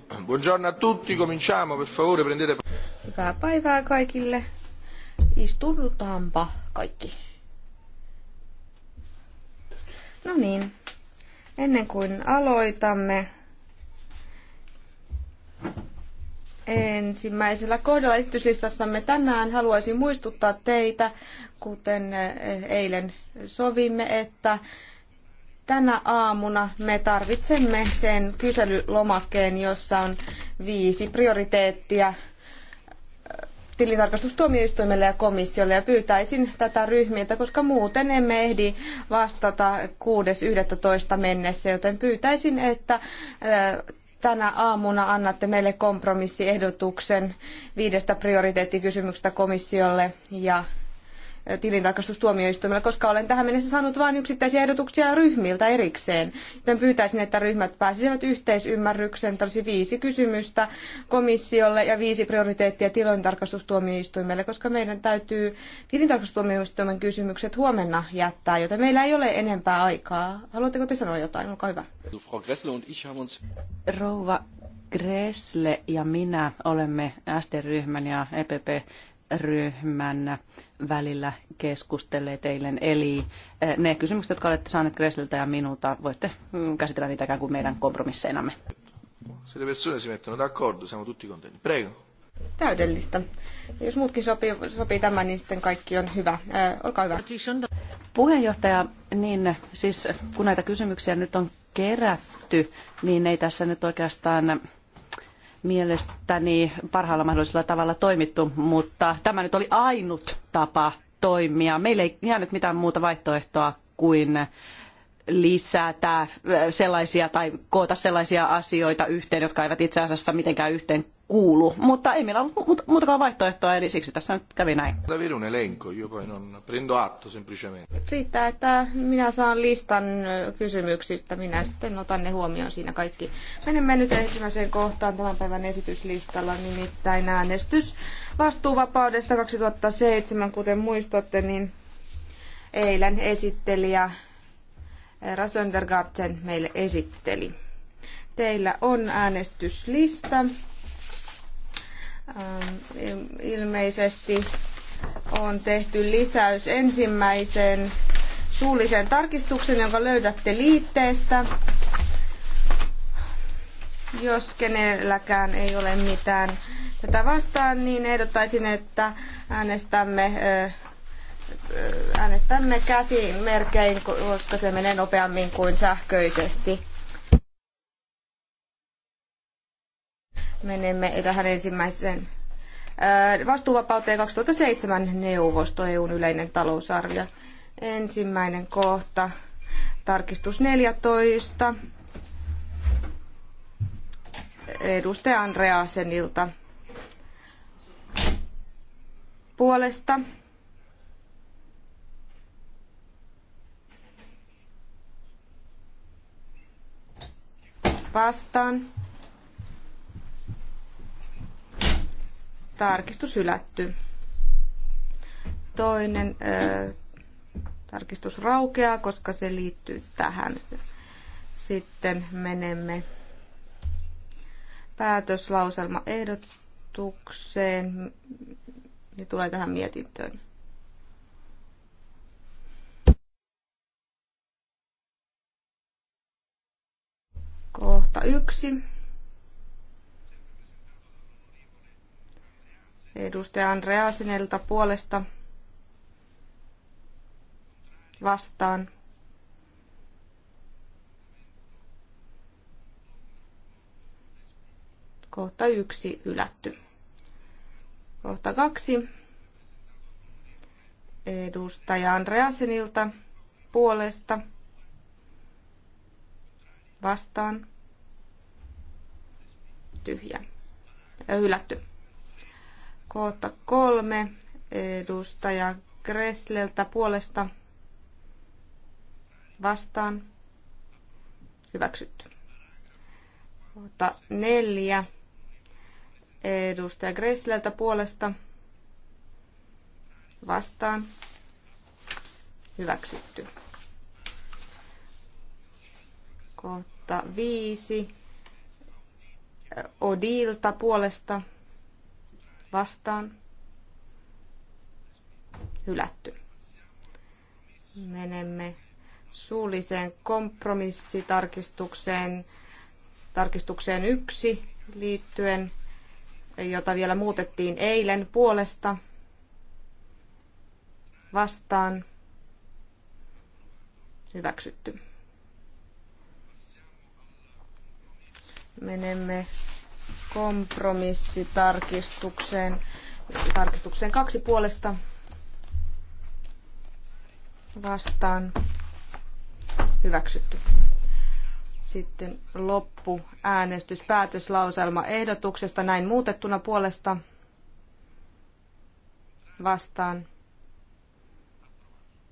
Buongiorno a tutti, cominciamo, per favore prendete... Hyvää päivää kaikille. Istutaanpa kaikki. No niin, ennen kuin aloitamme ensimmäisellä kohdalla esityslistassamme tänään haluaisin muistuttaa teitä, kuten eh, eilen sovimme, että Tänä aamuna me tarvitsemme sen kyselylomakkeen, jossa on viisi prioriteettia äh, tilintarkastustuomioistuimelle ja komissiolle ja pyytäisin tätä ryhmiltä, koska muuten emme ehdi vastata 6.11. mennessä, joten pyytäisin, että äh, tänä aamuna annatte meille kompromissiehdotuksen viidestä prioriteettikysymyksestä komissiolle ja tilintarkastustuomioistuimelle, koska olen tähän mennessä saanut vain yksittäisiä ehdotuksia ryhmiltä erikseen. Joten pyytäisin, että ryhmät pääsisivät yhteisymmärrykseen. Tällaisia viisi kysymystä komissiolle ja viisi prioriteettia tilintarkastustuomioistuimelle, koska meidän täytyy tilintarkastustuomioistuimen kysymykset huomenna jättää, joten meillä ei ole enempää aikaa. Haluatteko te sanoa jotain? Olkaa hyvä. Rouva Gressle ja minä olemme SD-ryhmän ja EPP ryhmän välillä keskustelleet eilen. Eli eh, ne kysymykset, jotka olette saaneet Kresliltä ja minulta, voitte mm, käsitellä niitä ikään kuin meidän kompromisseinamme. Se le persone si mettono d'accordo, siamo tutti contenti. Prego. Täydellistä. Jos muutkin sopii, sopii tämän, niin sitten kaikki on hyvä. Ö, eh, olkaa hyvä. Puheenjohtaja, niin siis kun näitä kysymyksiä nyt on kerätty, niin ei tässä nyt oikeastaan mielestäni parhaalla mahdollisella tavalla toimittu, mutta tämä nyt oli ainut tapa toimia. Meille ei jäänyt mitään muuta vaihtoehtoa kuin lisätä äh, sellaisia tai koota sellaisia asioita yhteen, jotka eivät itse asiassa mitenkään yhteen kuulu. Mutta ei meillä ole muutakaan vaihtoehtoa, eli siksi tässä nyt kävi näin. Riittää, että minä saan listan äh, kysymyksistä. Minä sitten otan ne huomioon siinä kaikki. Menemme nyt ensimmäiseen kohtaan tämän päivän esityslistalla, nimittäin äänestys vastuuvapaudesta 2007. Kuten muistatte, niin eilen esittelijä herra meille esitteli. Teillä on äänestyslista. Ähm, ilmeisesti on tehty lisäys ensimmäiseen suulliseen tarkistuksen, jonka löydätte liitteestä. Jos kenelläkään ei ole mitään tätä vastaan, niin ehdottaisin, että äänestämme äänestämme käsimerkein, koska se menee nopeammin kuin sähköisesti. Menemme tähän ensimmäiseen vastuuvapauteen 2007 neuvosto EUn yleinen talousarvio. Ensimmäinen kohta, tarkistus 14. Edustaja Andreasenilta puolesta vastaan. Tarkistus hylätty. Toinen ö, tarkistus raukeaa, koska se liittyy tähän. Sitten menemme päätöslauselmaehdotukseen ja tulee tähän mietintöön. Kohta yksi. Edustaja Andreasinelta puolesta vastaan. Kohta yksi ylätty. Kohta kaksi. Edustaja Andreasinilta puolesta vastaan tyhjä hylätty. Kohta kolme edustaja Gressleltä puolesta vastaan hyväksytty. Kohta neljä edustaja Gressleltä puolesta vastaan hyväksytty. Kohta Viisi Odilta puolesta vastaan hylätty. Menemme suulliseen kompromissitarkistukseen, tarkistukseen yksi liittyen, jota vielä muutettiin eilen puolesta vastaan hyväksytty. Menemme kompromissitarkistukseen. Tarkistukseen kaksi puolesta vastaan hyväksytty. Sitten loppu äänestys päätöslauselma ehdotuksesta näin muutettuna puolesta vastaan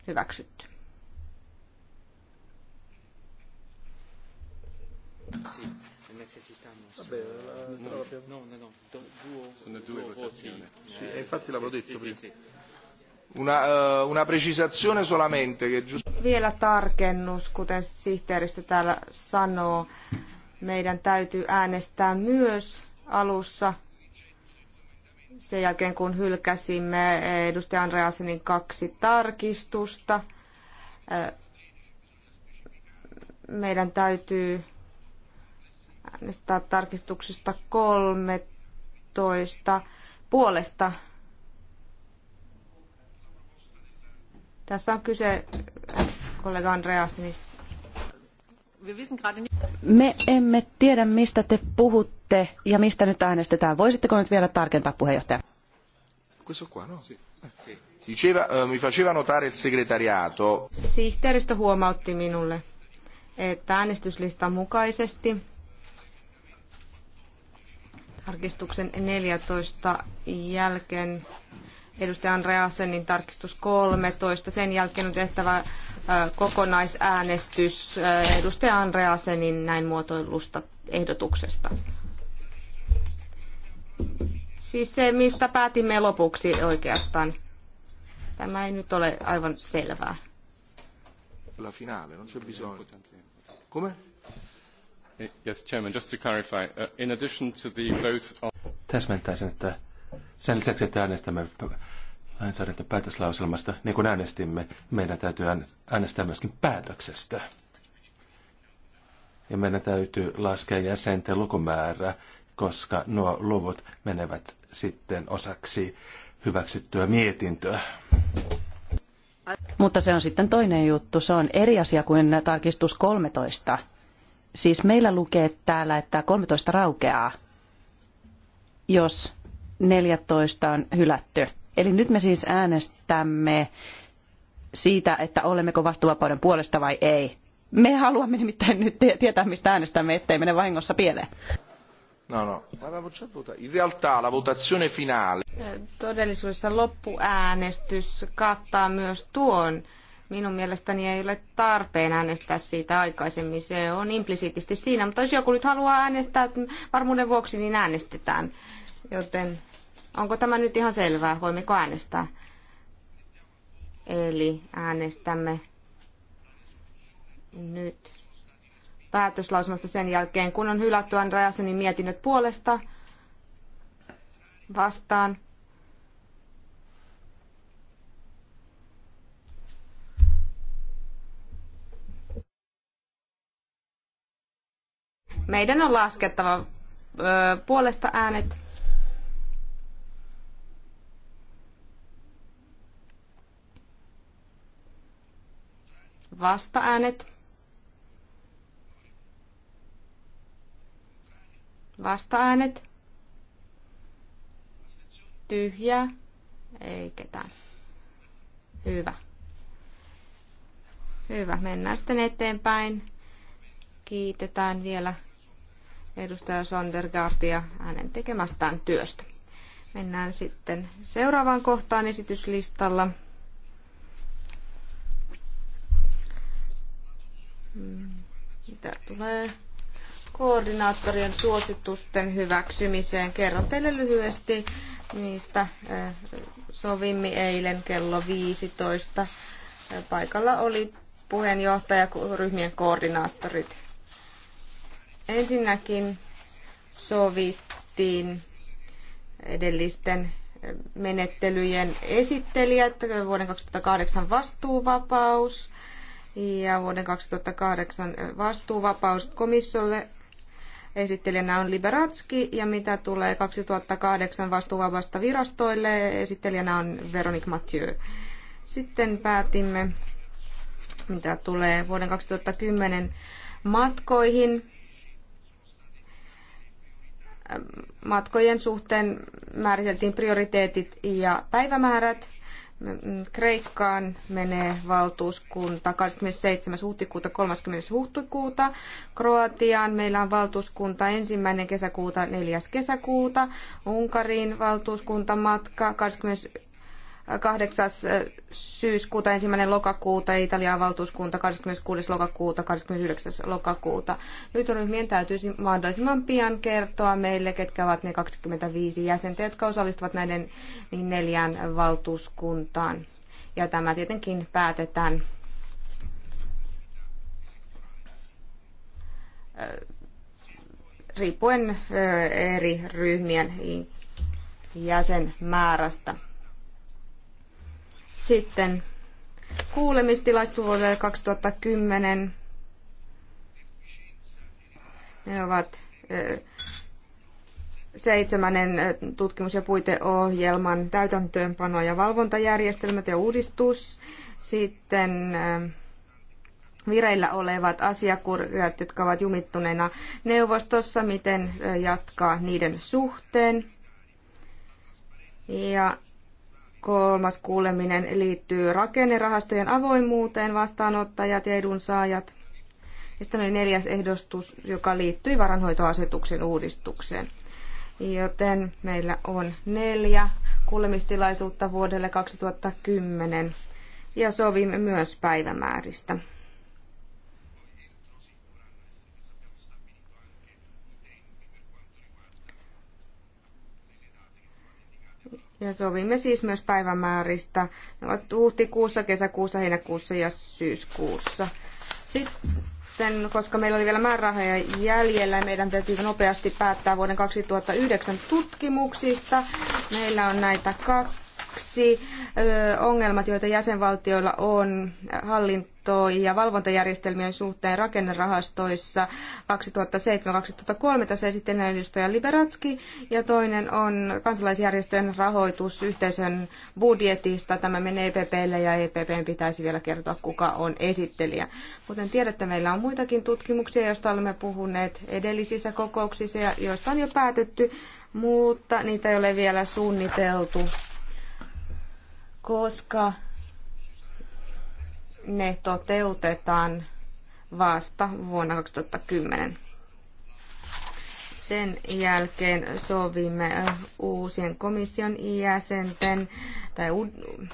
hyväksytty. Sitten. Vabbè, la, no, la... no, no, no, do, duo, sono due votazioni. Sì, eh, infatti l'avevo detto sì, prima. Sì, sì. Una, uh, una precisazione solamente che giusto... Vielä tarkennus, kuten sihteeristö täällä sanoo, meidän täytyy äänestää myös alussa sen jälkeen, kun hylkäsimme edustaja Andreasenin kaksi tarkistusta. Eh, meidän täytyy äänestää tarkistuksesta 13 puolesta. Tässä on kyse kollega Andreasinista. Me emme tiedä, mistä te puhutte ja mistä nyt äänestetään. Voisitteko nyt vielä tarkentaa, puheenjohtaja? No? Eh, Sihteeristö huomautti minulle, että äänestyslistan mukaisesti tarkistuksen 14 jälkeen edustaja Andreasenin tarkistus 13. Sen jälkeen on tehtävä kokonaisäänestys edustaja Andreasenin näin muotoillusta ehdotuksesta. Siis se, mistä päätimme lopuksi oikeastaan. Tämä ei nyt ole aivan selvää. La finale, non c'è bisogno. Come? Yes, Chairman, just to clarify, uh, in addition to the vote on... Täsmentäisin, että sen lisäksi, että äänestämme lainsäädäntöpäätöslauselmasta, niin kuin äänestimme, meidän täytyy äänestää myöskin päätöksestä. Ja meidän täytyy laskea jäsenten lukumäärä, koska nuo luvut menevät sitten osaksi hyväksyttyä mietintöä. Mutta se on sitten toinen juttu. Se on eri asia kuin tarkistus 13, Siis meillä lukee täällä, että 13 raukeaa, jos 14 on hylätty. Eli nyt me siis äänestämme siitä, että olemmeko vastuuvapauden puolesta vai ei. Me haluamme nimittäin nyt tietää, mistä äänestämme, ettei mene vahingossa pieleen. No, no. In realtà la votazione finale. Todellisuudessa loppuäänestys kattaa myös tuon minun mielestäni ei ole tarpeen äänestää siitä aikaisemmin. Se on implisiittisesti siinä, mutta jos joku nyt haluaa äänestää varmuuden vuoksi, niin äänestetään. Joten onko tämä nyt ihan selvää? Voimmeko äänestää? Eli äänestämme nyt päätöslausumasta sen jälkeen, kun on hylätty Andreasenin mietinnöt puolesta vastaan meidän on laskettava puolesta äänet. Vasta äänet. Vasta äänet. Tyhjää. Ei ketään. Hyvä. Hyvä, mennään sitten eteenpäin. Kiitetään vielä edustaja Sondergaardia hänen tekemästään työstä. Mennään sitten seuraavaan kohtaan esityslistalla. Hmm, mitä tulee koordinaattorien suositusten hyväksymiseen? Kerron teille lyhyesti, mistä eh, sovimme eilen kello 15. Paikalla oli puheenjohtaja ryhmien koordinaattorit Ensinnäkin sovittiin edellisten menettelyjen esittelijät, vuoden 2008 vastuuvapaus ja vuoden 2008 vastuuvapaus komissiolle Esittelijänä on Liberatski ja mitä tulee 2008 vastuuvapaasta virastoille, esittelijänä on Veronique Mathieu. Sitten päätimme, mitä tulee vuoden 2010 matkoihin matkojen suhteen määriteltiin prioriteetit ja päivämäärät. Kreikkaan menee valtuuskunta 27. huhtikuuta 30. huhtikuuta. Kroatiaan meillä on valtuuskunta ensimmäinen kesäkuuta 4. kesäkuuta. Unkariin valtuuskuntamatka 21. 8. syyskuuta, 1. lokakuuta ja Italian valtuuskunta 26. lokakuuta, 29. lokakuuta. Nyt ryhmien täytyisi mahdollisimman pian kertoa meille, ketkä ovat ne 25 jäsentä, jotka osallistuvat näiden niin neljään valtuuskuntaan. Ja tämä tietenkin päätetään riippuen eri ryhmien jäsenmäärästä. Sitten kuulemistilaisuus vuodelle 2010. Ne ovat seitsemännen tutkimus- ja puiteohjelman täytäntöönpano- ja valvontajärjestelmät ja uudistus. Sitten vireillä olevat asiakirjat, jotka ovat jumittuneena neuvostossa, miten jatkaa niiden suhteen. Ja Kolmas kuuleminen liittyy rakennerahastojen avoimuuteen, vastaanottajat ja edunsaajat. Ja sitten oli neljäs ehdostus, joka liittyi varanhoitoasetuksen uudistukseen. Joten meillä on neljä kuulemistilaisuutta vuodelle 2010 ja sovimme myös päivämääristä. Ja sovimme siis myös päivämääristä. Ne ovat huhtikuussa, kesäkuussa, heinäkuussa ja syyskuussa. Sitten, koska meillä oli vielä määrärahoja jäljellä, meidän täytyy nopeasti päättää vuoden 2009 tutkimuksista. Meillä on näitä kaksi Kaksi ongelmat, joita jäsenvaltioilla on hallinto- ja valvontajärjestelmien suhteen rakennerahastoissa 2007-2003. Tässä esittelen edustaja Liberatski. Ja toinen on kansalaisjärjestöjen rahoitus yhteisön budjetista. Tämä menee EPPlle ja EPPn pitäisi vielä kertoa, kuka on esittelijä. Kuten tiedätte, meillä on muitakin tutkimuksia, joista olemme puhuneet edellisissä kokouksissa ja joista on jo päätetty mutta niitä ei ole vielä suunniteltu koska ne toteutetaan vasta vuonna 2010. Sen jälkeen sovimme äh, uusien komission jäsenten tai äh,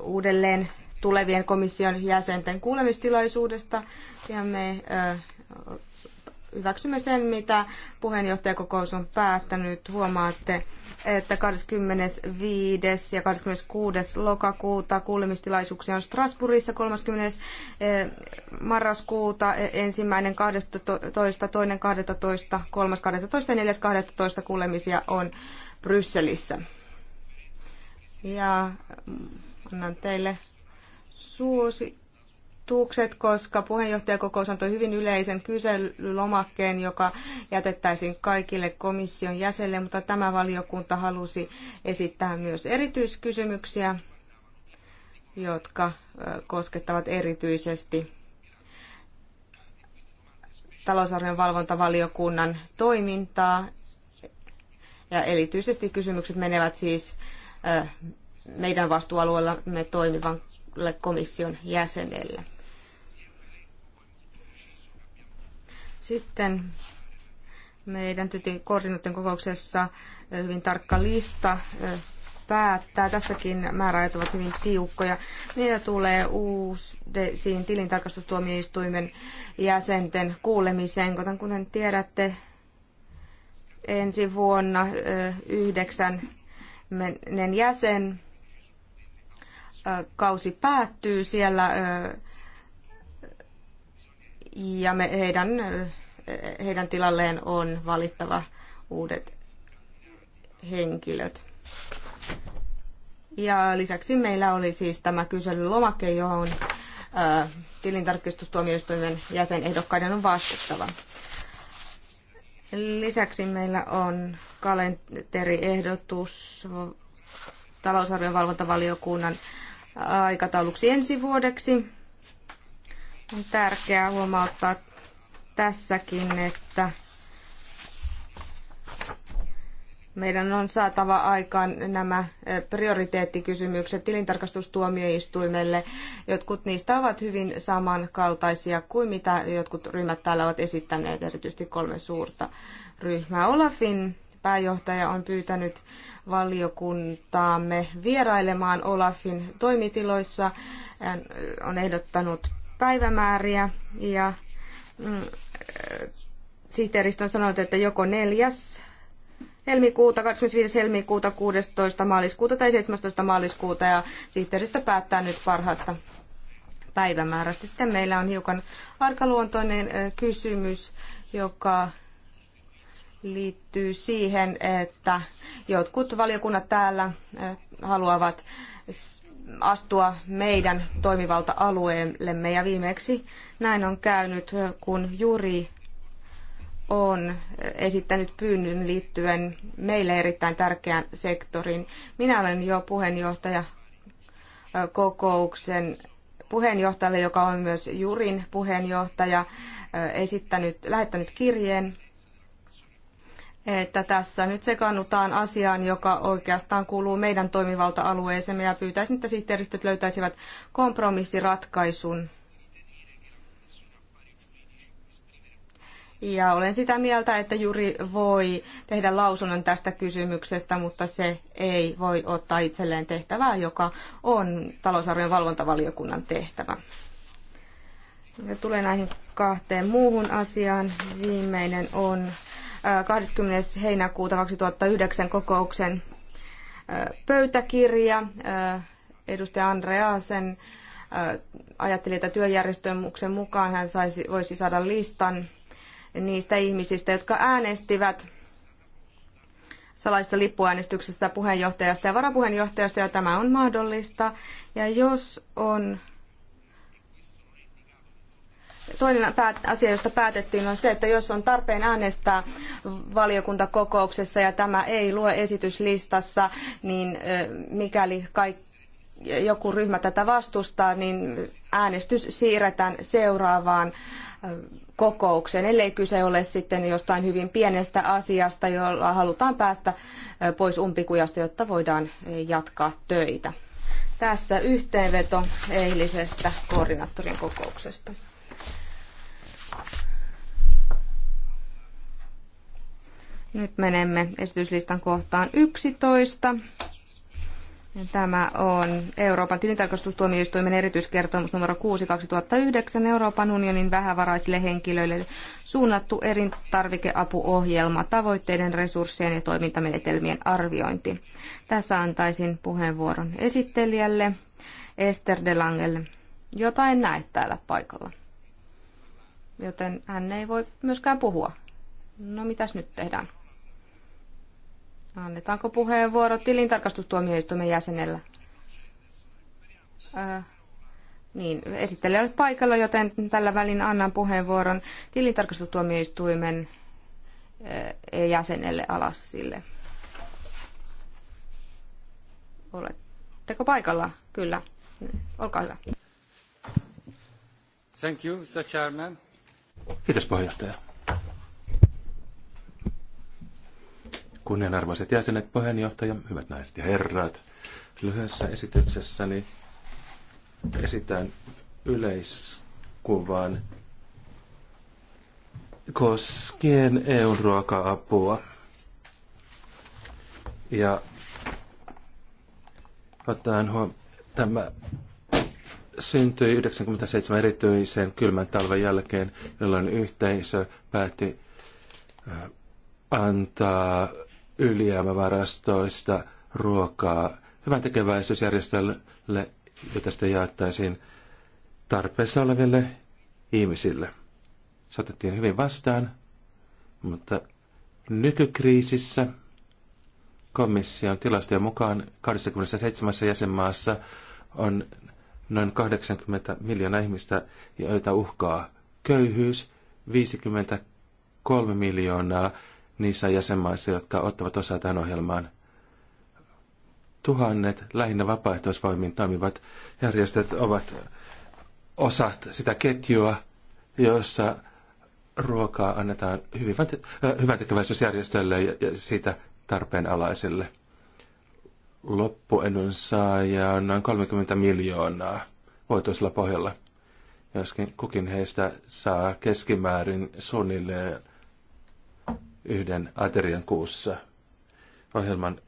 uudelleen tulevien komission jäsenten kuulemistilaisuudesta ja me äh, hyväksymme sen, mitä puheenjohtajakokous on päättänyt. Huomaatte, että 25. ja 26. lokakuuta kuulemistilaisuuksia on Strasbourgissa, 30. Eh, marraskuuta, eh, ensimmäinen 12., toinen 12., 3. 12. ja 4. 12. kuulemisia on Brysselissä. Ja annan teille suosi ehdotukset, koska puheenjohtajakokous antoi hyvin yleisen kyselylomakkeen, joka jätettäisiin kaikille komission jäsenille, mutta tämä valiokunta halusi esittää myös erityiskysymyksiä, jotka koskettavat erityisesti talousarvion valvontavaliokunnan toimintaa. Ja erityisesti kysymykset menevät siis meidän vastuualueellamme toimivan komission jäsenelle. Sitten meidän tytin koordinoiden kokouksessa hyvin tarkka lista päättää. Tässäkin määräajat ovat hyvin tiukkoja. Niitä tulee uusiin tilintarkastustuomioistuimen jäsenten kuulemiseen, kuten kuten tiedätte, ensi vuonna yhdeksän jäsen kausi päättyy. Siellä ja me, heidän, heidän tilalleen on valittava uudet henkilöt. Ja lisäksi meillä oli siis tämä kyselylomake, johon tilintarkistustuomioistuimen jäsenehdokkaiden on vastattava. Lisäksi meillä on kalenteriehdotus talousarvion valvontavaliokunnan aikatauluksi ensi vuodeksi. On tärkeää huomauttaa tässäkin, että meidän on saatava aikaan nämä prioriteettikysymykset tilintarkastustuomioistuimelle. Jotkut niistä ovat hyvin samankaltaisia kuin mitä jotkut ryhmät täällä ovat esittäneet, erityisesti kolme suurta ryhmää. Olafin pääjohtaja on pyytänyt valiokuntaamme vierailemaan Olafin toimitiloissa. Hän on ehdottanut päivämääriä ja mm, sihteeristö on sanonut, että joko neljäs helmikuuta, 25. helmikuuta, 16. maaliskuuta tai 17. maaliskuuta ja sihteeristö päättää nyt parhaasta päivämäärästä. Sitten meillä on hiukan arkaluontoinen kysymys, joka liittyy siihen, että jotkut valiokunnat täällä haluavat astua meidän toimivalta-alueellemme ja viimeksi näin on käynyt, kun juuri on esittänyt pyynnön liittyen meille erittäin tärkeään sektoriin. Minä olen jo puheenjohtaja kokouksen puheenjohtajalle, joka on myös Jurin puheenjohtaja, esittänyt, lähettänyt kirjeen että tässä nyt sekaannutaan asiaan, joka oikeastaan kuuluu meidän toimivalta-alueeseemme ja pyytäisin, että sihteeristöt löytäisivät kompromissiratkaisun. Ja olen sitä mieltä, että juuri voi tehdä lausunnon tästä kysymyksestä, mutta se ei voi ottaa itselleen tehtävää, joka on talousarvion valvontavaliokunnan tehtävä. Ja tulee näihin kahteen muuhun asiaan. Viimeinen on 20. heinäkuuta 2009 kokouksen pöytäkirja. Edustaja Andreasen ajatteli, että työjärjestelmuksen mukaan hän saisi, voisi saada listan niistä ihmisistä, jotka äänestivät salaisessa lippuäänestyksessä puheenjohtajasta ja varapuheenjohtajasta, ja tämä on mahdollista. Ja jos on Toinen asia, josta päätettiin, on se, että jos on tarpeen äänestää valiokuntakokouksessa ja tämä ei lue esityslistassa, niin mikäli kaikki joku ryhmä tätä vastustaa, niin äänestys siirretään seuraavaan kokoukseen, ellei kyse ole sitten jostain hyvin pienestä asiasta, jolla halutaan päästä pois umpikujasta, jotta voidaan jatkaa töitä. Tässä yhteenveto eilisestä koordinaattorin kokouksesta. Nyt menemme esityslistan kohtaan 11. Tämä on Euroopan tilintarkastustuomioistuimen erityiskertomus numero 6 2009 Euroopan unionin vähävaraisille henkilöille suunnattu erintarvikeapuohjelma tavoitteiden, resurssien ja toimintamenetelmien arviointi. Tässä antaisin puheenvuoron esittelijälle Ester de Langelle, jota täällä paikalla. Joten hän ei voi myöskään puhua. No mitäs nyt tehdään? Annetaanko puheenvuoro tilintarkastustuomioistuimen jäsenellä? Äh, niin, esittelijä on paikalla, joten tällä välin annan puheenvuoron tilintarkastustuomioistuimen äh, jäsenelle Alassille. Oletteko paikalla? Kyllä. Olkaa hyvä. Thank you, Mr. Chairman. Kiitos puheenjohtaja. Kunnianarvoiset jäsenet, puheenjohtaja, hyvät naiset ja herrat. Lyhyessä esityksessäni esitän yleiskuvan koskien EUn ruoka-apua. Ja ottaen huom- tämä syntyi 97 erityisen kylmän talven jälkeen, jolloin yhteisö päätti äh, antaa ylijäämävarastoista ruokaa hyvän tekeväisyysjärjestölle, jota sitten jaettaisiin tarpeessa oleville ihmisille. Se otettiin hyvin vastaan, mutta nykykriisissä komission tilastojen mukaan 27 jäsenmaassa on noin 80 miljoonaa ihmistä, joita uhkaa köyhyys, 53 miljoonaa niissä jäsenmaissa, jotka ottavat osaa tähän ohjelmaan. Tuhannet lähinnä vapaaehtoisvoimin toimivat järjestöt ovat osat sitä ketjua, jossa ruokaa annetaan äh, hyvän ja siitä alaisille. Loppuedun saaja on noin 30 miljoonaa voitoisella pohjalla, joskin kukin heistä saa keskimäärin suunnilleen yhden aterian kuussa. Ohjelman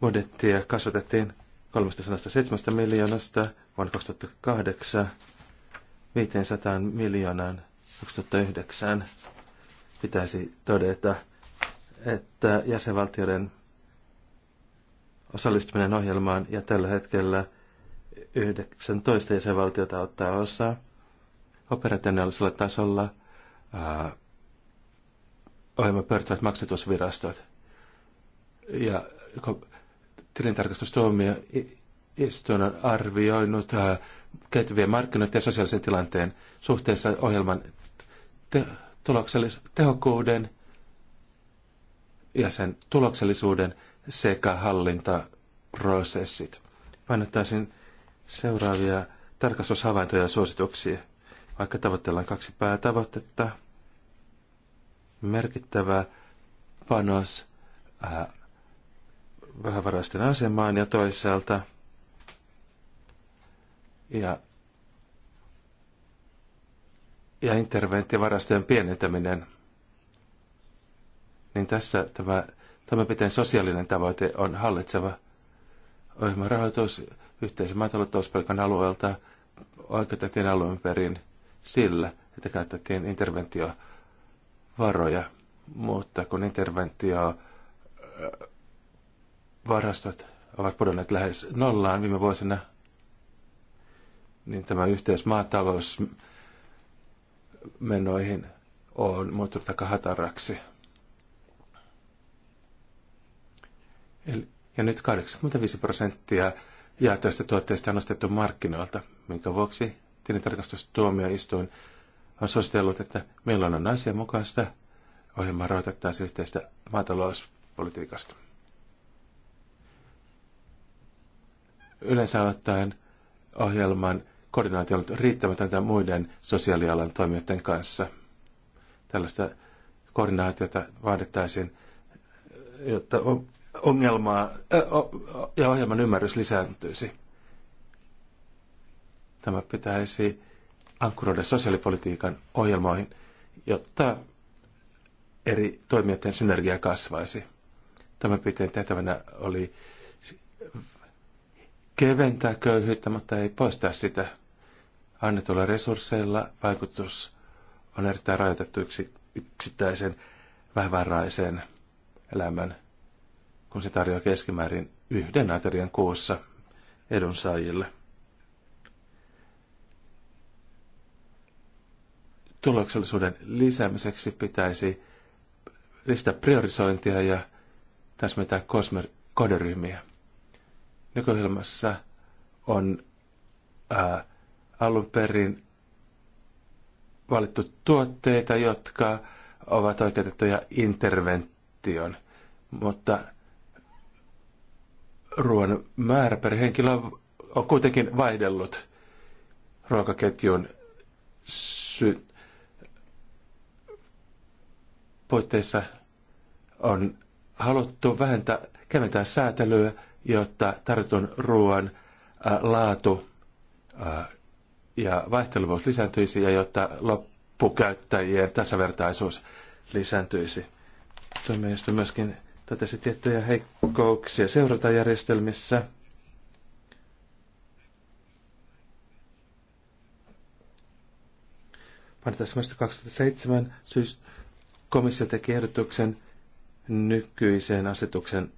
budjettia kasvatettiin 307 miljoonasta vuonna 2008 500 miljoonaan 2009. Pitäisi todeta, että jäsenvaltioiden osallistuminen ohjelmaan ja tällä hetkellä 19 jäsenvaltiota ottaa osaa operationaalisella tasolla. Ää, ohjelman pyörittävät maksatusvirastot. Ja istuun on arvioinut äh, kehittyvien markkinoiden ja sosiaalisen tilanteen suhteessa ohjelman te- tuloksellis- tehokkuuden ja sen tuloksellisuuden sekä hallintaprosessit. Painottaisin seuraavia tarkastushavaintoja ja suosituksia. Vaikka tavoitellaan kaksi päätavoitetta – merkittävä panos äh, vähävaraisten asemaan ja toisaalta ja, ja interventiovarastojen pienentäminen, niin tässä tämä toimenpiteen sosiaalinen tavoite on hallitseva ohjelman rahoitus yhteisen maatalouspolitiikan alueelta oikeutettiin alueen perin sillä, että käytettiin interventiovaroja varoja, mutta kun interventio äh, varastot ovat pudonneet lähes nollaan viime vuosina, niin tämä yhteys maatalousmenoihin on muuttunut aika hataraksi. Eli, ja nyt 85 prosenttia jaetuista tuotteista on ostettu markkinoilta, minkä vuoksi tilintarkastustuomioistuin on suositellut, että milloin on asianmukaista ohjelmaa rahoitettaisiin yhteistä maatalouspolitiikasta. Yleensä ottaen ohjelman koordinaatio on riittämätöntä muiden sosiaalialan toimijoiden kanssa. Tällaista koordinaatiota vaadittaisiin, jotta ongelmaa ja ohjelman ymmärrys lisääntyisi. Tämä pitäisi ankkuroida sosiaalipolitiikan ohjelmoihin, jotta eri toimijoiden synergia kasvaisi. Toimenpiteen tehtävänä oli keventää köyhyyttä, mutta ei poistaa sitä. Annetulla resursseilla vaikutus on erittäin rajoitettu yksittäisen vähävaraisen elämän, kun se tarjoaa keskimäärin yhden aterian kuussa edunsaajille – tuloksellisuuden lisäämiseksi pitäisi lisätä priorisointia ja täsmentää kosmer- kohderyhmiä. Nykyohjelmassa on ää, alun perin valittu tuotteita, jotka ovat oikeutettuja intervention, mutta ruoan määrä per henkilö on kuitenkin vaihdellut ruokaketjun sy- puitteissa on haluttu vähentää, keventää säätelyä, jotta tartun ruoan laatu ja vaihteluvuus lisääntyisi ja jotta loppukäyttäjien tasavertaisuus lisääntyisi. Tuomioistuin myöskin totesi tiettyjä heikkouksia seurantajärjestelmissä. Painotan 2007 syys komissio teki ehdotuksen nykyiseen asetuksen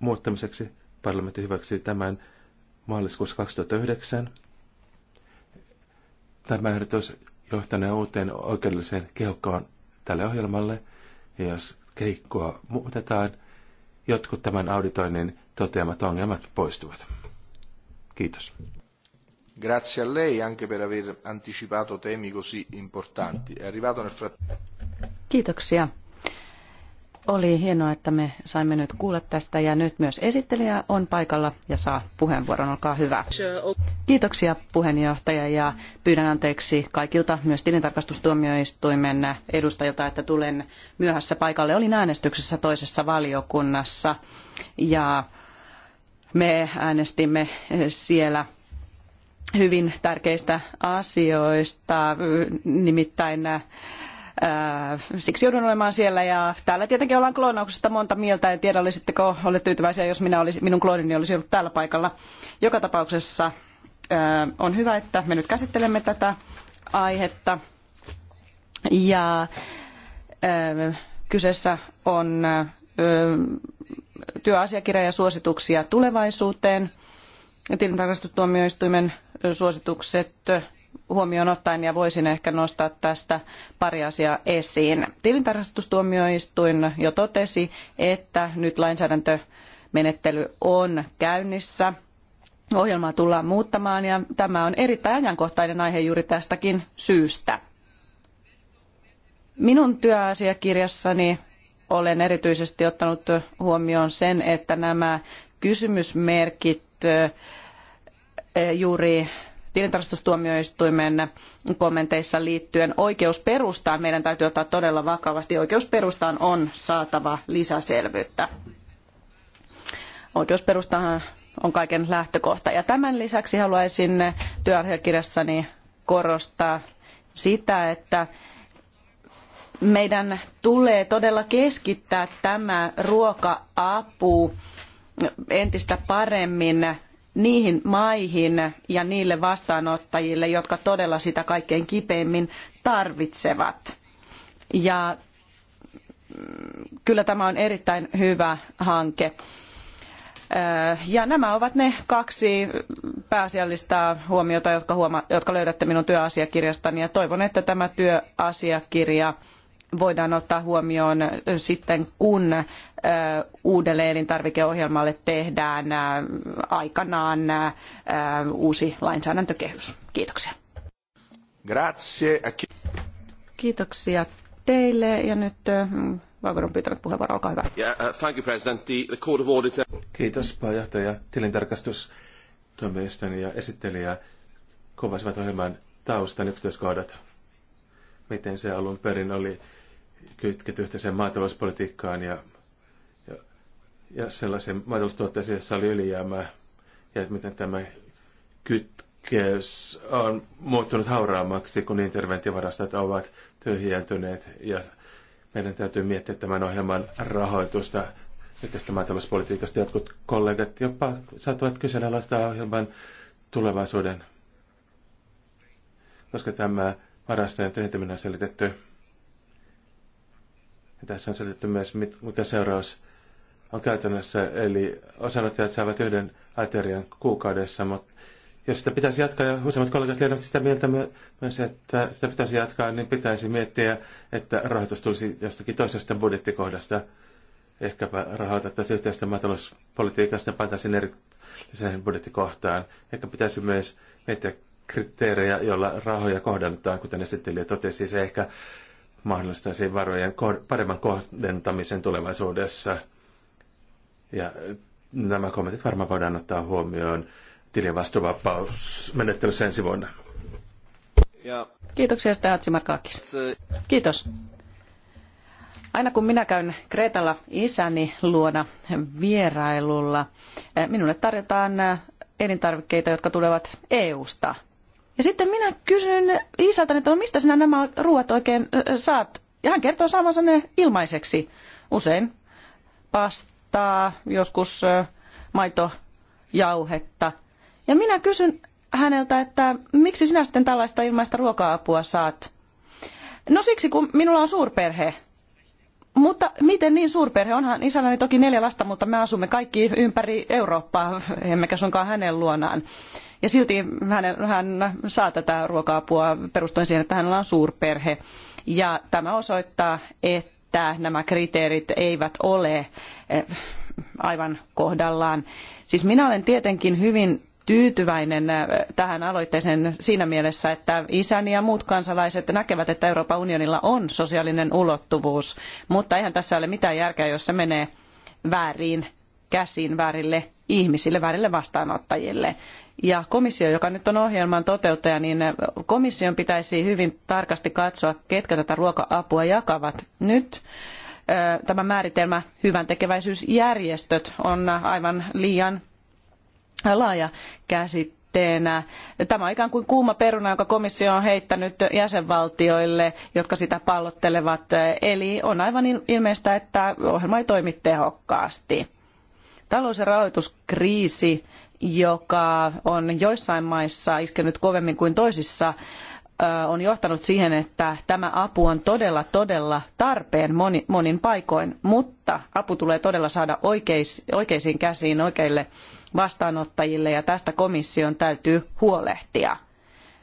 muuttamiseksi. Parlamentti hyväksyi tämän maaliskuussa 2009. Tämä ehdotus johtanee uuteen oikeudelliseen kehokkaan tälle ohjelmalle, ja jos keikkoa muutetaan, jotkut tämän auditoinnin toteamat ongelmat poistuvat. Kiitos. Grazie a lei anche per aver anticipato temi così importanti. È arrivato nel frattempo. Kiitoksia. Oli hienoa, että me saimme nyt kuulla tästä ja nyt myös esittelijä on paikalla ja saa puheenvuoron. Olkaa hyvä. Kiitoksia puheenjohtaja ja pyydän anteeksi kaikilta myös tilintarkastustuomioistuimen edustajilta, että tulen myöhässä paikalle. Olin äänestyksessä toisessa valiokunnassa ja me äänestimme siellä hyvin tärkeistä asioista, nimittäin Äh, siksi joudun olemaan siellä ja täällä tietenkin ollaan kloonauksesta monta mieltä. En tiedä, olisitteko olleet tyytyväisiä, jos minä olisi, minun kloonini olisi ollut täällä paikalla. Joka tapauksessa äh, on hyvä, että me nyt käsittelemme tätä aihetta. Ja äh, kyseessä on työasiakirja ja suosituksia tulevaisuuteen. Tilintarkastustuomioistuimen suositukset huomioon ottaen ja voisin ehkä nostaa tästä pari asiaa esiin. Tilintarkastustuomioistuin jo totesi, että nyt lainsäädäntömenettely on käynnissä. Ohjelmaa tullaan muuttamaan ja tämä on erittäin ajankohtainen aihe juuri tästäkin syystä. Minun työasiakirjassani olen erityisesti ottanut huomioon sen, että nämä kysymysmerkit eh, juuri tilintarkastustuomioistuimen kommenteissa liittyen oikeusperustaan meidän täytyy ottaa todella vakavasti. Oikeusperustaan on saatava lisäselvyyttä. Oikeusperustahan on kaiken lähtökohta. Ja tämän lisäksi haluaisin työasiakirjassani korostaa sitä, että meidän tulee todella keskittää tämä ruoka-apu entistä paremmin niihin maihin ja niille vastaanottajille, jotka todella sitä kaikkein kipeimmin tarvitsevat. Ja mm, kyllä tämä on erittäin hyvä hanke. Ja nämä ovat ne kaksi pääasiallista huomiota, jotka, huoma- jotka löydätte minun työasiakirjastani ja toivon, että tämä työasiakirja voidaan ottaa huomioon sitten, kun uudelle elintarvikeohjelmalle tehdään aikanaan uusi lainsäädäntökehys. Kiitoksia. Grazie. Kiitoksia teille ja nyt Vauvan on pyytänyt puheenvuoroa, olkaa hyvä. Yeah, uh, thank you, President. The, the Court of Auditor... Kiitos pääjohtaja, tilintarkastus, tuomioistuin ja esittelijä kovasivat ohjelman taustan yksityiskohdat. Miten se alun perin oli kytket yhteiseen maatalouspolitiikkaan ja, ja, ja sellaisen maataloustuotteeseen, jossa oli ylijäämää, ja että miten tämä kytkeys on muuttunut hauraammaksi, kun interventiovarastot ovat tyhjentyneet, ja meidän täytyy miettiä tämän ohjelman rahoitusta tästä maatalouspolitiikasta. Jotkut kollegat jopa saattavat kyseenalaistaa ohjelman tulevaisuuden, koska tämä varastojen tyhjentäminen on selitetty ja tässä on selitetty myös, mit, mikä seuraus on käytännössä. Eli osanottajat saavat yhden aterian kuukaudessa, mutta jos sitä pitäisi jatkaa, ja useimmat kollegat lienevät sitä mieltä myös, että sitä pitäisi jatkaa, niin pitäisi miettiä, että rahoitus tulisi jostakin toisesta budjettikohdasta. Ehkäpä rahoitettaisiin yhteistä maatalouspolitiikasta ja pantaisiin erilliseen budjettikohtaan. Ehkä pitäisi myös miettiä kriteerejä, joilla rahoja kohdennetaan, kuten esittelijä totesi. Se ehkä mahdollistaisi varojen paremman kohdentamisen tulevaisuudessa. Ja nämä kommentit varmaan voidaan ottaa huomioon tilivastuvapausmenettelyssä ensi vuonna. Ja. Kiitoksia, Stahatsi Markakis. Kiitos. Aina kun minä käyn Kreetalla isäni luona vierailulla, eh, minulle tarjotaan eh, elintarvikkeita, jotka tulevat EU-sta. Ja sitten minä kysyn isältä, että no mistä sinä nämä ruoat oikein saat? Ja hän kertoo saavansa ne ilmaiseksi usein. Pastaa, joskus maitojauhetta. Ja minä kysyn häneltä, että miksi sinä sitten tällaista ilmaista ruoka-apua saat? No siksi, kun minulla on suurperhe, mutta miten niin suurperhe? Onhan isälläni toki neljä lasta, mutta me asumme kaikki ympäri Eurooppaa, emmekä suinkaan hänen luonaan. Ja silti hän, hän saa tätä ruoka-apua perustuen siihen, että hänellä on suurperhe. Ja tämä osoittaa, että nämä kriteerit eivät ole eh, aivan kohdallaan. Siis minä olen tietenkin hyvin tyytyväinen äh, tähän aloitteeseen siinä mielessä, että isäni ja muut kansalaiset näkevät, että Euroopan unionilla on sosiaalinen ulottuvuus, mutta eihän tässä ole mitään järkeä, jos se menee väärin käsiin, väärille ihmisille, väärille vastaanottajille. Ja komissio, joka nyt on ohjelman toteuttaja, niin komission pitäisi hyvin tarkasti katsoa, ketkä tätä ruoka-apua jakavat. Nyt äh, tämä määritelmä hyvän tekeväisyysjärjestöt on aivan liian laaja käsitteenä. Tämä on ikään kuin kuuma peruna, jonka komissio on heittänyt jäsenvaltioille, jotka sitä pallottelevat. Eli on aivan ilmeistä, että ohjelma ei toimi tehokkaasti. Talous- ja rahoituskriisi, joka on joissain maissa iskenyt kovemmin kuin toisissa, on johtanut siihen, että tämä apu on todella, todella tarpeen moni, monin paikoin, mutta apu tulee todella saada oikeis, oikeisiin käsiin oikeille vastaanottajille ja tästä komission täytyy huolehtia.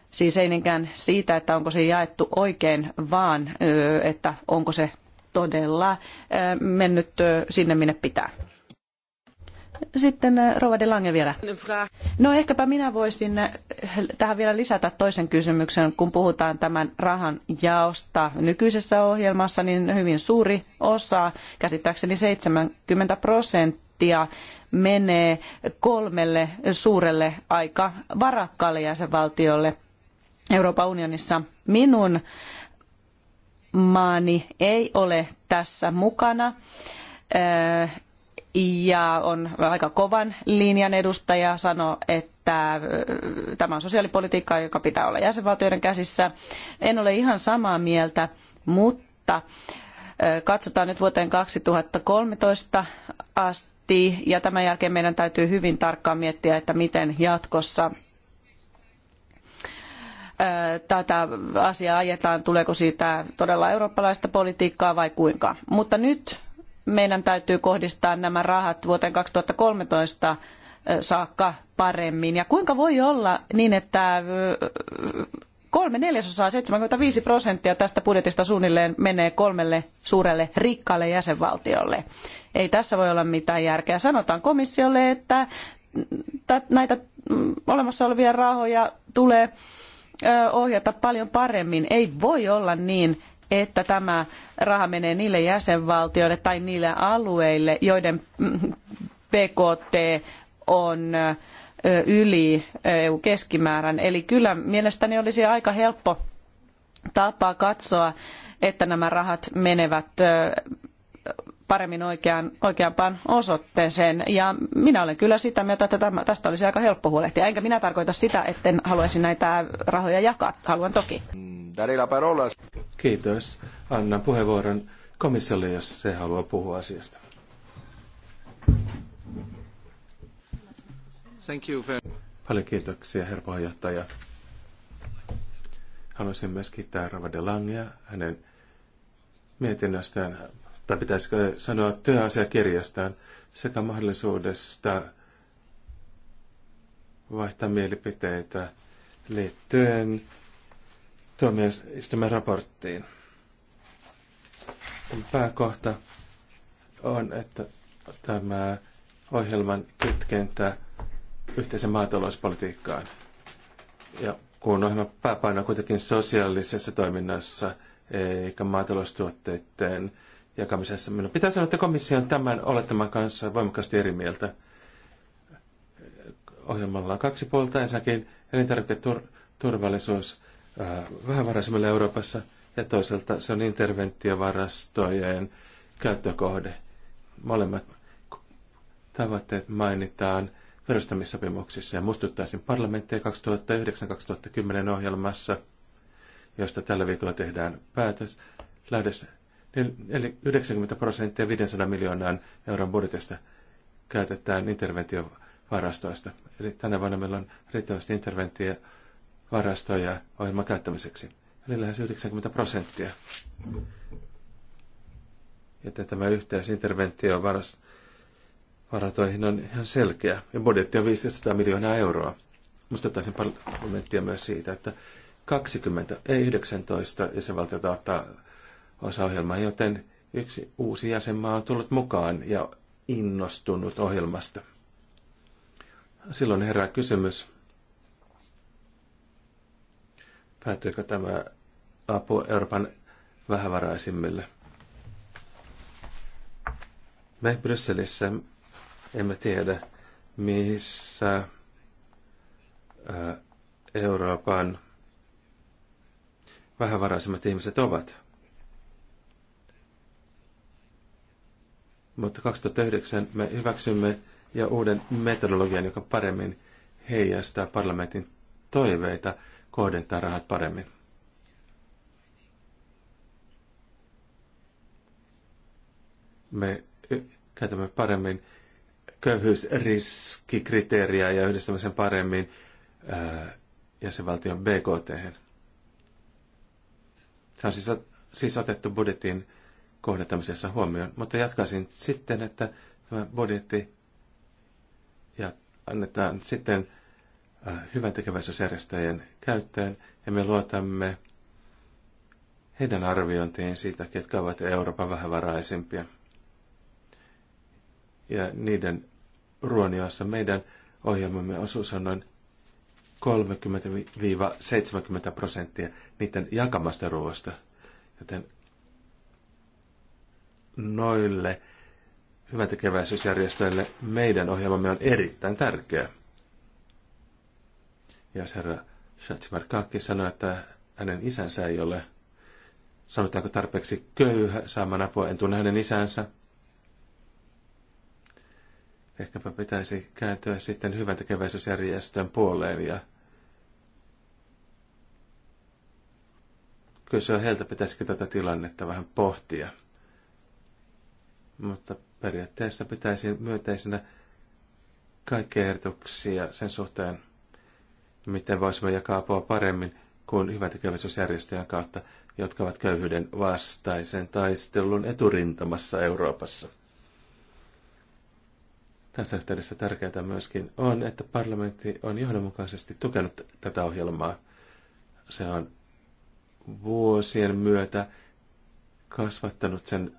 Siis ei niinkään siitä, että onko se jaettu oikein, vaan että onko se todella mennyt sinne, minne pitää. Sitten eh, Rova de Lange vielä. No ehkäpä minä voisin eh, tähän vielä lisätä toisen kysymyksen, kun puhutaan tämän rahan jaosta. Nykyisessä ohjelmassa niin hyvin suuri osa, käsittääkseni 70 prosenttia, menee kolmelle suurelle aika varakkaalle jäsenvaltiolle Euroopan unionissa. Minun maani ei ole tässä mukana eh, ja on aika kovan linjan edustaja, sanoi, että äh, tämä on sosiaalipolitiikkaa, joka pitää olla jäsenvaltioiden käsissä. En ole ihan samaa mieltä, mutta äh, katsotaan nyt vuoteen 2013 asti ja tämän jälkeen meidän täytyy hyvin tarkkaan miettiä, että miten jatkossa äh, tätä asiaa ajetaan, tuleeko siitä todella eurooppalaista politiikkaa vai kuinka. Mutta nyt meidän täytyy kohdistaa nämä rahat vuoteen 2013 saakka paremmin. Ja kuinka voi olla niin, että kolme neljäsosaa, 75 prosenttia tästä budjetista suunnilleen menee kolmelle suurelle rikkaalle jäsenvaltiolle. Ei tässä voi olla mitään järkeä. Sanotaan komissiolle, että näitä mm, olemassa olevia rahoja tulee ohjata paljon paremmin. Ei voi olla niin, että tämä raha menee niille jäsenvaltioille tai niille alueille, joiden mm, PKT on yli EU-keskimäärän. Eli kyllä mielestäni olisi aika helppo tapaa katsoa, että nämä rahat menevät paremmin oikeaan, oikeampaan osoitteeseen. Ja minä olen kyllä sitä mieltä, että tämä, tästä olisi aika helppo huolehtia. Enkä minä tarkoita sitä, etten haluaisi näitä rahoja jakaa. Haluan toki. Kiitos. Annan puheenvuoron komissiolle, jos se haluaa puhua asiasta. Thank you Paljon kiitoksia, herra puheenjohtaja. Haluaisin myös kiittää Rava de Langea hänen mietinnöstään tai pitäisikö sanoa työasiakirjastaan, sekä mahdollisuudesta vaihtaa mielipiteitä liittyen tuomioistuimen raporttiin. Pääkohta on, että tämä ohjelman kytkentä yhteisen maatalouspolitiikkaan. Ja kun ohjelma pääpaino kuitenkin sosiaalisessa toiminnassa, eikä maataloustuotteiden jakamisessa. Minun pitää sanoa, että komissio on tämän olettaman kanssa voimakkaasti eri mieltä. Ohjelmalla on kaksi puolta. Ensinnäkin elintarviketurvallisuus äh, vähävaraisimmille Euroopassa ja toisaalta se on interventiovarastojen käyttökohde. Molemmat tavoitteet mainitaan perustamissopimuksissa ja muistuttaisin parlamentteja 2009-2010 ohjelmassa, josta tällä viikolla tehdään päätös. Lähdessä eli 90 prosenttia 500 miljoonaan euron budjetista käytetään interventiovarastoista. Eli tänä vuonna meillä on riittävästi interventiovarastoja ohjelman käyttämiseksi. Eli lähes 90 prosenttia. Joten tämä yhteys interventiovaratoihin on ihan selkeä. Ja budjetti on 500 miljoonaa euroa. Muistuttaisin parlamenttia myös siitä, että 20, ei 19 jäsenvaltiota ottaa osa ohjelmaa, joten yksi uusi jäsenmaa on tullut mukaan ja innostunut ohjelmasta. Silloin herää kysymys, päätyykö tämä apu Euroopan vähävaraisimmille. Me Brysselissä emme tiedä, missä Euroopan vähävaraisimmat ihmiset ovat. mutta 2009 me hyväksymme ja uuden metodologian, joka paremmin heijastaa parlamentin toiveita kohdentaa rahat paremmin. Me käytämme paremmin köyhyysriskikriteeriä ja yhdistämme sen paremmin ää, jäsenvaltion BKT. Se on siis, siis otettu budjetin kohdattamisessa huomioon. Mutta jatkaisin sitten, että tämä budjetti ja annetaan sitten äh, hyvän tekeväisyysjärjestöjen käyttöön ja me luotamme heidän arviointiin siitä, ketkä ovat Euroopan vähävaraisimpia. Ja niiden ruoniossa meidän ohjelmamme osuus on noin 30-70 prosenttia niiden jakamasta ruoasta. Joten noille hyväntekeväisyysjärjestöille meidän ohjelmamme on erittäin tärkeä. Ja herra Shatsimarkakki sanoi, että hänen isänsä ei ole, sanotaanko tarpeeksi köyhä saamaan apua. En tunne hänen isänsä. Ehkäpä pitäisi kääntyä sitten hyväntekeväisyysjärjestön puoleen ja kysyä heiltä, pitäisikö tätä tilannetta vähän pohtia. Mutta periaatteessa pitäisin myönteisenä kaikkia ehdotuksia sen suhteen, miten voisimme jakaa apua paremmin kuin hyväntekeväisyysjärjestöjen kautta, jotka ovat köyhyyden vastaisen taistelun eturintamassa Euroopassa. Tässä yhteydessä tärkeää myöskin on, että parlamentti on johdonmukaisesti tukenut tätä ohjelmaa. Se on vuosien myötä kasvattanut sen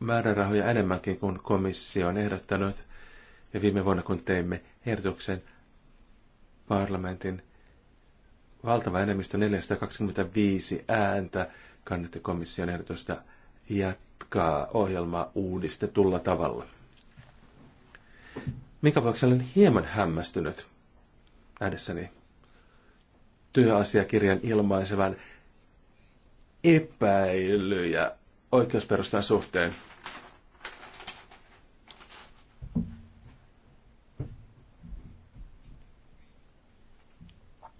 määrärahoja enemmänkin kuin komissio on ehdottanut. Ja viime vuonna, kun teimme ehdotuksen parlamentin valtava enemmistö 425 ääntä kannatti komission ehdotusta jatkaa ohjelmaa uudistetulla tavalla. Minkä vuoksi olen hieman hämmästynyt nähdessäni työasiakirjan ilmaisevan epäilyjä oikeusperustan suhteen.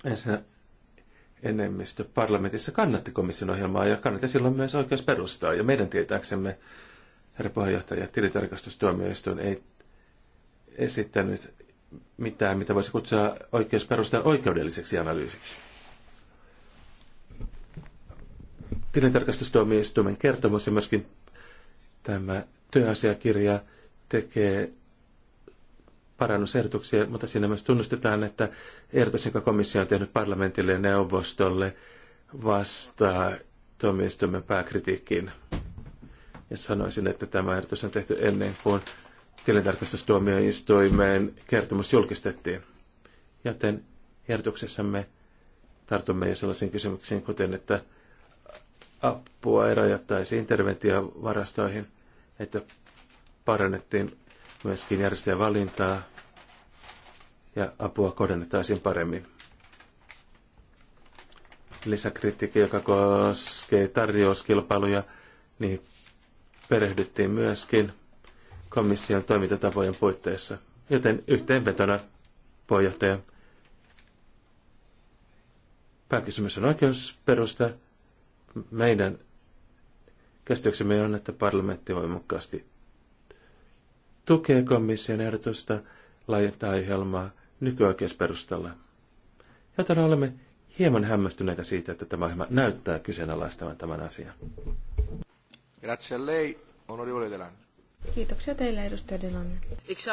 ensin enemmistö parlamentissa kannatti komission ohjelmaa ja kannatti silloin myös oikeus perustaa. Ja meidän tietääksemme, herra puheenjohtaja, tilintarkastustuomioistuin ei esittänyt mitään, mitä voisi kutsua oikeusperustan oikeudelliseksi analyysiksi. Tilintarkastustuomioistuimen kertomus ja myöskin tämä työasiakirja tekee parannusehdotuksia, mutta siinä myös tunnustetaan, että ehdotus, jonka komissio on tehnyt parlamentille ja neuvostolle, vastaa tuomioistuimen pääkritiikkiin. Ja sanoisin, että tämä ehdotus on tehty ennen kuin tilintarkastustuomioistuimeen kertomus julkistettiin. Joten ehdotuksessamme tartumme jo sellaisiin kysymyksiin, kuten että apua ei rajattaisi interventiovarastoihin, että parannettiin myöskin järjestäjän valintaa ja apua kohdennettaisiin paremmin. Lisäkritiikki, joka koskee tarjouskilpailuja, niin perehdyttiin myöskin komission toimintatapojen puitteissa. Joten yhteenvetona, puheenjohtaja, pääkysymys on oikeusperusta. Meidän käsityksemme on, että parlamentti voimakkaasti tukee komission ehdotusta laajentaa ohjelmaa nykyoikeusperustalla. Joten olemme hieman hämmästyneitä siitä, että tämä ohjelma näyttää kyseenalaistavan tämän asian. Grazie lei, onorevole Delanne. Kiitoksia teille, edustaja Delanne. Eh,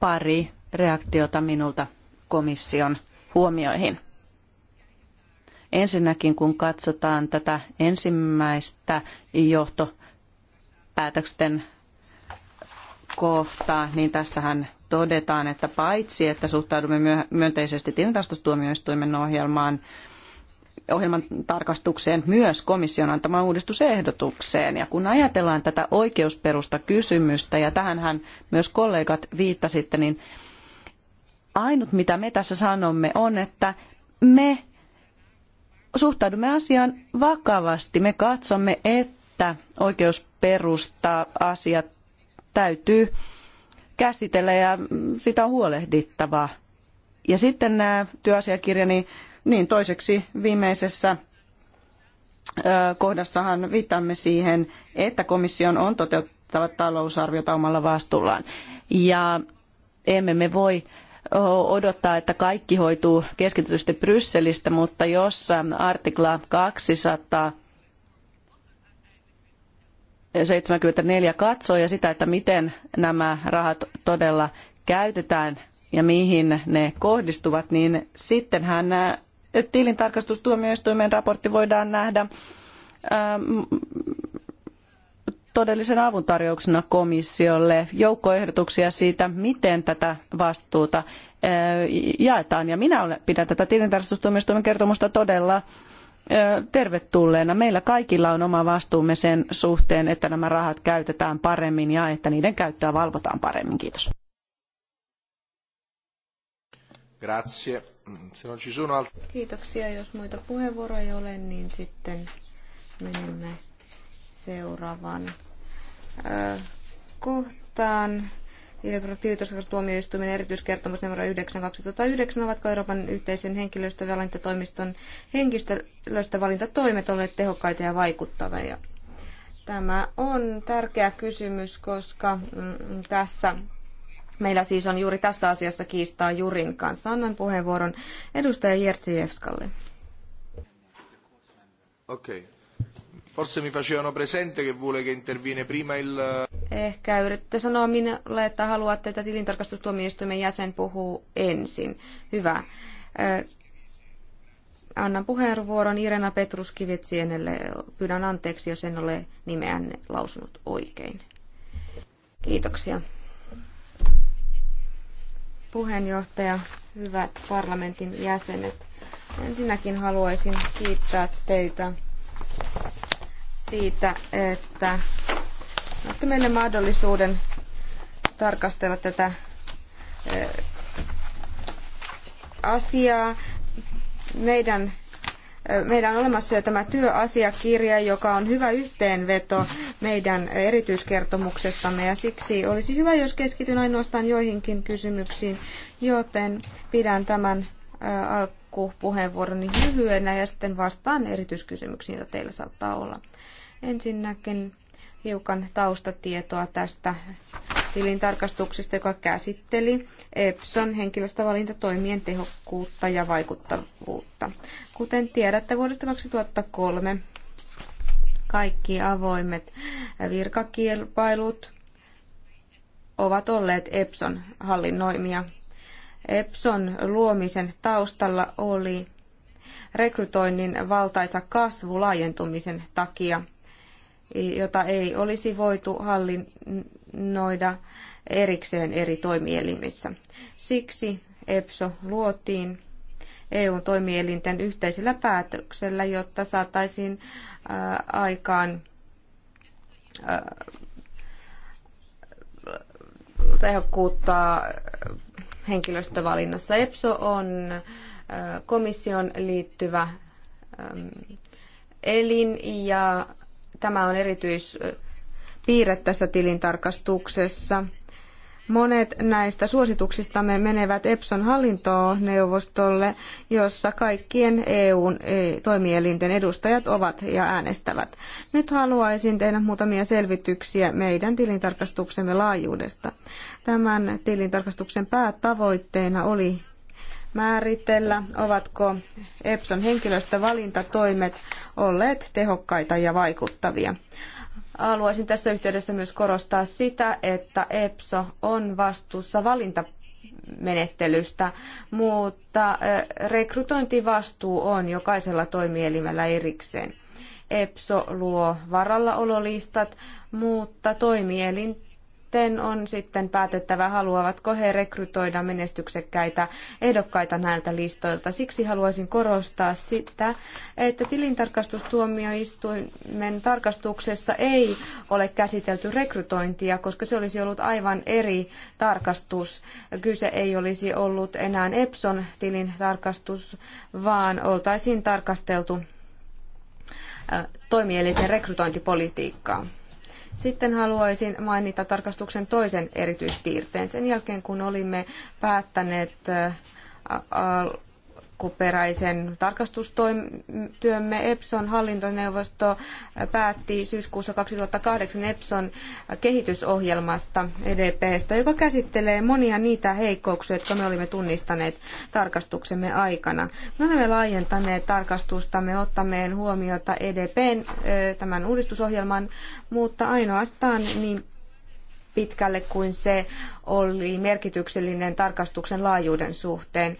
Pari reaktiota minulta komission huomioihin. Ensinnäkin, kun katsotaan tätä ensimmäistä johtopäätöksen kohta, niin tässähän todetaan, että paitsi että suhtaudumme myönteisesti tilintarkastustuomioistuimen ohjelmaan, ohjelman tarkastukseen myös komission antamaan uudistusehdotukseen. Ja kun ajatellaan tätä oikeusperusta kysymystä, ja tähänhän myös kollegat viittasitte, niin ainut mitä me tässä sanomme on, että me suhtaudumme asiaan vakavasti. Me katsomme, että oikeusperusta asiat täytyy käsitellä ja sitä on huolehdittava. Ja sitten nämä työasiakirja, niin, niin toiseksi viimeisessä kohdassahan viittaamme siihen, että komission on toteuttava talousarviota omalla vastuullaan. Ja emme me voi odottaa, että kaikki hoituu keskitetysti Brysselistä, mutta jos artikla 200 74 katsoo ja sitä, että miten nämä rahat todella käytetään ja mihin ne kohdistuvat, niin sittenhän äh, tilintarkastustuomioistuimen raportti voidaan nähdä ähm, todellisen avuntarjouksena komissiolle joukkoehdotuksia siitä, miten tätä vastuuta äh, jaetaan. Ja minä pidän tätä tilintarkastustuomioistuimen kertomusta todella tervetulleena. Meillä kaikilla on oma vastuumme sen suhteen, että nämä rahat käytetään paremmin ja että niiden käyttöä valvotaan paremmin. Kiitos. Grazie. Kiitoksia. Jos muita puheenvuoroja ei ole, niin sitten menemme seuraavaan kohtaan. Tilintarkastustuomioistuimen erityiskertomus numero 9 2009 ovatko Euroopan yhteisön henkilöstövalintatoimiston henkilöstövalintatoimet olleet tehokkaita ja vaikuttavia? Tämä on tärkeä kysymys, koska mm, tässä meillä siis on juuri tässä asiassa kiistaa Jurin kanssa. Annan puheenvuoron edustaja Jertsijevskalle. Okei. Okay. Forse mi facevano presente che vuole che interviene prima il... Ehkä yritätte sanoa minulle, että haluatte, että tilintarkastustuomioistuimen jäsen puhuu ensin. Hyvä. Annan puheenvuoron Irena Petruskivitsienelle. Pyydän anteeksi, jos en ole nimeänne lausunut oikein. Kiitoksia. Puheenjohtaja, hyvät parlamentin jäsenet. Ensinnäkin haluaisin kiittää teitä siitä, että olette meille mahdollisuuden tarkastella tätä eh, asiaa. Meidän eh, Meillä on olemassa jo tämä työasiakirja, joka on hyvä yhteenveto meidän erityiskertomuksestamme ja siksi olisi hyvä, jos keskityn ainoastaan joihinkin kysymyksiin, joten pidän tämän eh, alkupuheenvuoroni lyhyenä ja sitten vastaan erityiskysymyksiin, joita teillä saattaa olla. Ensinnäkin hiukan taustatietoa tästä tilintarkastuksesta, joka käsitteli Epson henkilöstövalintatoimien tehokkuutta ja vaikuttavuutta. Kuten tiedätte, vuodesta 2003 kaikki avoimet virkakilpailut ovat olleet Epson hallinnoimia. Epson luomisen taustalla oli rekrytoinnin valtaisa kasvu laajentumisen takia jota ei olisi voitu hallinnoida erikseen eri toimielimissä. Siksi EPSO luotiin EUn toimielinten yhteisellä päätöksellä, jotta saataisiin äh, aikaan äh, tehokkuutta henkilöstövalinnassa. EPSO on äh, komission liittyvä elin ja Tämä on erityispiirre tässä tilintarkastuksessa. Monet näistä suosituksistamme menevät EPSON hallintoneuvostolle, jossa kaikkien EUn e, toimielinten edustajat ovat ja äänestävät. Nyt haluaisin tehdä muutamia selvityksiä meidän tilintarkastuksemme laajuudesta. Tämän tilintarkastuksen päätavoitteena oli määritellä, ovatko Epson henkilöstövalintatoimet olleet tehokkaita ja vaikuttavia. Haluaisin tässä yhteydessä myös korostaa sitä, että EPSO on vastuussa valintamenettelystä, mutta rekrytointivastuu on jokaisella toimielimellä erikseen. EPSO luo varallaololistat, mutta toimielin sitten on sitten päätettävä, haluavatko he rekrytoida menestyksekkäitä ehdokkaita näiltä listoilta. Siksi haluaisin korostaa sitä, että tilintarkastustuomioistuimen tarkastuksessa ei ole käsitelty rekrytointia, koska se olisi ollut aivan eri tarkastus. Kyse ei olisi ollut enää Epson tilintarkastus, vaan oltaisiin tarkasteltu toimielinten rekrytointipolitiikkaa. Sitten haluaisin mainita tarkastuksen toisen erityispiirteen. Sen jälkeen, kun olimme päättäneet äh, alkuperäisen tarkastustyömme Epson hallintoneuvosto päätti syyskuussa 2008 Epson kehitysohjelmasta EDPstä, joka käsittelee monia niitä heikkouksia, jotka me olimme tunnistaneet tarkastuksemme aikana. Me olemme laajentaneet tarkastustamme ottameen huomiota EDPn tämän uudistusohjelman, mutta ainoastaan niin pitkälle kuin se oli merkityksellinen tarkastuksen laajuuden suhteen.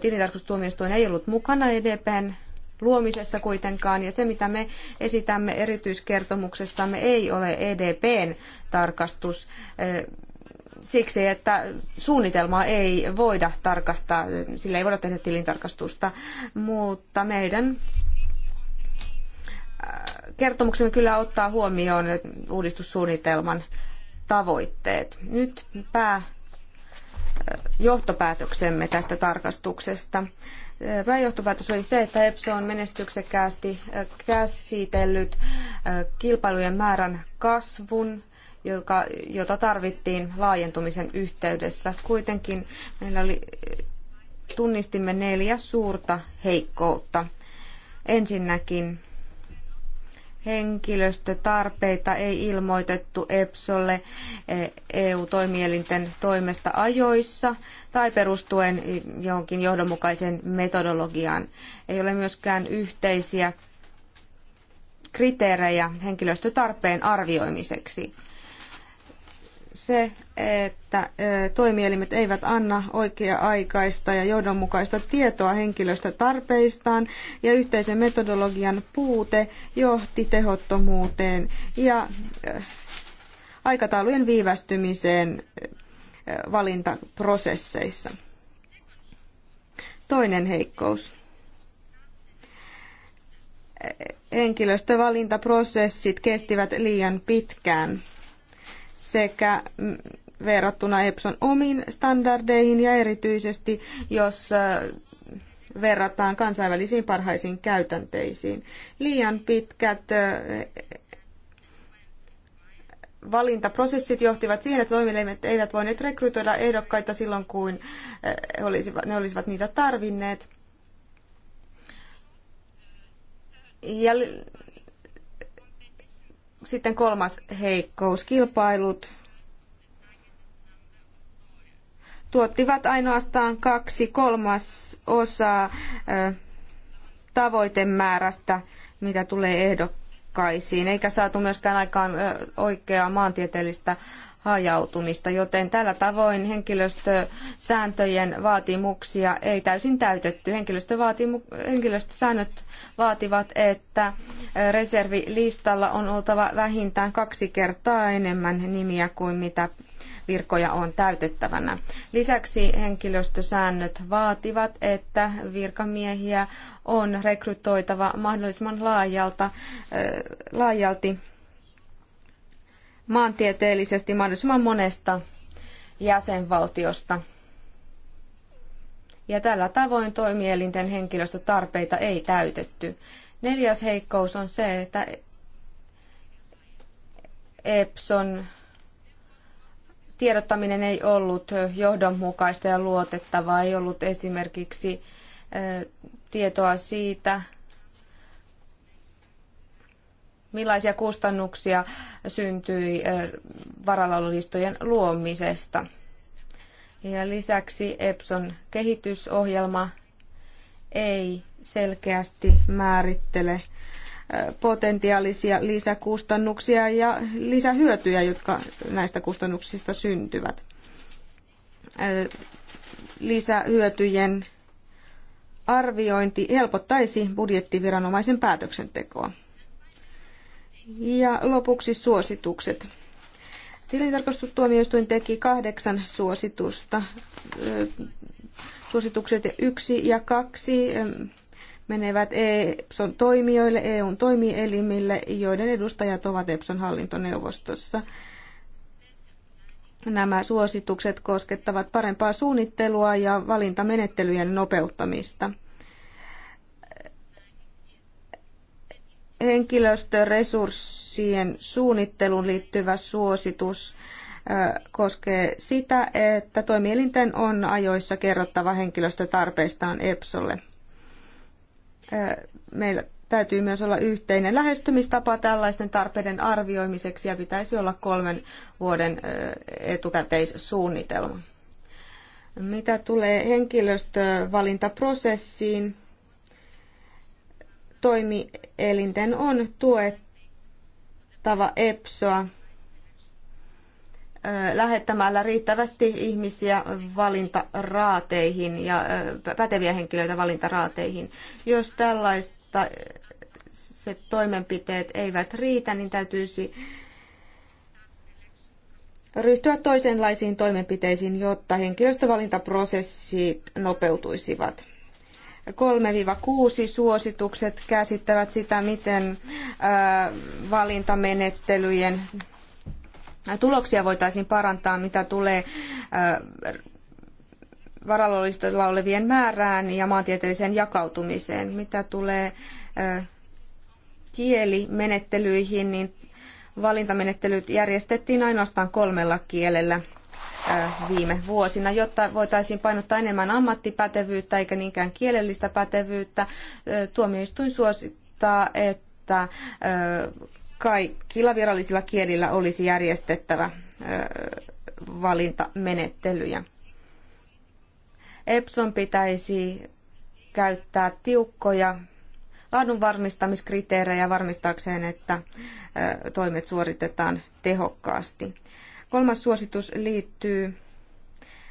Tilintarkastustuomioistuin ei ollut mukana EDPn luomisessa kuitenkaan, ja se mitä me esitämme erityiskertomuksessamme ei ole EDPn tarkastus siksi, että suunnitelmaa ei voida tarkastaa, sillä ei voida tehdä tilintarkastusta, mutta meidän kertomuksemme kyllä ottaa huomioon uudistussuunnitelman tavoitteet. Nyt pää eh, johtopäätöksemme tästä tarkastuksesta. Eh, pääjohtopäätös oli se, että EPSO on menestyksekkäästi eh, käsitellyt kilpailujen määrän kasvun, joka, jota tarvittiin laajentumisen yhteydessä. Kuitenkin meillä oli, tunnistimme neljä suurta heikkoutta. Ensinnäkin henkilöstötarpeita ei ilmoitettu EPSOlle eh, EU-toimielinten toimesta ajoissa tai perustuen johonkin johdonmukaisen metodologiaan. Ei ole myöskään yhteisiä kriteerejä henkilöstötarpeen arvioimiseksi se, että toimielimet eivät anna oikea-aikaista ja johdonmukaista tietoa henkilöstä tarpeistaan ja yhteisen metodologian puute johti tehottomuuteen ja aikataulujen viivästymiseen valintaprosesseissa. Toinen heikkous henkilöstövalintaprosessit kestivät liian pitkään sekä mm, verrattuna Epson omiin standardeihin ja erityisesti jos verrataan kansainvälisiin parhaisiin käytänteisiin. Liian pitkät valintaprosessit johtivat siihen, että toimielimet eivät voineet rekrytoida ehdokkaita silloin, kun ne olisivat niitä tarvinneet. Ja sitten kolmas heikkous, kilpailut tuottivat ainoastaan kaksi kolmas osaa tavoitemäärästä, mitä tulee ehdokkaisiin, eikä saatu myöskään aikaan oikeaa maantieteellistä hajautumista, joten tällä tavoin henkilöstösääntöjen vaatimuksia ei täysin täytetty. Henkilöstövaatimu- henkilöstösäännöt vaativat, että reservilistalla on oltava vähintään kaksi kertaa enemmän nimiä kuin mitä virkoja on täytettävänä. Lisäksi henkilöstösäännöt vaativat, että virkamiehiä on rekrytoitava mahdollisimman laajalta, eh, laajalti maantieteellisesti mahdollisimman monesta jäsenvaltiosta. Ja tällä tavoin toimielinten henkilöstötarpeita ei täytetty. Neljäs heikkous on se, että Epson tiedottaminen ei ollut johdonmukaista ja luotettavaa. Ei ollut esimerkiksi tietoa siitä, millaisia kustannuksia syntyi eh, varallaololistojen luomisesta. Ja lisäksi Epson kehitysohjelma ei selkeästi määrittele eh, potentiaalisia lisäkustannuksia ja lisähyötyjä, jotka näistä kustannuksista syntyvät. Eh, lisähyötyjen arviointi helpottaisi budjettiviranomaisen päätöksentekoa. Ja lopuksi suositukset. Tilintarkastustuomioistuin teki kahdeksan suositusta. Suositukset yksi ja kaksi menevät EPSON toimijoille, EUn toimielimille, joiden edustajat ovat EPSON hallintoneuvostossa. Nämä suositukset koskettavat parempaa suunnittelua ja valintamenettelyjen nopeuttamista. henkilöstöresurssien suunnitteluun liittyvä suositus koskee sitä, että toimielinten on ajoissa kerrottava henkilöstötarpeistaan EPSOlle. Meillä täytyy myös olla yhteinen lähestymistapa tällaisten tarpeiden arvioimiseksi ja pitäisi olla kolmen vuoden etukäteissuunnitelma. Mitä tulee henkilöstövalintaprosessiin, toimielinten on tuettava EPSOa lähettämällä riittävästi ihmisiä valintaraateihin ja päteviä henkilöitä valintaraateihin. Jos tällaista se toimenpiteet eivät riitä, niin täytyisi ryhtyä toisenlaisiin toimenpiteisiin, jotta henkilöstövalintaprosessit nopeutuisivat. 3-6 suositukset käsittävät sitä, miten valintamenettelyjen tuloksia voitaisiin parantaa, mitä tulee varallollistilla olevien määrään ja maantieteelliseen jakautumiseen. Mitä tulee kielimenettelyihin, niin valintamenettelyt järjestettiin ainoastaan kolmella kielellä – viime vuosina, jotta voitaisiin painottaa enemmän ammattipätevyyttä eikä niinkään kielellistä pätevyyttä. Tuomioistuin suosittaa, että kaikilla virallisilla kielillä olisi järjestettävä valintamenettelyjä. Epson pitäisi käyttää tiukkoja laadun varmistamiskriteerejä varmistaakseen, että toimet suoritetaan tehokkaasti. Kolmas suositus liittyy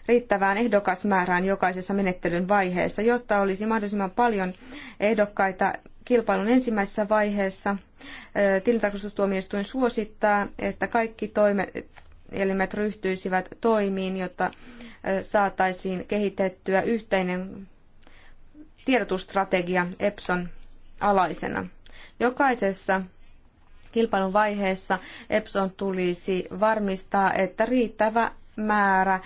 riittävään ehdokasmäärään jokaisessa menettelyn vaiheessa, jotta olisi mahdollisimman paljon ehdokkaita kilpailun ensimmäisessä vaiheessa. Tilintarkastustuomioistuin suosittaa, että kaikki toimielimet ryhtyisivät toimiin, jotta saataisiin kehitettyä yhteinen tiedotusstrategia EPSON alaisena. Jokaisessa kilpailun vaiheessa Epson tulisi varmistaa, että riittävä määrä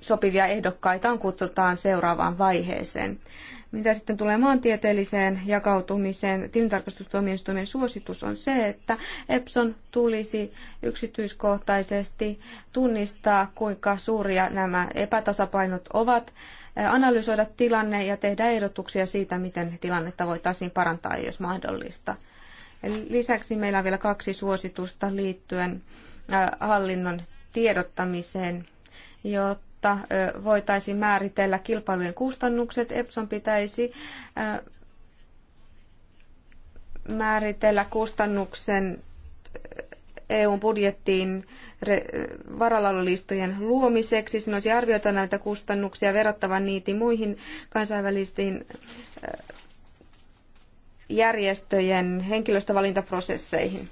sopivia ehdokkaita on kutsutaan seuraavaan vaiheeseen. Mitä sitten tulee maantieteelliseen jakautumiseen, tilintarkastustuomioistuimen suositus on se, että Epson tulisi yksityiskohtaisesti tunnistaa, kuinka suuria nämä epätasapainot ovat, analysoida tilanne ja tehdä ehdotuksia siitä, miten tilannetta voitaisiin parantaa, jos mahdollista. Lisäksi meillä on vielä kaksi suositusta liittyen äh, hallinnon tiedottamiseen, jotta äh, voitaisiin määritellä kilpailujen kustannukset. Epson pitäisi äh, määritellä kustannuksen eu budjettiin varallaololistojen luomiseksi. Siinä olisi arvioita näitä kustannuksia verrattava niitä muihin kansainvälisiin järjestöjen henkilöstövalintaprosesseihin.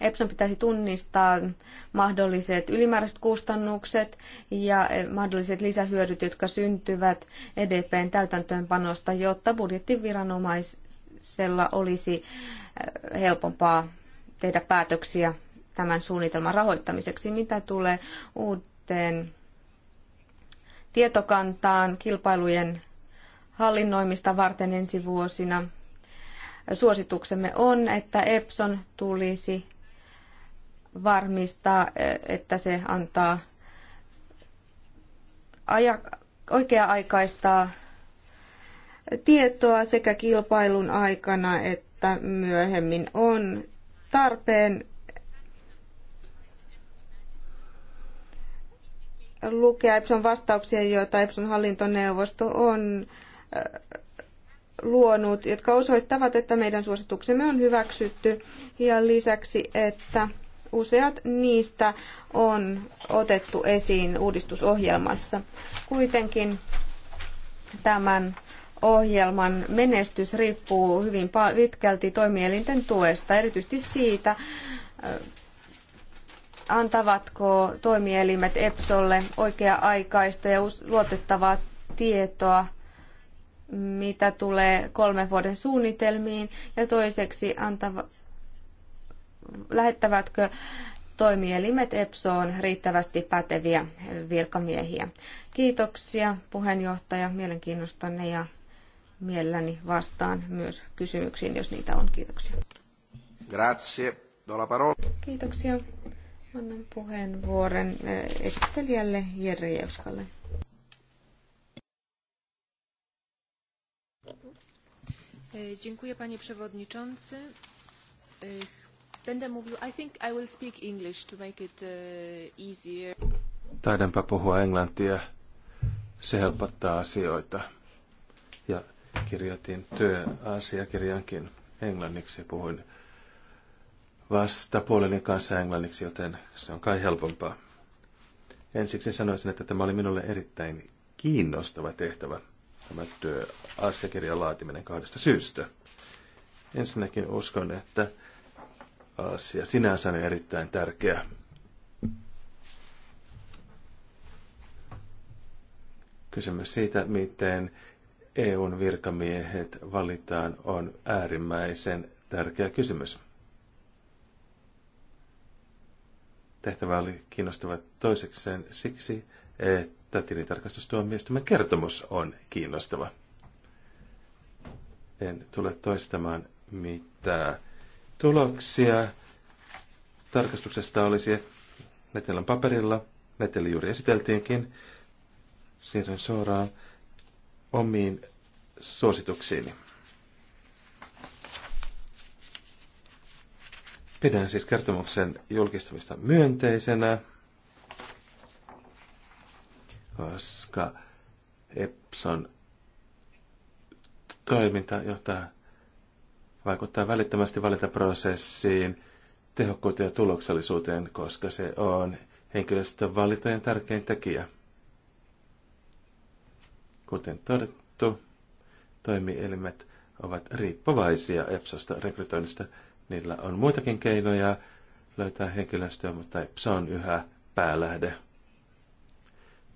Epson pitäisi tunnistaa mahdolliset ylimääräiset kustannukset ja eh, mahdolliset lisähyödyt, jotka syntyvät EDPn täytäntöönpanosta, jotta budjettiviranomaisella olisi eh, helpompaa tehdä päätöksiä tämän suunnitelman rahoittamiseksi. Mitä tulee uuteen tietokantaan kilpailujen hallinnoimista varten ensi vuosina – suosituksemme on, että Epson tulisi varmistaa, e, että se antaa aja, oikea aikaista tietoa sekä kilpailun aikana että myöhemmin on tarpeen lukea Epson vastauksia, joita Epson hallintoneuvosto on e, luonut, jotka osoittavat, että meidän suosituksemme on hyväksytty ja lisäksi, että useat niistä on otettu esiin uudistusohjelmassa. Kuitenkin tämän ohjelman menestys riippuu hyvin pitkälti toimielinten tuesta, erityisesti siitä, antavatko toimielimet EPSOlle oikea-aikaista ja luotettavaa tietoa mitä tulee kolmen vuoden suunnitelmiin ja toiseksi antava, lähettävätkö toimielimet EPSOon riittävästi päteviä virkamiehiä. Kiitoksia puheenjohtaja mielenkiinnostanne ja mielelläni vastaan myös kysymyksiin, jos niitä on. Kiitoksia. Grazie. Do la parola. Kiitoksia. Annan puheenvuoron eh, esittelijälle Jerry Jevskalle. E, dziękuję panie przewodniczący. E, będę mówił, I think I will speak English to make it e, easier. Taidanpa puhua englantia. Se helpottaa asioita. Ja kirjoitin työasiakirjankin englanniksi. Puhuin vastapuoleni kanssa englanniksi, joten se on kai helpompaa. Ensiksi sanoisin, että tämä oli minulle erittäin kiinnostava tehtävä tämä työ asiakirjan laatiminen kahdesta syystä. Ensinnäkin uskon, että asia sinänsä on erittäin tärkeä. Kysymys siitä, miten EUn virkamiehet valitaan, on äärimmäisen tärkeä kysymys. Tehtävä oli kiinnostavat toisekseen siksi, että että tilintarkastustuomioistuimen kertomus on kiinnostava. En tule toistamaan mitään tuloksia tarkastuksesta olisi Netelän paperilla. Neteli juuri esiteltiinkin. Siirryn suoraan omiin suosituksiini. Pidän siis kertomuksen julkistamista myönteisenä koska Epson toiminta johtaa, vaikuttaa välittömästi valintaprosessiin, tehokkuuteen ja tuloksellisuuteen, koska se on henkilöstön valintojen tärkein tekijä. Kuten todettu, toimielimet ovat riippuvaisia EPSOsta rekrytoinnista. Niillä on muitakin keinoja löytää henkilöstöä, mutta epson on yhä päälähde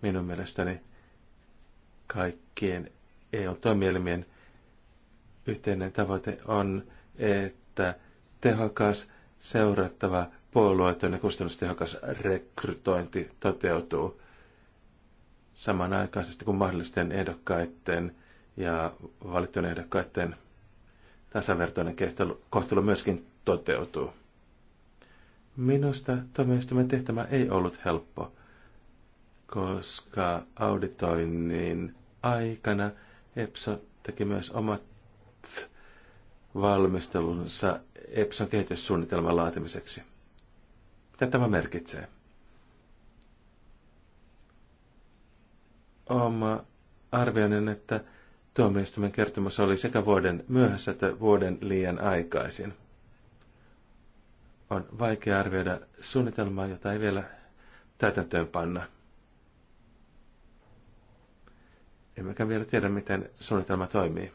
minun mielestäni kaikkien EU-toimielimien yhteinen tavoite on, että tehokas, seurattava, puolueeton ja kustannustehokas rekrytointi toteutuu samanaikaisesti kuin mahdollisten ehdokkaiden ja valittujen ehdokkaiden tasavertoinen kohtelu myöskin toteutuu. Minusta tuomioistuimen tehtävä ei ollut helppo koska auditoinnin aikana EPSA teki myös omat valmistelunsa EPSAn kehityssuunnitelman laatimiseksi. Mitä tämä merkitsee? Oma arvioinen, että tuomioistuimen kertomus oli sekä vuoden myöhässä että vuoden liian aikaisin. On vaikea arvioida suunnitelmaa, jota ei vielä täytäntöön panna. emmekä vielä tiedä, miten suunnitelma toimii.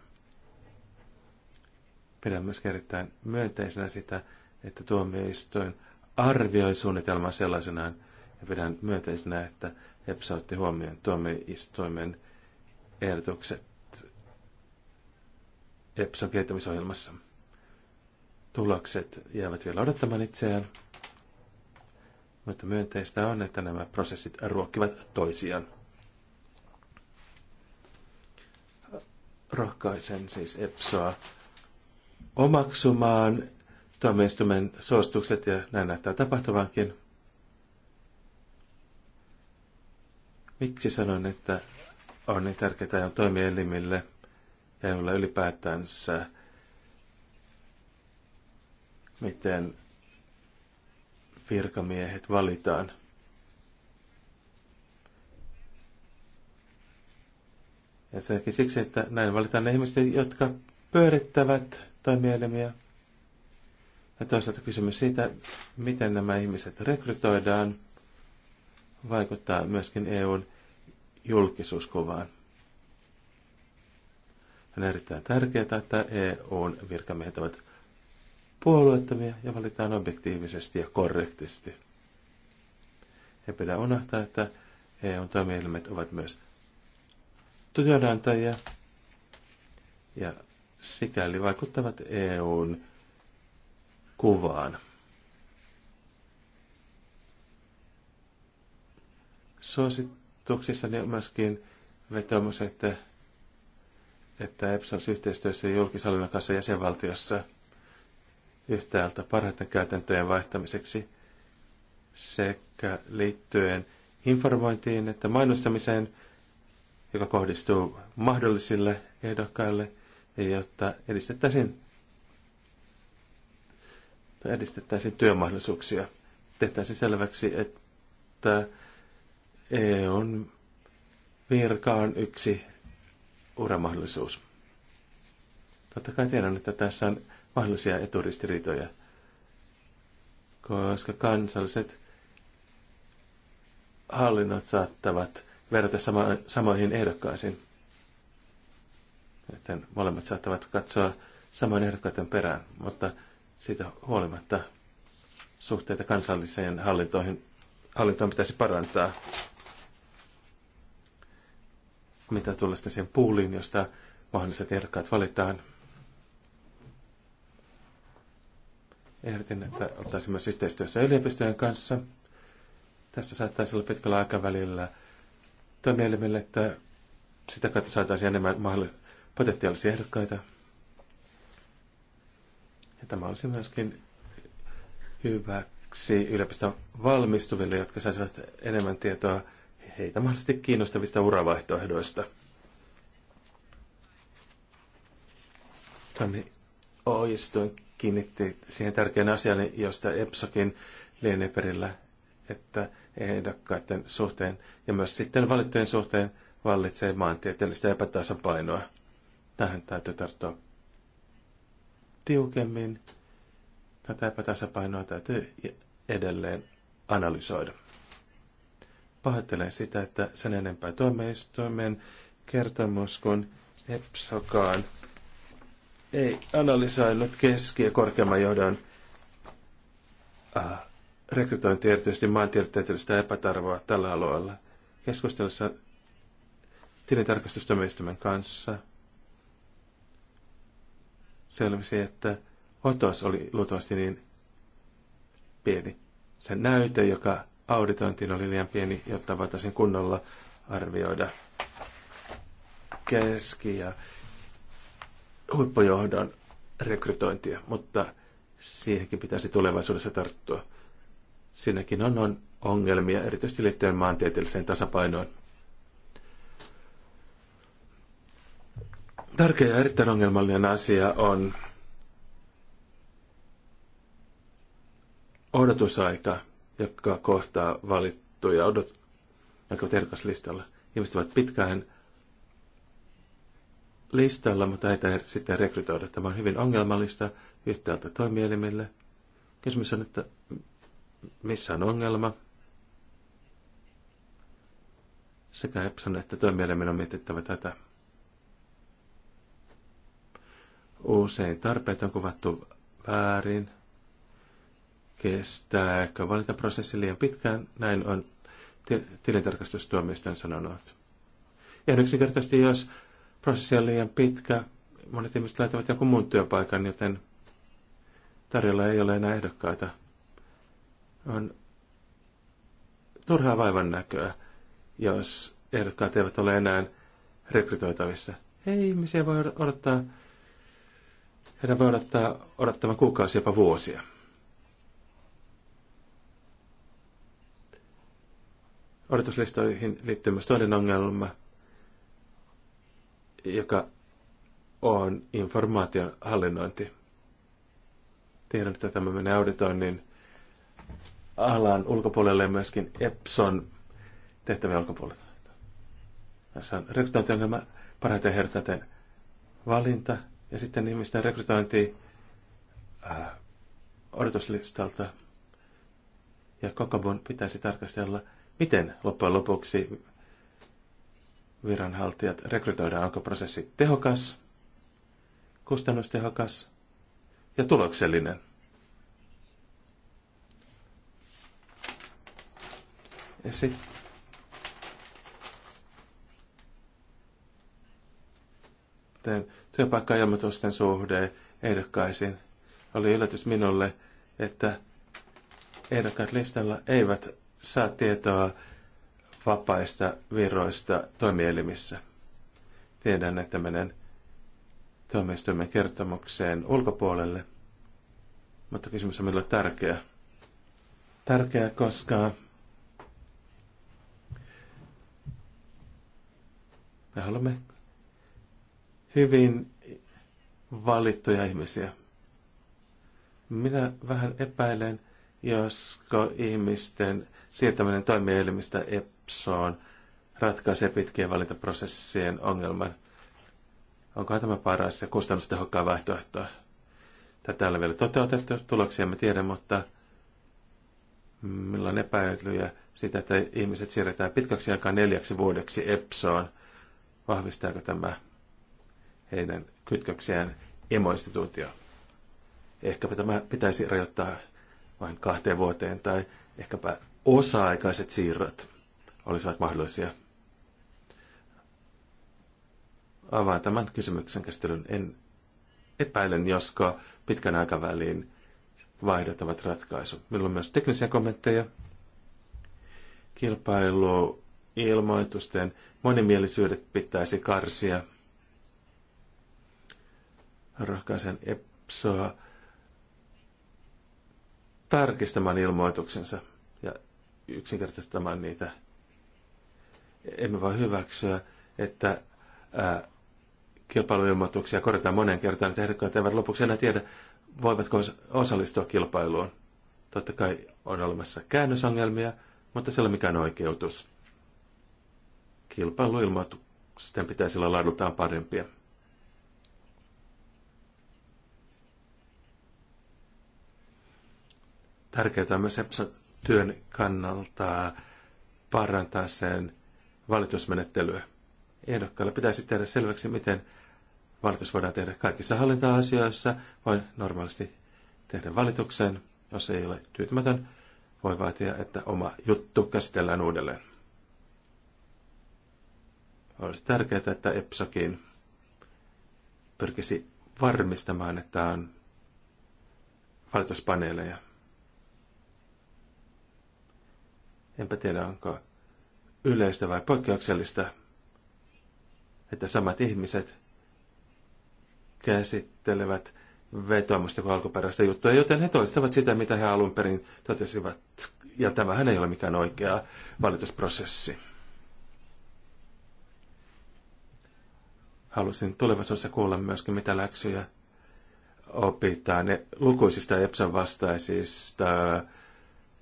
Pidän myös erittäin myönteisenä sitä, että tuomioistuin arvioi suunnitelmaa sellaisenaan, ja pidän myönteisenä, että EPSA otti huomioon tuomioistuimen ehdotukset EPSAn kehittämisohjelmassa. Tulokset jäävät vielä odottamaan itseään, mutta myönteistä on, että nämä prosessit ruokkivat toisiaan. rohkaisen siis EPSOa omaksumaan tuomioistuimen suostukset ja näin näyttää tapahtuvankin. Miksi sanon, että on niin tärkeää on toimielimille ja jolla ylipäätänsä miten virkamiehet valitaan? ehkä siksi, että näin valitaan ne ihmiset, jotka pyörittävät mielemiä. Ja toisaalta kysymys siitä, miten nämä ihmiset rekrytoidaan, vaikuttaa myöskin EUn julkisuuskuvaan. On erittäin tärkeää, että EUn virkamiehet ovat puolueettomia ja valitaan objektiivisesti ja korrektisti. Ei pidä unohtaa, että EUn toimielimet ovat myös työnantajia ja sikäli vaikuttavat EUn kuvaan. Suosituksissa on myöskin vetomus, että, että EPSOS yhteistyössä julkisalueen kanssa jäsenvaltiossa yhtäältä parhaiten käytäntöjen vaihtamiseksi sekä liittyen informointiin että mainostamiseen – joka kohdistuu mahdollisille ehdokkaille, jotta edistettäisiin, edistettäisiin työmahdollisuuksia. Tehtäisiin selväksi, että EUn virka on yksi uramahdollisuus. Totta kai tiedän, että tässä on mahdollisia eturistiriitoja, koska kansalliset hallinnot saattavat verrata sama, samoihin ehdokkaisiin. että molemmat saattavat katsoa samoin ehdokkaiden perään, mutta siitä huolimatta suhteita kansalliseen hallintoihin, hallintoon pitäisi parantaa. Mitä tulee sitten siihen puuliin, josta mahdolliset ehdokkaat valitaan, ehdotin, että ottaisiin myös yhteistyössä yliopistojen kanssa. Tässä saattaisi olla pitkällä aikavälillä toimielimille, että sitä kautta saataisiin enemmän mahdoll- potentiaalisia ehdokkaita. Ja tämä olisi myöskin hyväksi yliopiston valmistuville, jotka saisivat enemmän tietoa heitä mahdollisesti kiinnostavista uravaihtoehdoista. Tämä Oistuin kiinnitti siihen tärkeän asian, josta Epsokin lienee perillä – että ehdokkaiden suhteen ja myös sitten valittujen suhteen vallitsee maantieteellistä epätasapainoa. Tähän täytyy tarttua tiukemmin. Tätä epätasapainoa täytyy edelleen analysoida. Pahoittelen sitä, että sen enempää tuomioistuimen kertomus kuin EPSOkaan ei analysoinut keski- ja korkeamman johdon äh, rekrytointi erityisesti maantieteellistä epätarvoa tällä alueella. Keskustelussa tilintarkastustoimistomen kanssa selvisi, että otos oli luultavasti niin pieni. Se näyte, joka auditointiin oli liian pieni, jotta voitaisiin kunnolla arvioida keski- ja huippujohdon rekrytointia, mutta siihenkin pitäisi tulevaisuudessa tarttua. Siinäkin on, on ongelmia, erityisesti liittyen maantieteelliseen tasapainoon. Tärkeä ja erittäin ongelmallinen asia on odotusaika, joka kohtaa valittuja odot, jotka ovat ehdokaslistalla. Ihmiset ovat pitkään listalla, mutta heitä sitten rekrytoida. Tämä on hyvin ongelmallista yhtäältä toimielimille. Kysymys on, että missä on ongelma. Sekä Epson että työmielimen on mietittävä tätä. Usein tarpeet on kuvattu väärin. Kestääkö valintaprosessi liian pitkään? Näin on tilintarkastustuomioistuin sanonut. Ja yksinkertaisesti, jos prosessi on liian pitkä, monet ihmiset laittavat jonkun muun työpaikan, joten tarjolla ei ole enää ehdokkaita on turhaa vaivan näköä, jos ehdokkaat eivät ole enää rekrytoitavissa. Ei ihmisiä voi odottaa, heidän voi odottaa odottamaan kuukausia jopa vuosia. Odotuslistoihin liittyy myös toinen ongelma, joka on informaation hallinnointi. Tiedän, että tämä menee auditoinnin Ahlaan ulkopuolelle ja myöskin Epson tehtävien ulkopuolelle. Tässä on rekrytointiongelma, parhaiten herkäten valinta ja sitten ihmisten rekrytointi äh, odotuslistalta. Ja kokabun pitäisi tarkastella, miten loppujen lopuksi viranhaltijat rekrytoidaan. Onko prosessi tehokas, kustannustehokas ja tuloksellinen? Ja sitten työpaikka-ilmoitusten suhde ehdokkaisiin. Oli yllätys minulle, että ehdokkaat listalla eivät saa tietoa vapaista viroista toimielimissä. Tiedän, että menen tuomioistuimen kertomukseen ulkopuolelle, mutta kysymys on minulle tärkeä. Tärkeä, koska Me haluamme hyvin valittuja ihmisiä. Minä vähän epäilen, josko ihmisten siirtäminen toimielimistä EPSOon ratkaisee pitkien valintaprosessien ongelman. Onkohan tämä paras ja kustannustehokkaan vaihtoehto? Tätä ei vielä toteutettu, tuloksia me tiedä, mutta on epäilyjä siitä, että ihmiset siirretään pitkäksi aikaa neljäksi vuodeksi EPSOon. Vahvistaako tämä heidän kytköksiään emoinstituutioon? Ehkäpä tämä pitäisi rajoittaa vain kahteen vuoteen tai ehkäpä osa-aikaiset siirrot olisivat mahdollisia. Avaan tämän kysymyksen käsittelyn. En epäilen, josko pitkän aikavälin vaihdot ovat ratkaisu. Meillä on myös teknisiä kommentteja. Kilpailu ilmoitusten monimielisyydet pitäisi karsia. Rohkaisen EPSOa tarkistamaan ilmoituksensa ja yksinkertaistamaan niitä. Emme voi hyväksyä, että ää, kilpailuilmoituksia korjataan monen kertaan, että ehdokkaat eivät lopuksi enää tiedä, voivatko osallistua kilpailuun. Totta kai on olemassa käännösongelmia, mutta se ei ole mikään oikeutus kilpailuilmoitusten pitäisi olla laadultaan parempia. Tärkeää on myös työn kannalta parantaa sen valitusmenettelyä. Ehdokkaalle pitäisi tehdä selväksi, miten valitus voidaan tehdä kaikissa hallinta-asioissa. Voi normaalisti tehdä valituksen, jos ei ole tyytymätön. Voi vaatia, että oma juttu käsitellään uudelleen. Olisi tärkeää, että EPSAkin pyrkisi varmistamaan, että on valituspaneeleja. Enpä tiedä, onko yleistä vai poikkeuksellista, että samat ihmiset käsittelevät vetoamusta kuin alkuperäistä juttua, joten he toistavat sitä, mitä he alun perin totesivat. Ja tämähän ei ole mikään oikea valitusprosessi. Halusin tulevaisuudessa kuulla myöskin, mitä läksyjä opitaan ne lukuisista EPSAn vastaisista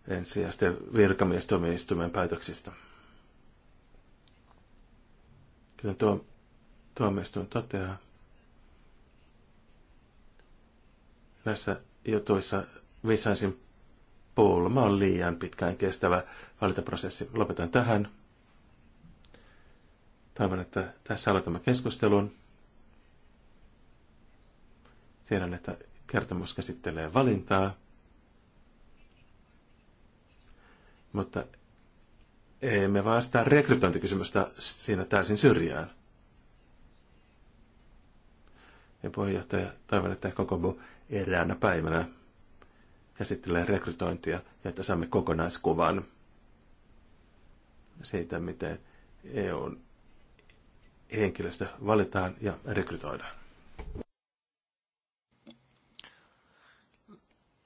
ensisijaisten virkamiestuomioistuimen päätöksistä. Kyllä tuo tuomioistuin toteaa, näissä jutuissa visaisin pulma on liian pitkään kestävä valintaprosessi. Lopetan tähän. Toivon, että tässä aloitamme keskustelun. Tiedän, että kertomus käsittelee valintaa, mutta emme vaan sitä rekrytointikysymystä siinä täysin syrjään. Ja puheenjohtaja, toivon, että koko eräänä päivänä käsittelee rekrytointia ja että saamme kokonaiskuvan siitä, miten EUn henkilöstö valitaan ja rekrytoidaan.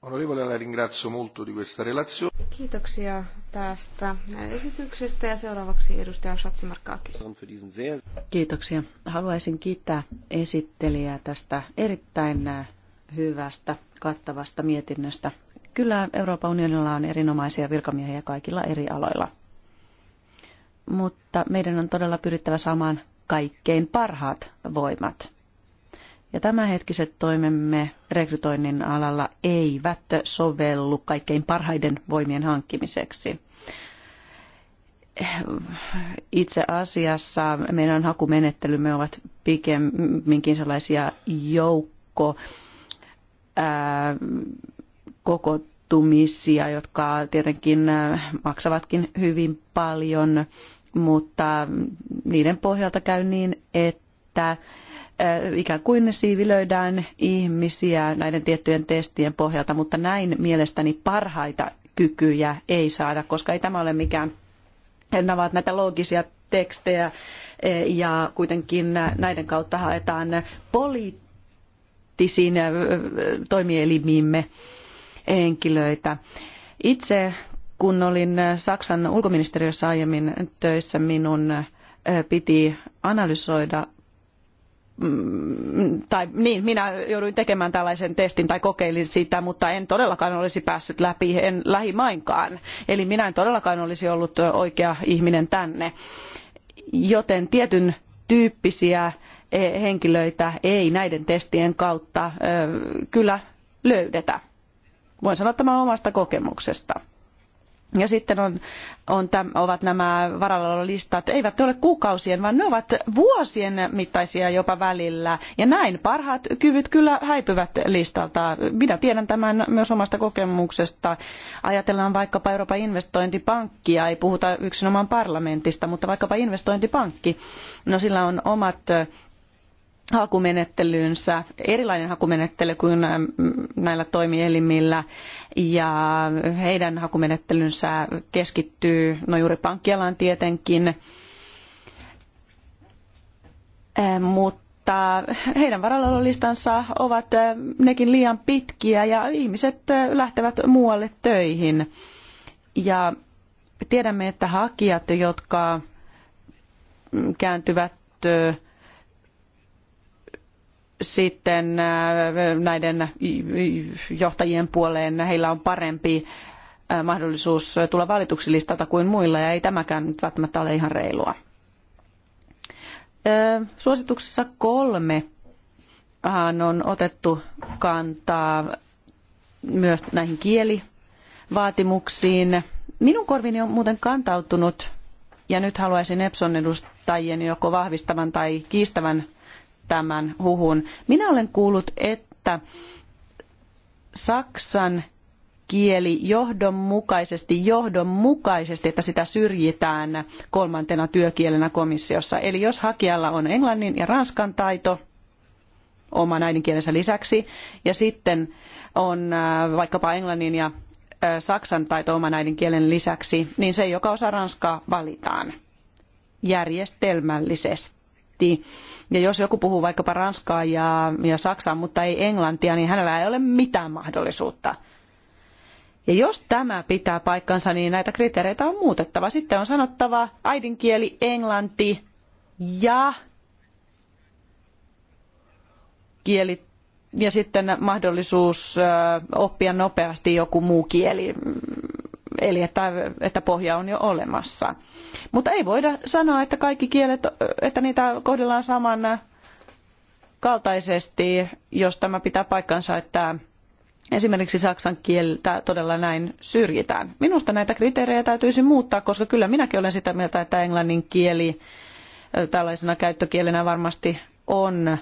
Onorevole, la ringrazio molto di questa relazione. Kiitoksia tästä esityksestä ja seuraavaksi edustaja Schatzimarkakis. Kiitoksia. Haluaisin kiittää esittelijää tästä erittäin äh, hyvästä, kattavasta mietinnöstä. Kyllä Euroopan unionilla on erinomaisia virkamiehiä kaikilla eri aloilla. Mutta meidän on todella pyrittävä saamaan kaikkein parhaat voimat. Ja tämänhetkiset toimemme rekrytoinnin alalla eivät sovellu kaikkein parhaiden voimien hankkimiseksi. Itse asiassa meidän hakumenettelymme ovat pikemminkin sellaisia joukko ää, koko jotka tietenkin maksavatkin hyvin paljon mutta niiden pohjalta käy niin, että äh, ikään kuin ne siivilöidään ihmisiä näiden tiettyjen testien pohjalta, mutta näin mielestäni parhaita kykyjä ei saada, koska ei tämä ole mikään, nämä ovat näitä loogisia tekstejä eh, ja kuitenkin näiden kautta haetaan poliittisiin eh, toimielimiimme henkilöitä. Itse kun olin äh, Saksan ulkoministeriössä aiemmin töissä, minun äh, piti analysoida mm, tai niin, minä jouduin tekemään tällaisen testin tai kokeilin sitä, mutta en todellakaan olisi päässyt läpi, en lähimainkaan. Eli minä en todellakaan olisi ollut oikea ihminen tänne. Joten tietyn tyyppisiä e, henkilöitä ei näiden testien kautta kyllä löydetä. Voin sanoa tämän omasta kokemuksesta. Ja sitten on, on täm, ovat nämä varallaololistat, eivät ole kuukausien, vaan ne ovat vuosien mittaisia jopa välillä. Ja näin parhaat kyvyt kyllä häipyvät listalta. Minä tiedän tämän myös omasta kokemuksesta. Ajatellaan vaikkapa Euroopan investointipankkia, ei puhuta yksinomaan parlamentista, mutta vaikkapa investointipankki. No sillä on omat hakumenettelynsä erilainen hakumenettely kuin näillä toimielimillä ja heidän hakumenettelynsä keskittyy, no juuri pankkialaan tietenkin, mutta heidän varallaololistansa ovat nekin liian pitkiä ja ihmiset lähtevät muualle töihin. Ja tiedämme, että hakijat, jotka kääntyvät sitten äh, näiden johtajien puoleen heillä on parempi äh, mahdollisuus tulla valituksi listalta kuin muilla ja ei tämäkään nyt välttämättä ole ihan reilua. Äh, suosituksessa kolme on otettu kantaa myös näihin kielivaatimuksiin. Minun korvini on muuten kantautunut, ja nyt haluaisin Epson edustajien joko vahvistavan tai kiistävän tämän huhun. Minä olen kuullut, että saksan kieli johdonmukaisesti, johdonmukaisesti, että sitä syrjitään kolmantena työkielenä komissiossa. Eli jos hakijalla on englannin ja ranskan taito oman äidinkielensä lisäksi, ja sitten on äh, vaikkapa englannin ja äh, saksan taito oman äidinkielen lisäksi, niin se, joka osaa ranskaa, valitaan järjestelmällisesti miettii. Ja jos joku puhuu vaikkapa Ranskaa ja, ja Saksaa, mutta ei Englantia, niin hänellä ei ole mitään mahdollisuutta. Ja jos tämä pitää paikkansa, niin näitä kriteereitä on muutettava. Sitten on sanottava äidinkieli, englanti ja kieli ja sitten mahdollisuus oppia nopeasti joku muu kieli eli että, että pohja on jo olemassa. Mutta ei voida sanoa, että kaikki kielet, että niitä kohdellaan saman kaltaisesti, jos tämä pitää paikkansa, että esimerkiksi saksan kieltä todella näin syrjitään. Minusta näitä kriteerejä täytyisi muuttaa, koska kyllä minäkin olen sitä mieltä, että englannin kieli tällaisena käyttökielenä varmasti on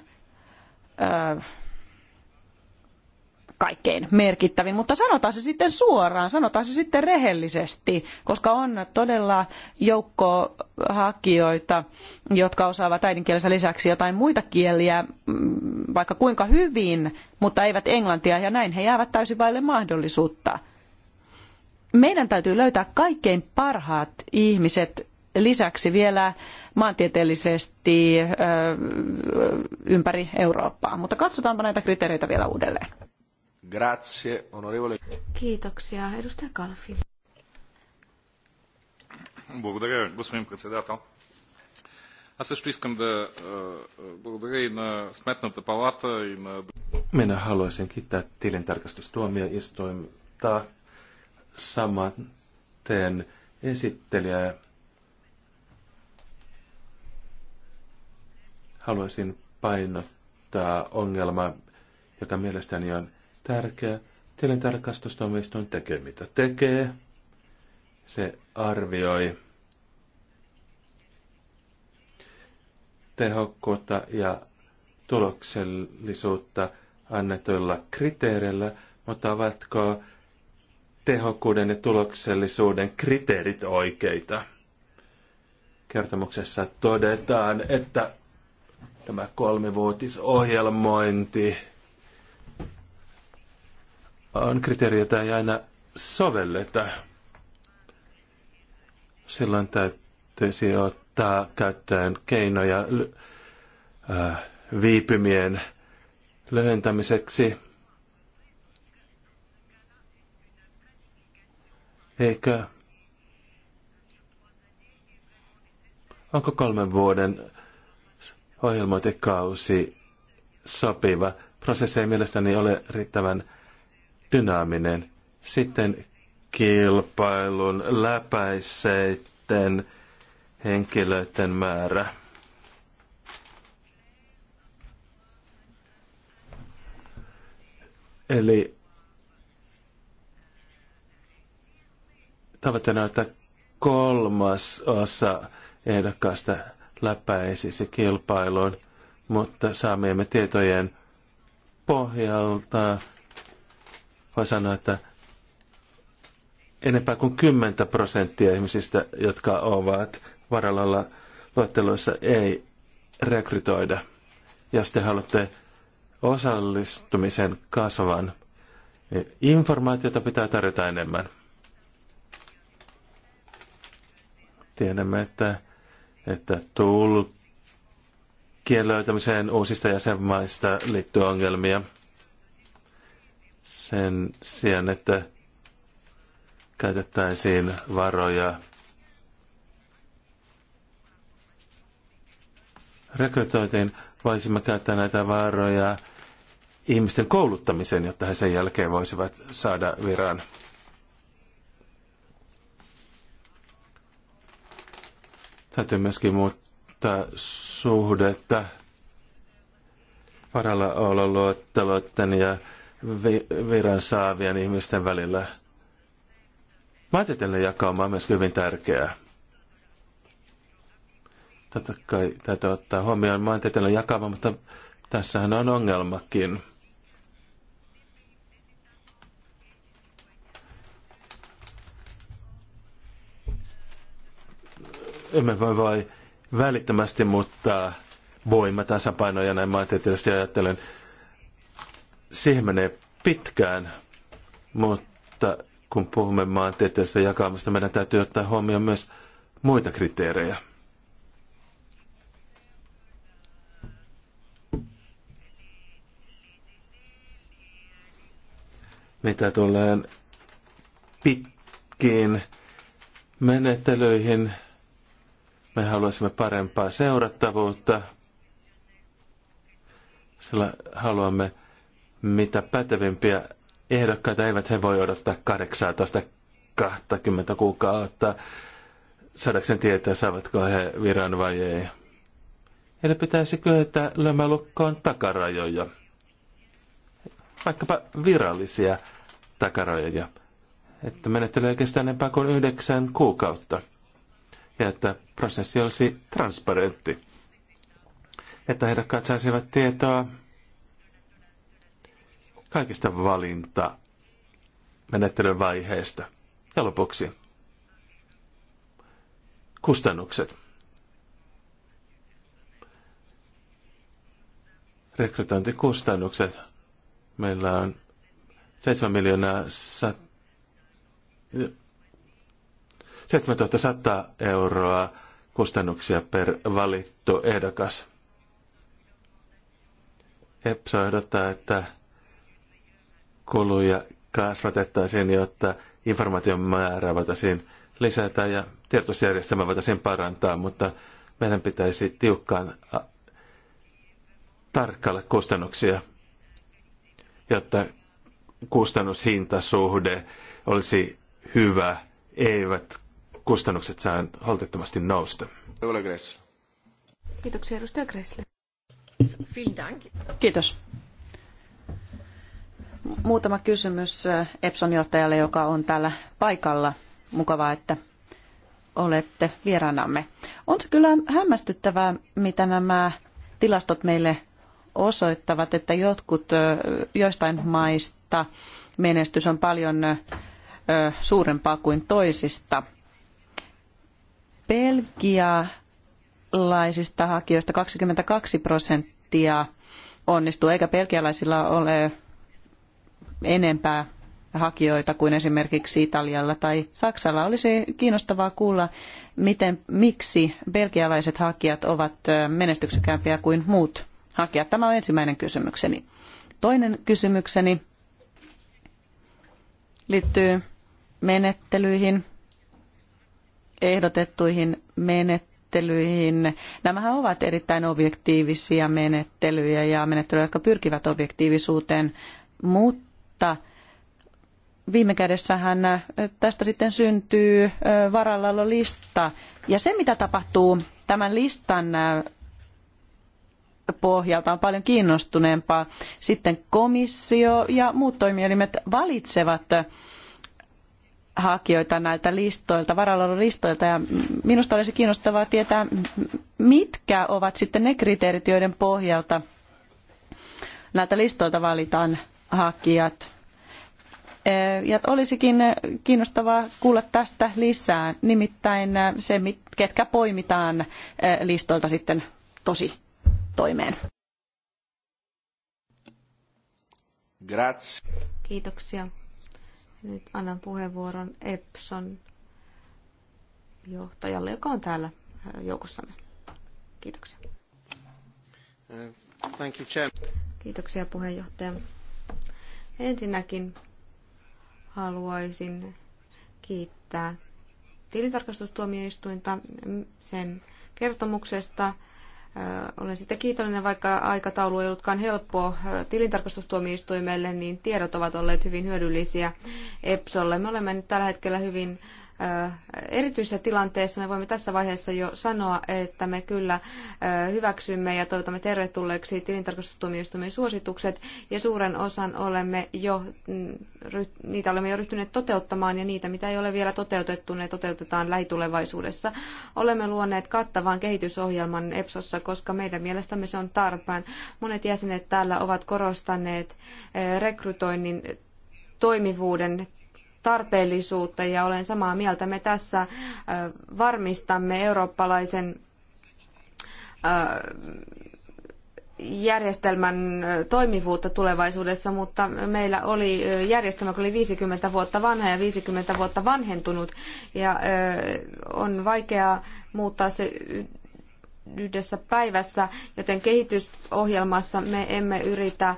kaikkein merkittävin, mutta sanotaan se sitten suoraan, sanotaan se sitten rehellisesti, koska on todella joukko hakijoita, jotka osaavat äidinkielensä lisäksi jotain muita kieliä, mm, vaikka kuinka hyvin, mutta eivät englantia, ja näin he jäävät täysin vaille mahdollisuutta. Meidän täytyy löytää kaikkein parhaat ihmiset lisäksi vielä maantieteellisesti ympäri Eurooppaa. Mutta katsotaanpa näitä kriteereitä vielä uudelleen. Grazie, onorevole. Kiitoksia. Edustaja Kalfi. Благодаря, господин председател. Аз също искам да благодаря и на Сметната палата и на... Minä haluaisin kiittää tilintarkastustuomioistuinta samaten esittelijää. Haluaisin painottaa ongelmaa, joka mielestäni on tärkeä. Tilintarkastustoimiston tekee mitä tekee. Se arvioi tehokkuutta ja tuloksellisuutta annetuilla kriteereillä, mutta ovatko tehokkuuden ja tuloksellisuuden kriteerit oikeita? Kertomuksessa todetaan, että tämä kolmivuotisohjelmointi on kriteeri, jota ei aina sovelleta. Silloin täytyisi ottaa käyttöön keinoja äh, viipymien lyhentämiseksi. Eikö? Onko kolmen vuoden ohjelmointikausi sopiva? Prosessi ei mielestäni ole riittävän dynaaminen. Sitten kilpailun läpäiseiden henkilöiden määrä. Eli tavoitteena, että kolmas osa ehdokkaasta läpäisisi kilpailun, mutta saamiemme tietojen pohjalta voin sanoa, että enempää kuin 10 prosenttia ihmisistä, jotka ovat varalalla luetteloissa, ei rekrytoida. Jos te haluatte osallistumisen kasvavan, niin informaatiota pitää tarjota enemmän. Tiedämme, että, että tulkien löytämiseen uusista jäsenmaista liittyy ongelmia – sen sijaan, että käytettäisiin varoja rekrytointiin, voisimme käyttää näitä varoja ihmisten kouluttamiseen, jotta he sen jälkeen voisivat saada viran. Täytyy myöskin muuttaa suhdetta varalla olla luotteloiden ja viran saavien ihmisten välillä. Maantieteellinen jakauma on myös hyvin tärkeää. Totta kai täytyy ottaa huomioon maantieteellinen jakauma, mutta tässähän on ongelmakin. Emme voi vain välittömästi muuttaa voimatasapainoja näin maantieteellisesti ajattelen siihen menee pitkään, mutta kun puhumme maantieteestä jakamasta, meidän täytyy ottaa huomioon myös muita kriteerejä. Mitä tulee pitkiin menettelyihin, me haluaisimme parempaa seurattavuutta, sillä haluamme mitä pätevimpiä ehdokkaita eivät he voi odottaa 18-20 kuukautta saadakseen tietää, saavatko he viran vai ei. Eli pitäisi kyetä lömälukkoon takarajoja, vaikkapa virallisia takarajoja, että menettely ei kestä enempää kuin yhdeksän kuukautta ja että prosessi olisi transparentti, että ehdokkaat saisivat tietoa kaikista valinta menettelyn vaiheista. Ja lopuksi kustannukset. Rekrytointikustannukset. Meillä on 7 miljoonaa 7100 euroa kustannuksia per valittu ehdokas. EPSO ehdottaa, että kuluja kasvatettaisiin, jotta informaation määrää voitaisiin lisätä ja tietosjärjestelmä voitaisiin parantaa, mutta meidän pitäisi tiukkaan tarkkailla kustannuksia, jotta kustannushintasuhde olisi hyvä, eivät kustannukset saa holtettomasti nousta. Kiitoksia edustaja Gressle. Kiitos. Muutama kysymys eh, Epson johtajalle, joka on täällä paikalla. Mukavaa, että olette vieraanamme. On se kyllä hämmästyttävää, mitä nämä tilastot meille osoittavat, että jotkut eh, joistain maista menestys on paljon eh, suurempaa kuin toisista. Belgialaisista hakijoista 22 prosenttia onnistuu, eikä belgialaisilla ole enempää hakijoita kuin esimerkiksi Italialla tai Saksalla. Olisi kiinnostavaa kuulla, miten, miksi belgialaiset hakijat ovat menestyksekäämpiä kuin muut hakijat. Tämä on ensimmäinen kysymykseni. Toinen kysymykseni liittyy menettelyihin, ehdotettuihin menettelyihin. Nämähän ovat erittäin objektiivisia menettelyjä ja menettelyjä, jotka pyrkivät objektiivisuuteen, mutta mutta viime kädessähän äh, tästä sitten syntyy äh, varallaololista. Ja se, mitä tapahtuu tämän listan äh, pohjalta on paljon kiinnostuneempaa. Sitten komissio ja muut toimielimet valitsevat hakijoita näiltä listoilta, varallaololistoilta ja minusta olisi kiinnostavaa tietää, mitkä ovat sitten ne kriteerit, joiden pohjalta näiltä listoilta valitaan hakijat. E, ja olisikin kiinnostavaa kuulla tästä lisää, nimittäin e, se, ketkä poimitaan e, listoilta sitten tosi toimeen. Grazie. Kiitoksia. Nyt annan puheenvuoron Epson johtajalle, joka on täällä joukossamme. Kiitoksia. Uh, thank you, Chair. Kiitoksia puheenjohtaja. Ensinnäkin haluaisin kiittää tilintarkastustuomioistuinta sen kertomuksesta. Olen sitä kiitollinen, vaikka aikataulu ei ollutkaan helppo tilintarkastustuomioistuimelle, niin tiedot ovat olleet hyvin hyödyllisiä EPSOlle. Me olemme nyt tällä hetkellä hyvin erityisessä tilanteessa me voimme tässä vaiheessa jo sanoa, että me kyllä hyväksymme ja toivotamme tervetulleeksi tilintarkastustuomioistuimen suositukset ja suuren osan olemme jo, mm, niitä olemme jo ryhtyneet toteuttamaan ja niitä, mitä ei ole vielä toteutettu, ne toteutetaan lähitulevaisuudessa. Olemme luoneet kattavan kehitysohjelman EPSOssa, koska meidän mielestämme se on tarpeen. Monet jäsenet täällä ovat korostaneet rekrytoinnin toimivuuden tarpeellisuutta ja olen samaa mieltä. Me tässä varmistamme eurooppalaisen järjestelmän toimivuutta tulevaisuudessa, mutta meillä oli järjestelmä, joka oli 50 vuotta vanha ja 50 vuotta vanhentunut ja on vaikeaa muuttaa se yhdessä päivässä, joten kehitysohjelmassa me emme yritä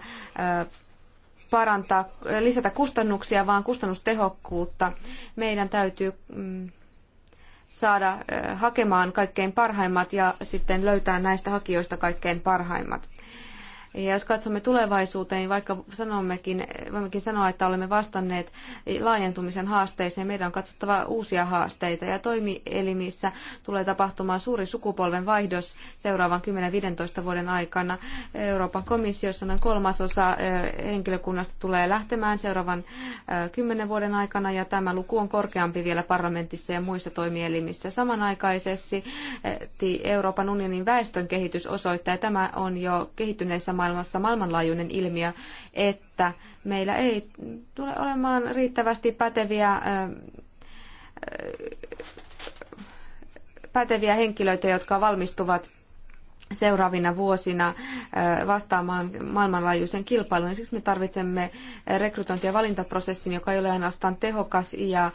parantaa, lisätä kustannuksia, vaan kustannustehokkuutta. Meidän täytyy mm, saada eh, hakemaan kaikkein parhaimmat ja sitten löytää näistä hakijoista kaikkein parhaimmat. Ja jos katsomme tulevaisuuteen, niin vaikka sanommekin, voimmekin sanoa, että olemme vastanneet laajentumisen haasteeseen, meidän on katsottava uusia haasteita. Ja toimielimissä tulee tapahtumaan suuri sukupolven vaihdos seuraavan 10-15 vuoden aikana. Euroopan komissiossa noin kolmasosa henkilökunnasta tulee lähtemään seuraavan 10 vuoden aikana, ja tämä luku on korkeampi vielä parlamentissa ja muissa toimielimissä. Samanaikaisesti Euroopan unionin väestönkehitys osoittaa, että tämä on jo kehittyneissä maailmassa maailmanlaajuinen ilmiö, että meillä ei tule olemaan riittävästi päteviä päteviä henkilöitä, jotka valmistuvat seuraavina vuosina vastaamaan maailmanlaajuisen kilpailuun. Siksi me tarvitsemme rekrytointi- ja valintaprosessin, joka ei ole ainoastaan tehokas ja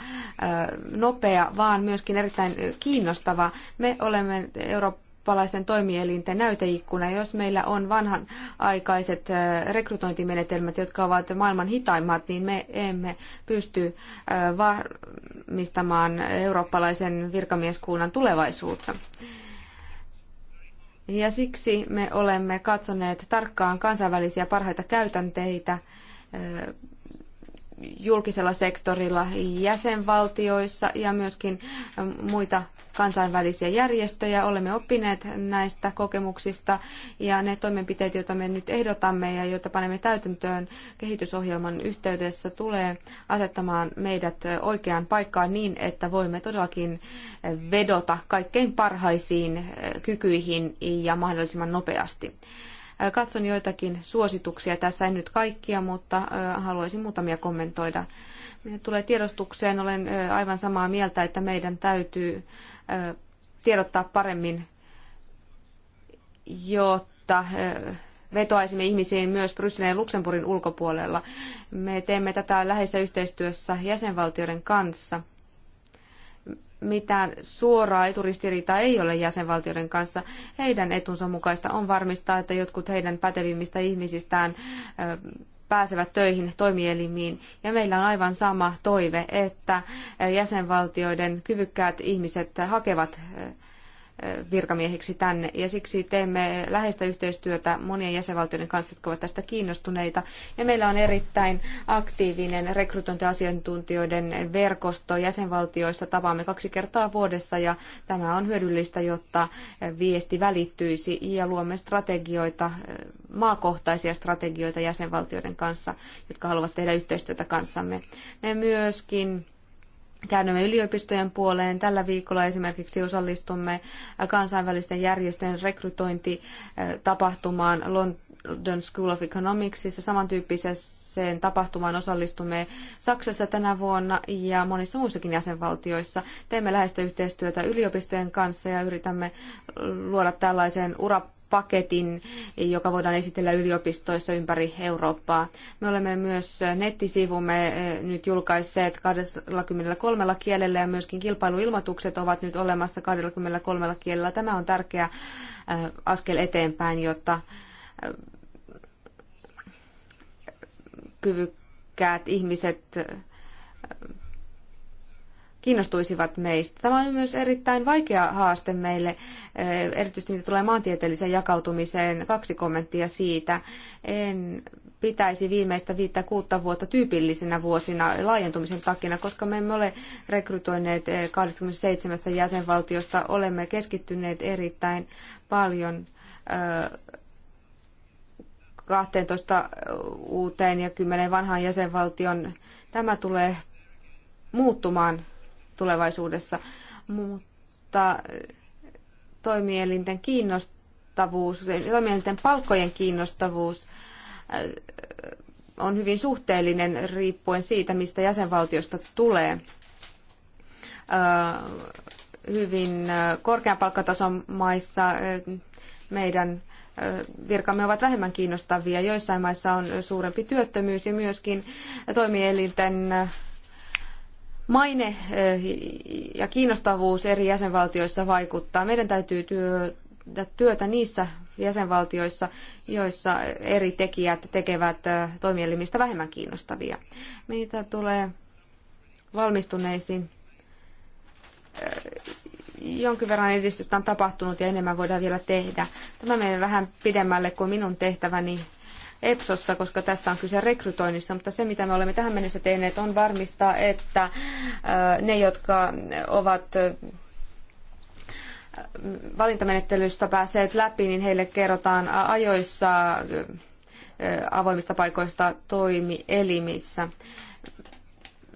nopea, vaan myöskin erittäin kiinnostava. Me olemme Euroopan eurooppalaisten toimielinten näyteikkuna. Jos meillä on vanhanaikaiset äh, rekrytointimenetelmät, jotka ovat maailman hitaimmat, niin me emme pysty äh, varmistamaan eurooppalaisen virkamieskunnan tulevaisuutta. Ja siksi me olemme katsoneet tarkkaan kansainvälisiä parhaita käytänteitä äh, julkisella sektorilla jäsenvaltioissa ja myöskin ähm, muita kansainvälisiä järjestöjä. Olemme oppineet näistä kokemuksista ja ne toimenpiteet, joita me nyt ehdotamme ja joita panemme täytäntöön kehitysohjelman yhteydessä, tulee asettamaan meidät oikeaan paikkaan niin, että voimme todellakin vedota kaikkein parhaisiin äh, kykyihin ja mahdollisimman nopeasti. Katson joitakin suosituksia, tässä en nyt kaikkia, mutta haluaisin muutamia kommentoida. Mitä tulee tiedostukseen, olen aivan samaa mieltä, että meidän täytyy tiedottaa paremmin, jotta vetoaisimme ihmisiin myös Brysselin ja Luxemburgin ulkopuolella. Me teemme tätä läheisessä yhteistyössä jäsenvaltioiden kanssa – mitään suoraa eturistiriitaa ei ole jäsenvaltioiden kanssa. Heidän etunsa mukaista on varmistaa, että jotkut heidän pätevimmistä ihmisistään pääsevät töihin toimielimiin. Ja meillä on aivan sama toive, että jäsenvaltioiden kyvykkäät ihmiset hakevat virkamiehiksi tänne. Ja siksi teemme läheistä yhteistyötä monien jäsenvaltioiden kanssa, jotka ovat tästä kiinnostuneita. Ja meillä on erittäin aktiivinen rekrytointiasiantuntijoiden verkosto jäsenvaltioissa. Tapaamme kaksi kertaa vuodessa ja tämä on hyödyllistä, jotta viesti välittyisi ja luomme strategioita, maakohtaisia strategioita jäsenvaltioiden kanssa, jotka haluavat tehdä yhteistyötä kanssamme. Me myöskin Käännymme yliopistojen puoleen. Tällä viikolla esimerkiksi osallistumme kansainvälisten järjestöjen rekrytointitapahtumaan London School of Economicsissa. Samantyyppiseen tapahtumaan osallistumme Saksassa tänä vuonna ja monissa muissakin jäsenvaltioissa. Teemme läheistä yhteistyötä yliopistojen kanssa ja yritämme luoda tällaisen ura paketin, joka voidaan esitellä yliopistoissa ympäri Eurooppaa. Me olemme myös nettisivumme eh, nyt julkaisseet 23 kielellä ja myöskin kilpailuilmoitukset ovat nyt olemassa 23 kielellä. Tämä on tärkeä eh, askel eteenpäin, jotta eh, kyvykkäät ihmiset kiinnostuisivat meistä. Tämä on myös erittäin vaikea haaste meille, eh, erityisesti mitä tulee maantieteelliseen jakautumiseen. Kaksi kommenttia siitä. En pitäisi viimeistä viittä kuutta vuotta tyypillisinä vuosina laajentumisen takina, koska me emme ole rekrytoineet 27 eh, jäsenvaltiosta. Olemme keskittyneet erittäin paljon 12 eh, uuteen ja 10 vanhaan jäsenvaltion. Tämä tulee muuttumaan tulevaisuudessa, mutta toimielinten kiinnostavuus, toimielinten palkkojen kiinnostavuus äh, on hyvin suhteellinen riippuen siitä, mistä jäsenvaltiosta tulee. Äh, hyvin äh, korkean palkkatason maissa meidän virkamme ovat vähemmän kiinnostavia. Joissain maissa on suurempi työttömyys ja myöskin toimielinten maine eh, ja kiinnostavuus eri jäsenvaltioissa vaikuttaa. Meidän täytyy tehdä työtä niissä jäsenvaltioissa, joissa eri tekijät tekevät eh, toimielimistä vähemmän kiinnostavia. Mitä tulee valmistuneisiin, eh, jonkin verran edistystä on tapahtunut ja enemmän voidaan vielä tehdä. Tämä menee vähän pidemmälle kuin minun tehtäväni EPSOssa, koska tässä on kyse rekrytoinnissa, mutta se mitä me olemme tähän mennessä tehneet on varmistaa, että äh, ne, jotka ovat äh, valintamenettelystä päässeet läpi, niin heille kerrotaan ajoissa äh, avoimista paikoista toimielimissä.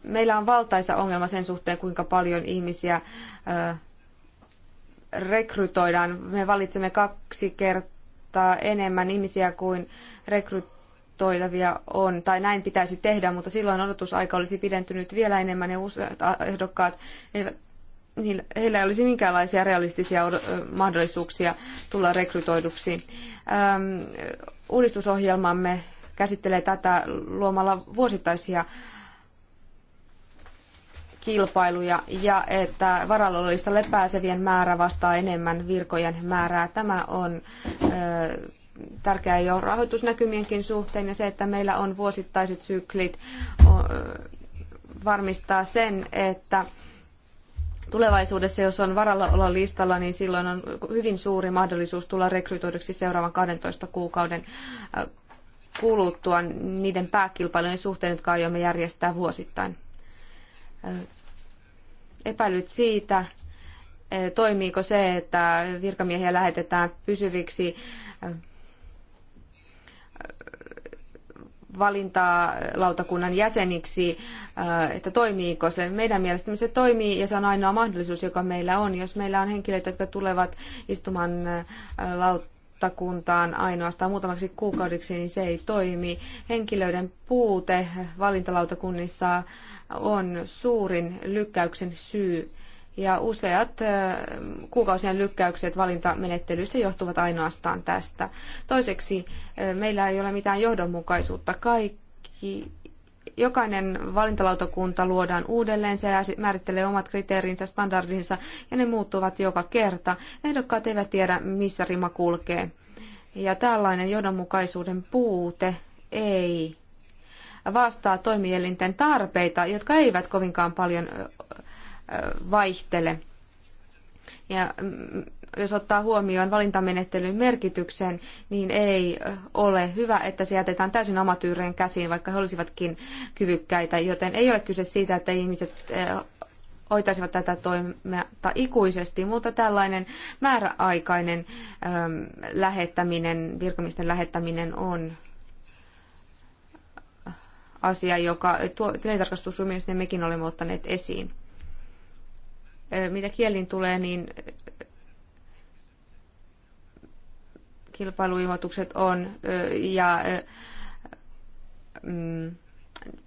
Meillä on valtaisa ongelma sen suhteen, kuinka paljon ihmisiä rekrytoidaan. Me valitsemme kaksi kertaa ottaa enemmän ihmisiä kuin rekrytoitavia on, tai näin pitäisi tehdä, mutta silloin odotusaika olisi pidentynyt vielä enemmän ja useat ehdokkaat eivät heillä ei olisi minkäänlaisia realistisia mahdollisuuksia tulla rekrytoiduksi. Ähm, uudistusohjelmamme käsittelee tätä luomalla vuosittaisia kilpailuja ja että varallollista pääsevien määrä vastaa enemmän virkojen määrää. Tämä on tärkeää jo rahoitusnäkymienkin suhteen ja se, että meillä on vuosittaiset syklit varmistaa sen, että tulevaisuudessa, jos on varalla olla listalla, niin silloin on hyvin suuri mahdollisuus tulla rekrytoiduksi seuraavan 12 kuukauden kuluttua niiden pääkilpailujen suhteen, jotka aiomme järjestää vuosittain epäilyt siitä, toimiiko se, että virkamiehiä lähetetään pysyviksi valintaa lautakunnan jäseniksi, että toimiiko se. Meidän mielestämme se toimii ja se on ainoa mahdollisuus, joka meillä on. Jos meillä on henkilöitä, jotka tulevat istumaan lautakuntaan ainoastaan muutamaksi kuukaudeksi, niin se ei toimi. Henkilöiden puute valintalautakunnissa on suurin lykkäyksen syy. Ja useat kuukausien lykkäykset valintamenettelyistä johtuvat ainoastaan tästä. Toiseksi meillä ei ole mitään johdonmukaisuutta. Kaikki jokainen valintalautakunta luodaan uudelleen, se määrittelee omat kriteerinsä, standardinsa ja ne muuttuvat joka kerta. Ehdokkaat eivät tiedä, missä rima kulkee. Ja tällainen johdonmukaisuuden puute ei vastaa toimielinten tarpeita, jotka eivät kovinkaan paljon vaihtele. Ja mm, jos ottaa huomioon valintamenettelyn merkityksen, niin ei ole hyvä, että se jätetään täysin amatyyrien käsiin, vaikka he olisivatkin kyvykkäitä, joten ei ole kyse siitä, että ihmiset hoitaisivat tätä toimea ikuisesti, mutta tällainen määräaikainen lähettäminen, virkamisten lähettäminen on asia, joka tilintarkastusymiössä niin mekin olemme ottaneet esiin. Mitä kieliin tulee, niin kilpailuilmoitukset on ja mm,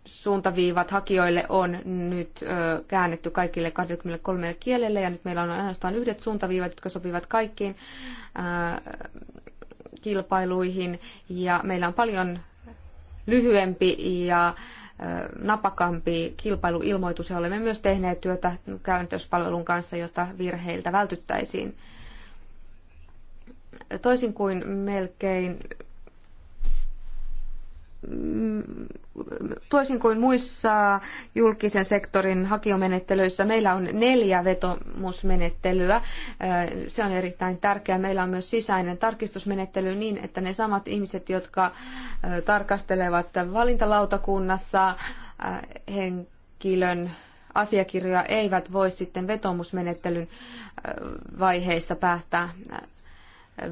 suuntaviivat hakijoille on nyt käännetty kaikille 23 kielelle ja nyt meillä on ainoastaan yhdet suuntaviivat, jotka sopivat kaikkiin kilpailuihin ja meillä on paljon lyhyempi ja napakampi kilpailuilmoitus ja olemme myös tehneet työtä käännöspalvelun kanssa, jotta virheiltä vältyttäisiin. Toisin kuin melkein toisin kuin muissa julkisen sektorin hakijomenettelyissä, meillä on neljä vetomusmenettelyä. Se on erittäin tärkeää. Meillä on myös sisäinen tarkistusmenettely niin, että ne samat ihmiset, jotka tarkastelevat valintalautakunnassa henkilön asiakirjoja, eivät voi sitten vetomusmenettelyn vaiheissa päättää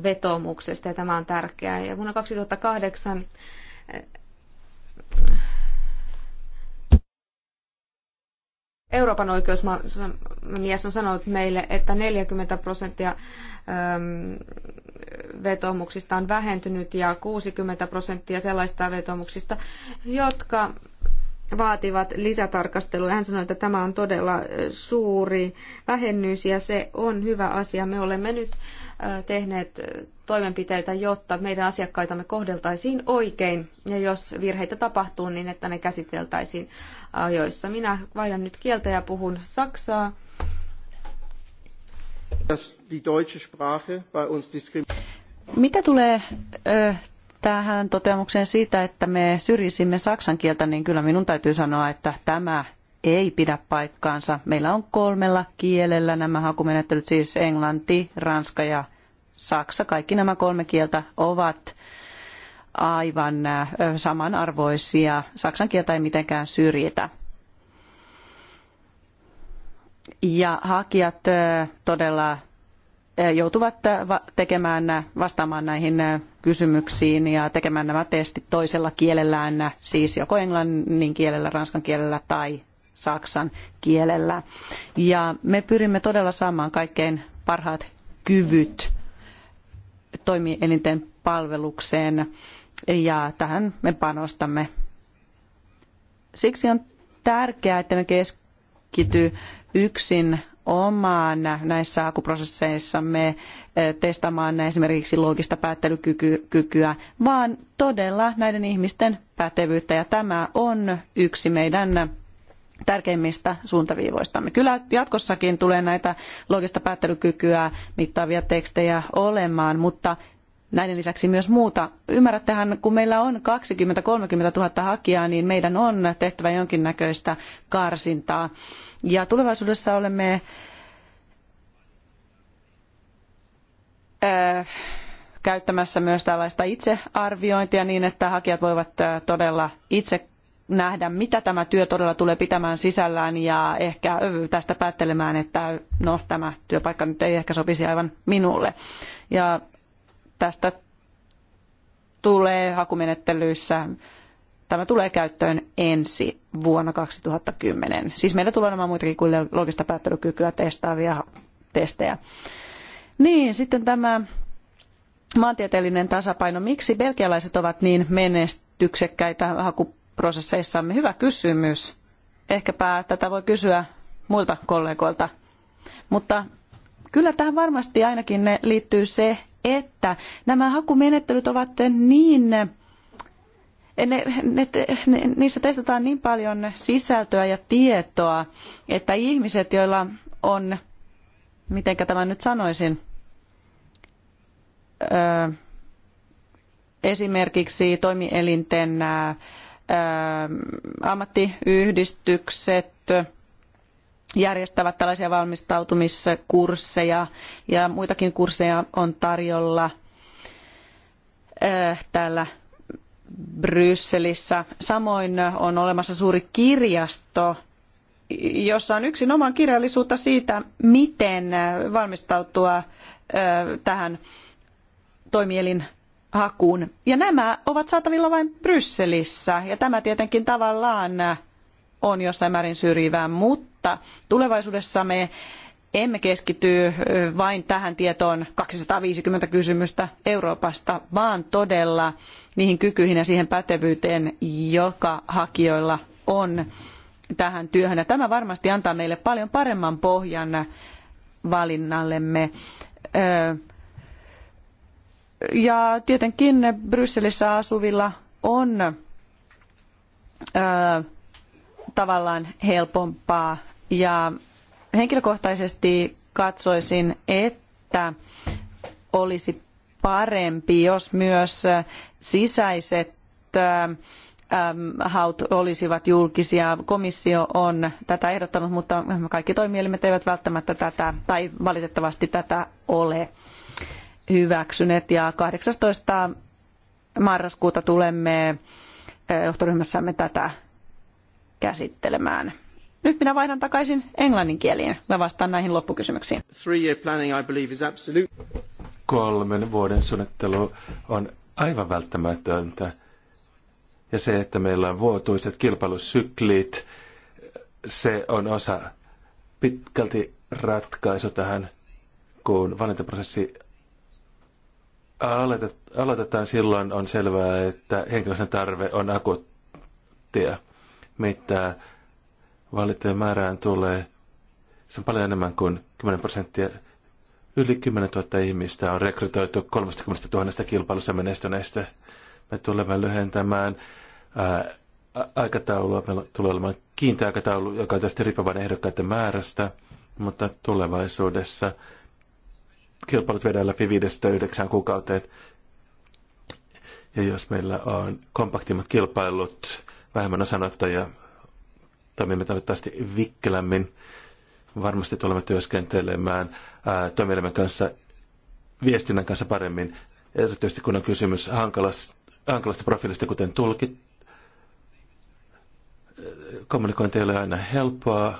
vetomuksesta ja tämä on tärkeää. Ja vuonna 2008 Euroopan oikeusmies on sanonut meille, että 40 prosenttia ähm, vetomuksista on vähentynyt ja 60 prosenttia sellaista vetomuksista, jotka vaativat lisätarkastelua. Hän sanoi, että tämä on todella suuri vähennys ja se on hyvä asia. Me olemme nyt tehneet toimenpiteitä, jotta meidän asiakkaitamme kohdeltaisiin oikein ja jos virheitä tapahtuu, niin että ne käsiteltäisiin ajoissa. Minä vaihdan nyt kieltä ja puhun saksaa. Mitä tulee tähän toteamukseen siitä, että me syrjisimme saksan kieltä, niin kyllä minun täytyy sanoa, että tämä ei pidä paikkaansa. Meillä on kolmella kielellä nämä hakumenettelyt, siis englanti, ranska ja saksa. Kaikki nämä kolme kieltä ovat aivan äh, samanarvoisia. Saksan kieltä ei mitenkään syrjitä. Ja hakijat äh, todella joutuvat tekemään, vastaamaan näihin kysymyksiin ja tekemään nämä testit toisella kielellään, siis joko englannin kielellä, ranskan kielellä tai saksan kielellä. Ja me pyrimme todella saamaan kaikkein parhaat kyvyt toimielinten palvelukseen ja tähän me panostamme. Siksi on tärkeää, että me keskity yksin omaan näissä hakuprosesseissamme eh, testaamaan esimerkiksi loogista päättelykykyä, vaan todella näiden ihmisten pätevyyttä. Ja tämä on yksi meidän tärkeimmistä suuntaviivoistamme. Kyllä jatkossakin tulee näitä loogista päättelykykyä mittaavia tekstejä olemaan, mutta näiden lisäksi myös muuta. Ymmärrättehän, kun meillä on 20-30 000 hakijaa, niin meidän on tehtävä jonkinnäköistä karsintaa. Ja tulevaisuudessa olemme äh, käyttämässä myös tällaista itsearviointia niin, että hakijat voivat todella itse nähdä, mitä tämä työ todella tulee pitämään sisällään ja ehkä tästä päättelemään, että no tämä työpaikka nyt ei ehkä sopisi aivan minulle. Ja tästä tulee hakumenettelyissä, tämä tulee käyttöön ensi vuonna 2010. Siis meillä tulee olemaan muitakin kuin logista päättelykykyä testaavia testejä. Niin, sitten tämä maantieteellinen tasapaino. Miksi belgialaiset ovat niin menestyksekkäitä hakuprosesseissamme? Hyvä kysymys. Ehkäpä tätä voi kysyä muilta kollegoilta. Mutta kyllä tähän varmasti ainakin liittyy se, että nämä hakumenettelyt ovat niin ne, ne, ne, niissä testataan niin paljon sisältöä ja tietoa, että ihmiset, joilla on, miten tämä nyt sanoisin, ö, esimerkiksi toimielinten ö, ammattiyhdistykset, järjestävät tällaisia valmistautumiskursseja ja muitakin kursseja on tarjolla eh, täällä Brysselissä. Samoin on olemassa suuri kirjasto, jossa on yksin oman kirjallisuutta siitä, miten valmistautua eh, tähän toimielin hakuun. Ja nämä ovat saatavilla vain Brysselissä, ja tämä tietenkin tavallaan on jossain määrin syrjivää, mutta jotta tulevaisuudessa me emme keskity vain tähän tietoon 250 kysymystä Euroopasta, vaan todella niihin kykyihin ja siihen pätevyyteen, joka hakijoilla on tähän työhön. Ja tämä varmasti antaa meille paljon paremman pohjan valinnallemme. Ja tietenkin Brysselissä asuvilla on tavallaan helpompaa. Ja henkilökohtaisesti katsoisin, että olisi parempi, jos myös sisäiset ähm, haut olisivat julkisia. Komissio on tätä ehdottanut, mutta kaikki toimielimet eivät välttämättä tätä tai valitettavasti tätä ole hyväksyneet. Ja 18. marraskuuta tulemme äh, johtoryhmässämme tätä käsittelemään. Nyt minä vaihdan takaisin englannin kieliin ja vastaan näihin loppukysymyksiin. Kolmen vuoden suunnittelu on aivan välttämätöntä. Ja se, että meillä on vuotuiset kilpailusyklit, se on osa pitkälti ratkaisu tähän, kun valintaprosessi aloitetaan silloin, on selvää, että henkilöstön tarve on akuuttia mitä valittujen määrään tulee, se on paljon enemmän kuin 10 prosenttia. Yli 10 000 ihmistä on rekrytoitu 30 000 kilpailussa menestyneistä. Me tulemme lyhentämään ää, aikataulua. Meillä tulee olemaan kiinteä aikataulu, joka on tästä riippuvan ehdokkaiden määrästä, mutta tulevaisuudessa kilpailut viedään läpi 5-9 kuukauteen. Ja jos meillä on kompaktimmat kilpailut vähemmän ja Toimimme toivottavasti vikkelämmin. Varmasti tulemme työskentelemään toimielimen kanssa, viestinnän kanssa paremmin, erityisesti kun on kysymys hankalasta, hankalasta profiilista, kuten tulkit. Kommunikointi ei ole aina helppoa.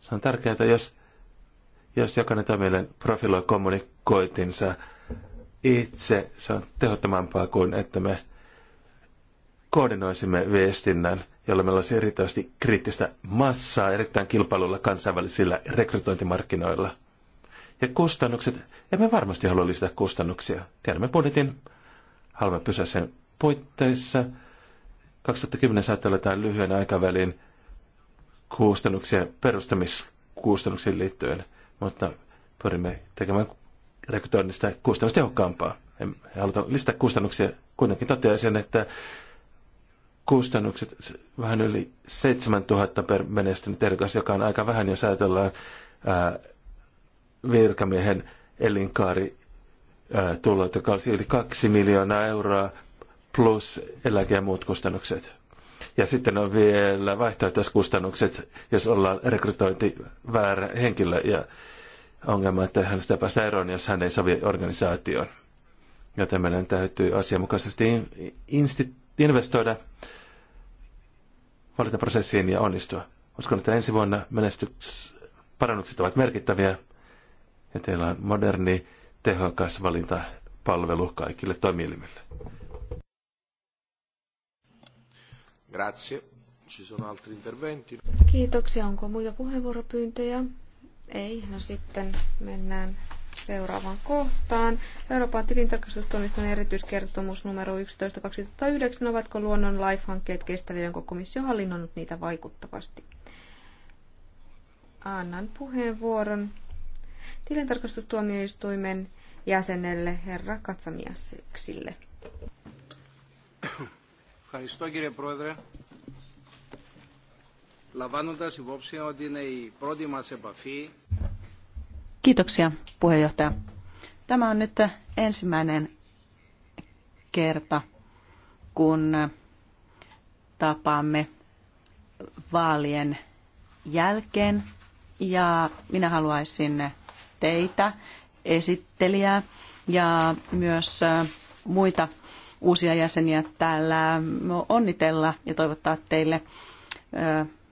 Se on tärkeää, että jos, jos jokainen toimielin profiloi kommunikointinsa itse, se on tehottomampaa kuin että me koordinoisimme viestinnän, jolla meillä olisi erityisesti kriittistä massaa erittäin kilpailulla kansainvälisillä rekrytointimarkkinoilla. Ja kustannukset, emme varmasti halua lisätä kustannuksia. Tiedämme budjetin, haluamme pysyä sen puitteissa. 2010 saattaa tämän lyhyen aikavälin kustannuksia perustamiskustannuksiin liittyen, mutta pyrimme tekemään rekrytoinnista kustannustehokkaampaa. En haluta lisätä kustannuksia. Kuitenkin toteaisin, että kustannukset vähän yli 7000 per menestynyt erikas, joka on aika vähän, jos ajatellaan ää, virkamiehen elinkaari tulot, joka olisi yli 2 miljoonaa euroa plus eläke ja muut kustannukset. Ja sitten on vielä vaihtoehtoiskustannukset, jos ollaan rekrytointi väärä henkilö ja ongelma, että sitä päästä eroon, jos hän ei sovi organisaatioon. Joten meidän täytyy asianmukaisesti institu- investoida valintaprosessiin ja onnistua. Uskon, että ensi vuonna menestyks parannukset ovat merkittäviä ja teillä on moderni, tehokas valintapalvelu kaikille toimielimille. Grazie. Ci sono altri interventi? Kiitoksia. Onko muita puheenvuoropyyntöjä? Ei. No sitten mennään seuraavaan kohtaan. Euroopan tilintarkastustoimiston erityiskertomus numero 11 Ovatko luonnon life-hankkeet kestäviä, onko komissio hallinnonut niitä vaikuttavasti? Annan puheenvuoron tilintarkastustuomioistuimen jäsenelle herra Katsamiassiksille. Ευχαριστώ κύριε Πρόεδρε. Λαμβάνοντας υπόψη ότι είναι η πρώτη μας επαφή Kiitoksia puheenjohtaja. Tämä on nyt ensimmäinen kerta, kun tapaamme vaalien jälkeen ja minä haluaisin teitä, esittelijää ja myös muita uusia jäseniä täällä onnitella ja toivottaa teille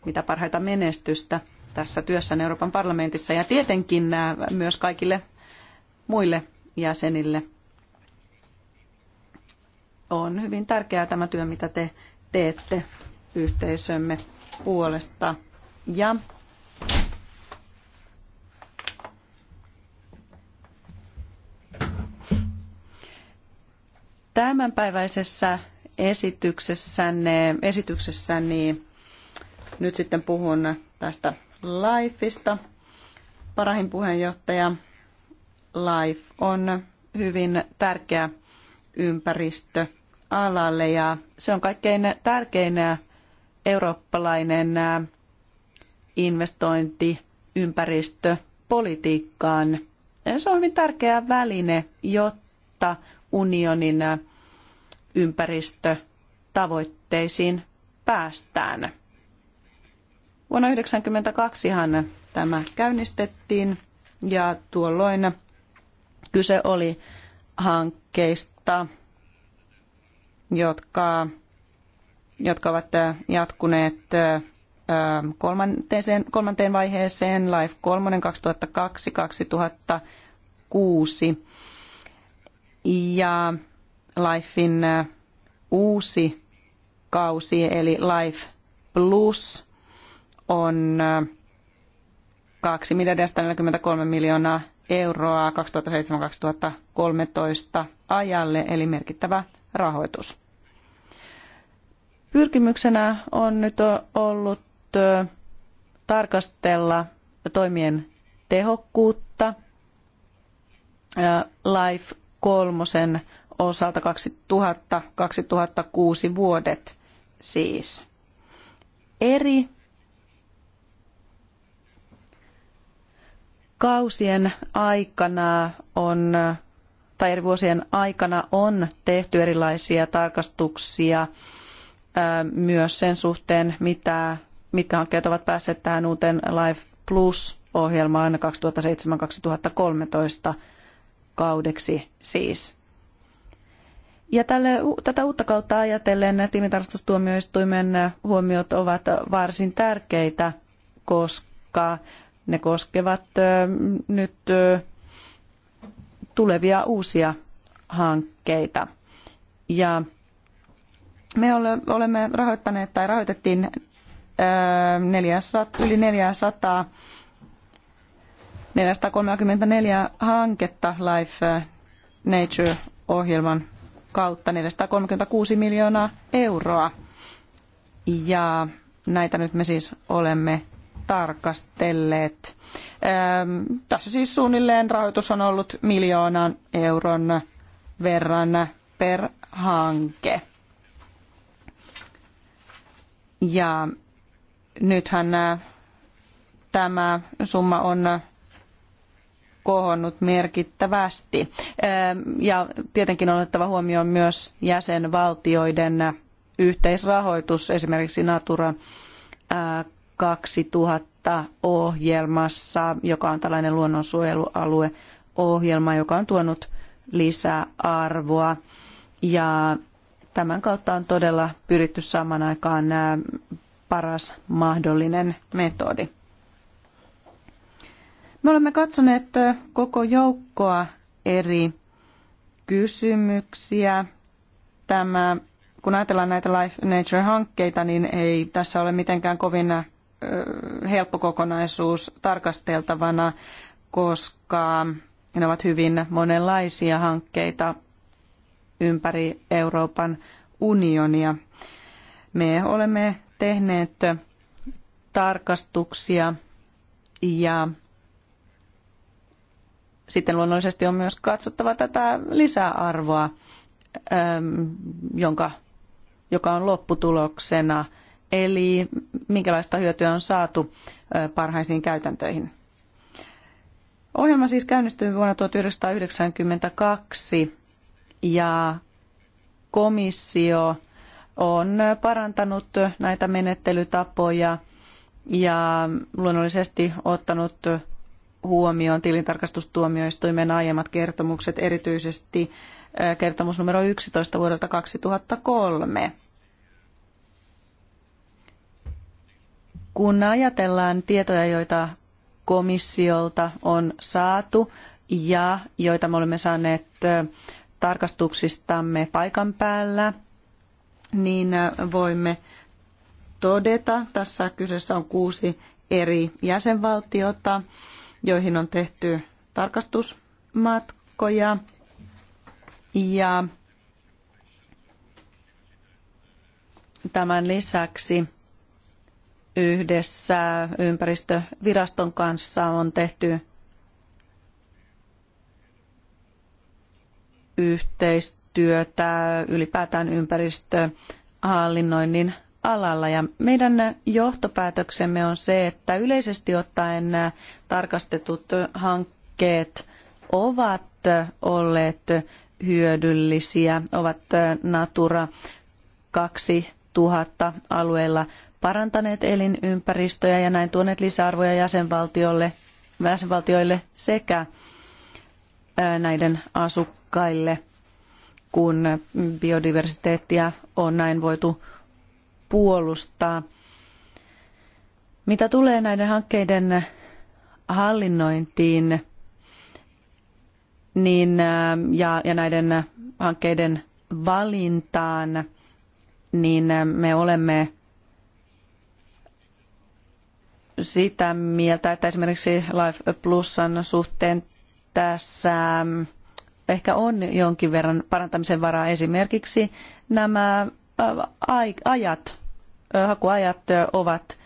mitä parhaita menestystä tässä työssä Euroopan parlamentissa ja tietenkin äh, myös kaikille muille jäsenille. On hyvin tärkeää tämä työ, mitä te teette yhteisömme puolesta. Ja tämänpäiväisessä esityksessänne, esityksessäni nyt sitten puhun tästä Lifeista. Parahin puheenjohtaja Life on hyvin tärkeä ympäristö alalle ja se on kaikkein tärkein eurooppalainen investointi ympäristöpolitiikkaan. Se on hyvin tärkeä väline, jotta unionin ympäristötavoitteisiin päästään. Vuonna 1992 tämä käynnistettiin ja tuolloin kyse oli hankkeista, jotka, jotka ovat jatkuneet kolmanteen, kolmanteen vaiheeseen, Life 3 2002-2006. Ja Lifein uusi kausi, eli Life Plus – on 2 miljardia 143 miljoonaa euroa 2007-2013 ajalle, eli merkittävä rahoitus. Pyrkimyksenä on nyt ollut tarkastella toimien tehokkuutta Life kolmosen osalta 2000-2006 vuodet siis. Eri kausien aikana on tai eri vuosien aikana on tehty erilaisia tarkastuksia myös sen suhteen, mitä, mitkä hankkeet ovat päässeet tähän uuteen Life Plus-ohjelmaan 2007-2013 kaudeksi siis. Ja tälle, tätä uutta kautta ajatellen tilintarkastustuomioistuimen huomiot ovat varsin tärkeitä, koska ne koskevat nyt tulevia uusia hankkeita. Ja me olemme rahoittaneet tai rahoitettiin 400, yli 400 434 hanketta Life Nature-ohjelman kautta 436 miljoonaa euroa. Ja näitä nyt me siis olemme tarkastelleet. Ehm, tässä siis suunnilleen rahoitus on ollut miljoonan euron verran per hanke. Ja nythän tämä summa on kohonnut merkittävästi. Ehm, ja tietenkin on otettava huomioon myös jäsenvaltioiden yhteisrahoitus esimerkiksi Natura 2000 ohjelmassa, joka on tällainen luonnonsuojelualue ohjelma, joka on tuonut lisää arvoa. Ja tämän kautta on todella pyritty saman aikaan paras mahdollinen metodi. Me olemme katsoneet koko joukkoa eri kysymyksiä. Tämä, kun ajatellaan näitä Life Nature-hankkeita, niin ei tässä ole mitenkään kovin helppo kokonaisuus tarkasteltavana, koska ne ovat hyvin monenlaisia hankkeita ympäri Euroopan unionia. Me olemme tehneet tarkastuksia ja sitten luonnollisesti on myös katsottava tätä lisäarvoa, jonka, joka on lopputuloksena – eli minkälaista hyötyä on saatu parhaisiin käytäntöihin. Ohjelma siis käynnistyi vuonna 1992 ja komissio on parantanut näitä menettelytapoja ja luonnollisesti ottanut huomioon tilintarkastustuomioistuimen aiemmat kertomukset, erityisesti kertomus numero 11 vuodelta 2003. Kun ajatellaan tietoja, joita komissiolta on saatu ja joita me olemme saaneet tarkastuksistamme paikan päällä, niin voimme todeta, tässä kyseessä on kuusi eri jäsenvaltiota, joihin on tehty tarkastusmatkoja. Ja tämän lisäksi yhdessä ympäristöviraston kanssa on tehty yhteistyötä ylipäätään ympäristöhallinnoinnin alalla. Ja meidän johtopäätöksemme on se, että yleisesti ottaen tarkastetut hankkeet ovat olleet hyödyllisiä, ovat Natura 2000 alueella parantaneet elinympäristöjä ja näin tuoneet lisäarvoja jäsenvaltioille, jäsenvaltioille sekä näiden asukkaille, kun biodiversiteettiä on näin voitu puolustaa. Mitä tulee näiden hankkeiden hallinnointiin niin, ja, ja näiden hankkeiden valintaan, niin me olemme sitä mieltä, että esimerkiksi Life Plusan suhteen tässä ehkä on jonkin verran parantamisen varaa esimerkiksi nämä äh, ajat, äh, hakuajat ovat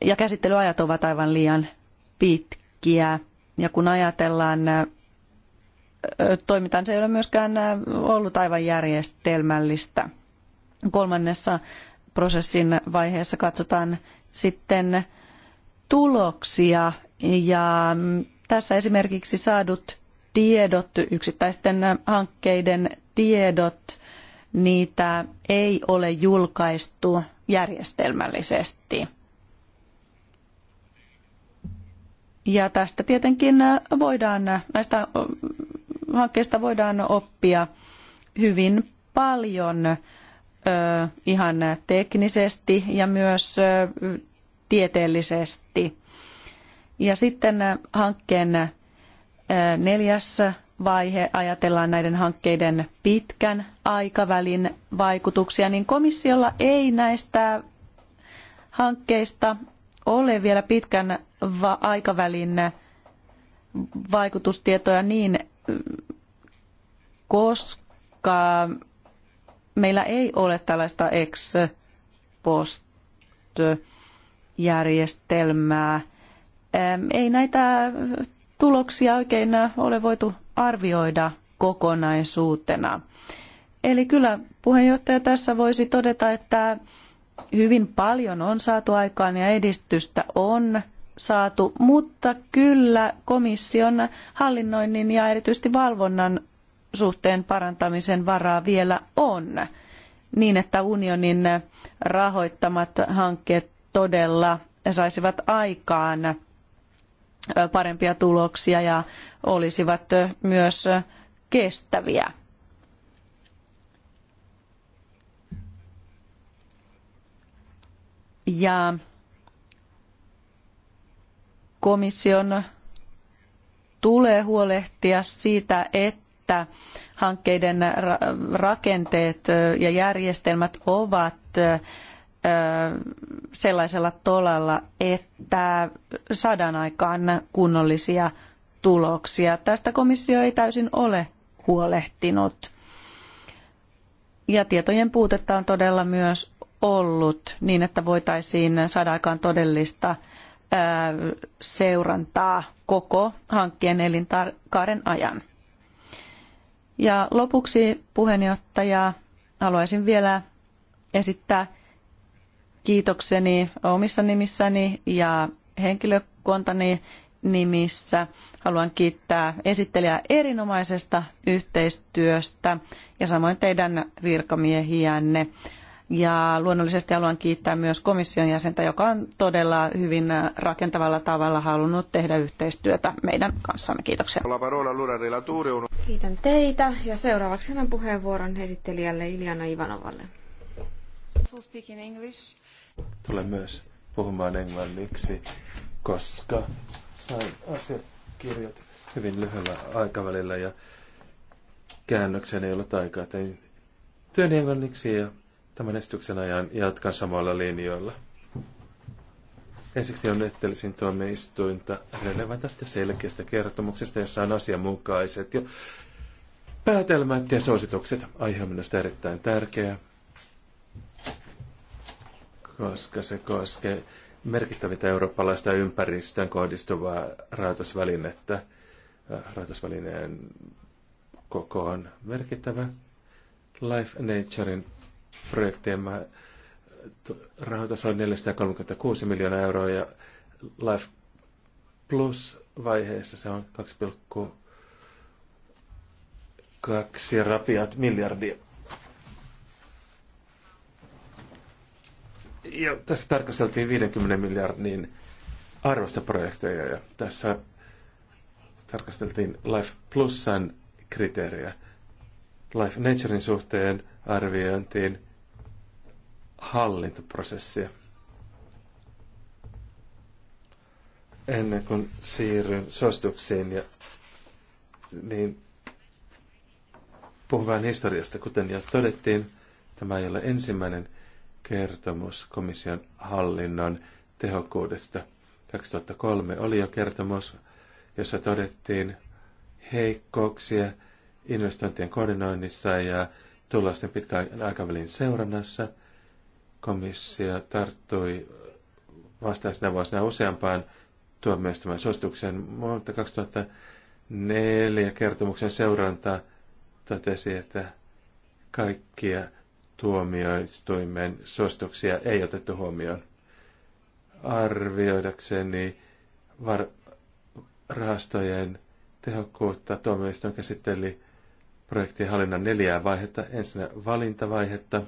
ja käsittelyajat ovat aivan liian pitkiä. Ja kun ajatellaan, äh, toimintaan se ei ole myöskään ollut aivan järjestelmällistä. Kolmannessa prosessin vaiheessa katsotaan sitten tuloksia ja mm, tässä esimerkiksi saadut tiedot, yksittäisten hankkeiden tiedot, niitä ei ole julkaistu järjestelmällisesti. Ja tästä tietenkin voidaan, näistä mm, hankkeista voidaan oppia hyvin paljon ihan teknisesti ja myös tieteellisesti. Ja sitten hankkeen neljäs vaihe, ajatellaan näiden hankkeiden pitkän aikavälin vaikutuksia, niin komissiolla ei näistä hankkeista ole vielä pitkän aikavälin vaikutustietoja niin, koska meillä ei ole tällaista ex post järjestelmää. Ei näitä tuloksia oikein ole voitu arvioida kokonaisuutena. Eli kyllä puheenjohtaja tässä voisi todeta, että hyvin paljon on saatu aikaan ja edistystä on saatu, mutta kyllä komission hallinnoinnin ja erityisesti valvonnan suhteen parantamisen varaa vielä on, niin että unionin rahoittamat hankkeet todella saisivat aikaan parempia tuloksia ja olisivat myös kestäviä. Ja komission tulee huolehtia siitä, että että hankkeiden rakenteet ja järjestelmät ovat sellaisella tolalla, että saadaan aikaan kunnollisia tuloksia. Tästä komissio ei täysin ole huolehtinut. Ja tietojen puutetta on todella myös ollut niin, että voitaisiin saada aikaan todellista seurantaa koko hankkeen elinkaaren ajan. Ja lopuksi puheenjohtaja haluaisin vielä esittää kiitokseni omissa nimissäni ja henkilökuntani nimissä. Haluan kiittää esittelijää erinomaisesta yhteistyöstä ja samoin teidän virkamiehiänne. Ja luonnollisesti haluan kiittää myös komission jäsentä, joka on todella hyvin rakentavalla tavalla halunnut tehdä yhteistyötä meidän kanssamme. Kiitoksia. Kiitän teitä ja seuraavaksi annan puheenvuoron esittelijälle Iljana Ivanovalle. Tulen myös puhumaan englanniksi, koska sain asiakirjat hyvin lyhyellä aikavälillä ja käännökseen ei ollut aikaa. Tein työn englanniksi ja tämän esityksen ajan jatkan samalla linjoilla. Ensiksi on ettelisin tuomioistuinta relevantasta selkeästä kertomuksesta, jossa on asianmukaiset jo päätelmät ja suositukset. Aihe on minusta erittäin tärkeä, koska se koskee merkittävintä eurooppalaista ympäristöön kohdistuvaa rahoitusvälinettä. Rahoitusvälineen koko on merkittävä. Life Naturein Mä rahoitus oli 436 miljoonaa euroa ja Life Plus-vaiheessa se on 2,2 rapiat miljardia. Ja tässä tarkasteltiin 50 miljardin arvosta projekteja ja tässä tarkasteltiin Life Plusan kriteerejä Life Naturein suhteen – arviointiin hallintoprosessia. Ennen kuin siirryn suosituksiin, ja, niin puhun vähän historiasta. Kuten jo todettiin, tämä ei ole ensimmäinen kertomus komission hallinnon tehokkuudesta. 2003 oli jo kertomus, jossa todettiin heikkouksia investointien koordinoinnissa ja tuollaisten pitkän aikavälin seurannassa. Komissio tarttui vastaisena vuosina useampaan tuomioistuimen suosituksen. mutta 2004 kertomuksen seuranta totesi, että kaikkia tuomioistuimen suosituksia ei otettu huomioon. Arvioidakseni var- rahastojen tehokkuutta tuomioistuin käsitteli projektin hallinnan neljää vaihetta. Ensin valintavaihetta,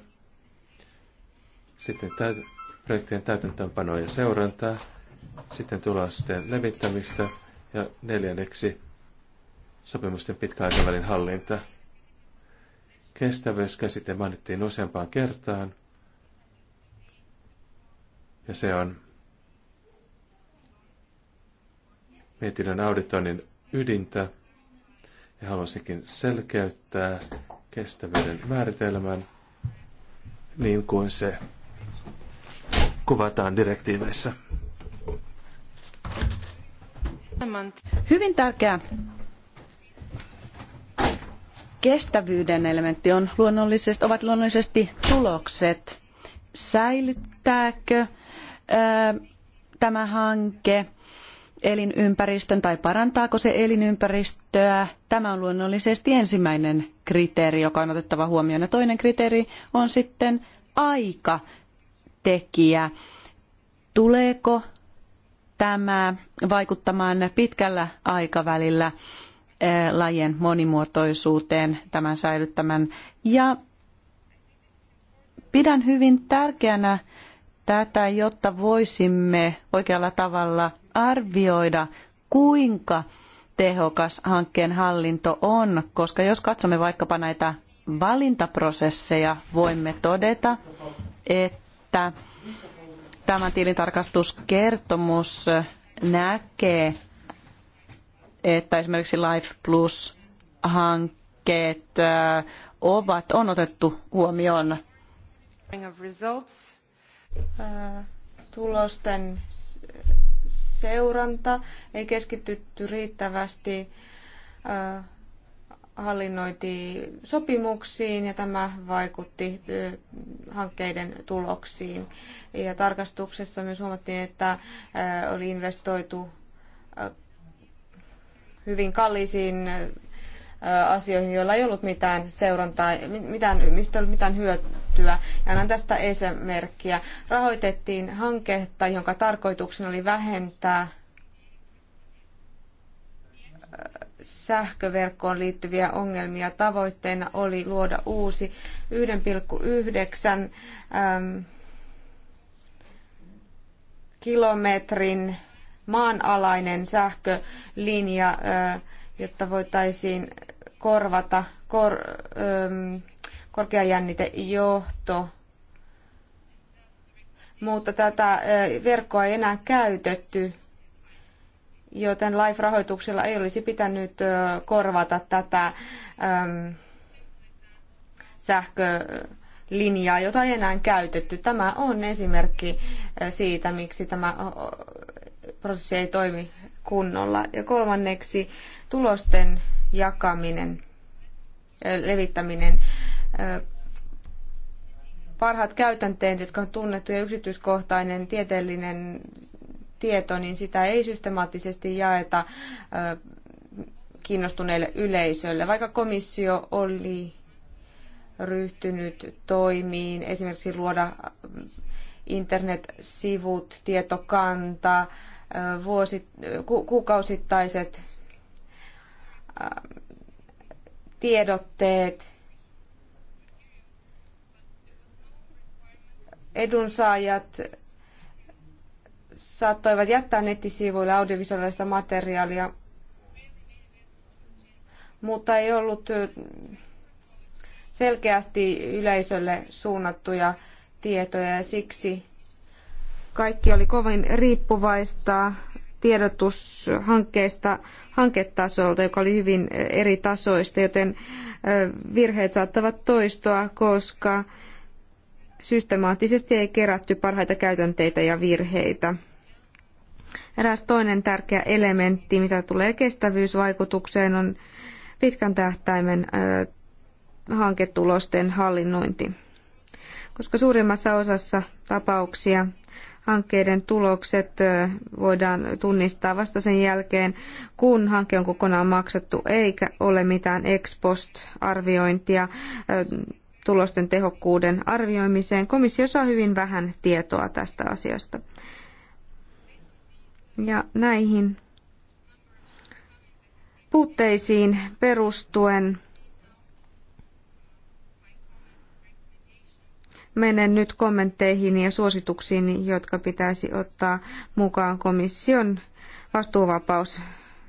sitten täyt- projektien täytäntöönpanoa ja seurantaa, sitten tulosten levittämistä ja neljänneksi sopimusten pitkäaikavälin hallinta. Kestävyyskäsite mainittiin useampaan kertaan, ja se on mietinnön auditoinnin ydintä ja haluaisinkin selkeyttää kestävyyden määritelmän niin kuin se kuvataan direktiiveissä. Hyvin tärkeä kestävyyden elementti on luonnollisesti, ovat luonnollisesti tulokset. Säilyttääkö ää, tämä hanke elinympäristön tai parantaako se elinympäristöä. Tämä on luonnollisesti ensimmäinen kriteeri, joka on otettava huomioon. Ja toinen kriteeri on sitten aikatekijä. Tuleeko tämä vaikuttamaan pitkällä aikavälillä eh, lajien monimuotoisuuteen tämän säilyttämän. Ja pidän hyvin tärkeänä tätä, jotta voisimme oikealla tavalla arvioida, kuinka tehokas hankkeen hallinto on, koska jos katsomme vaikkapa näitä valintaprosesseja, voimme todeta, että tämä tilintarkastuskertomus näkee, että esimerkiksi Life Plus-hankkeet ovat, on otettu huomioon tulosten seuranta, ei keskitytty riittävästi sopimuksiin ja tämä vaikutti hankkeiden tuloksiin. Ja tarkastuksessa myös huomattiin, että oli investoitu hyvin kalliisiin asioihin, joilla ei ollut mitään seurantaa, mitään, mistä ei ollut mitään hyötyä. Ja annan tästä esimerkkiä. Rahoitettiin hanketta, jonka tarkoituksena oli vähentää sähköverkkoon liittyviä ongelmia. Tavoitteena oli luoda uusi 1,9 kilometrin maanalainen sähkölinja ö, jotta voitaisiin korvata kor, ähm, korkeajännitejohto. Mutta tätä äh, verkkoa ei enää käytetty, joten live-rahoituksella ei olisi pitänyt äh, korvata tätä äm, sähkölinjaa, jota ei enää käytetty. Tämä on esimerkki siitä, miksi tämä prosessi ei toimi kunnolla. Ja kolmanneksi tulosten jakaminen, levittäminen parhaat käytänteet, jotka on tunnettu ja yksityiskohtainen tieteellinen tieto, niin sitä ei systemaattisesti jaeta kiinnostuneille yleisölle. Vaikka komissio oli ryhtynyt toimiin, esimerkiksi luoda internet-sivut, tietokanta, vuosi, ku, kuukausittaiset tiedotteet edunsaajat saattoivat jättää nettisivuille audiovisuaalista materiaalia, mutta ei ollut selkeästi yleisölle suunnattuja tietoja ja siksi kaikki oli kovin riippuvaista tiedotushankkeista hanketasolta, joka oli hyvin eri tasoista, joten virheet saattavat toistua, koska systemaattisesti ei kerätty parhaita käytänteitä ja virheitä. Eräs toinen tärkeä elementti, mitä tulee kestävyysvaikutukseen, on pitkän tähtäimen hanketulosten hallinnointi. Koska suurimmassa osassa tapauksia hankkeiden tulokset voidaan tunnistaa vasta sen jälkeen, kun hanke on kokonaan maksettu, eikä ole mitään ex post-arviointia tulosten tehokkuuden arvioimiseen. Komissio saa hyvin vähän tietoa tästä asiasta. Ja näihin puutteisiin perustuen menen nyt kommentteihin ja suosituksiin, jotka pitäisi ottaa mukaan komission vastuuvapaus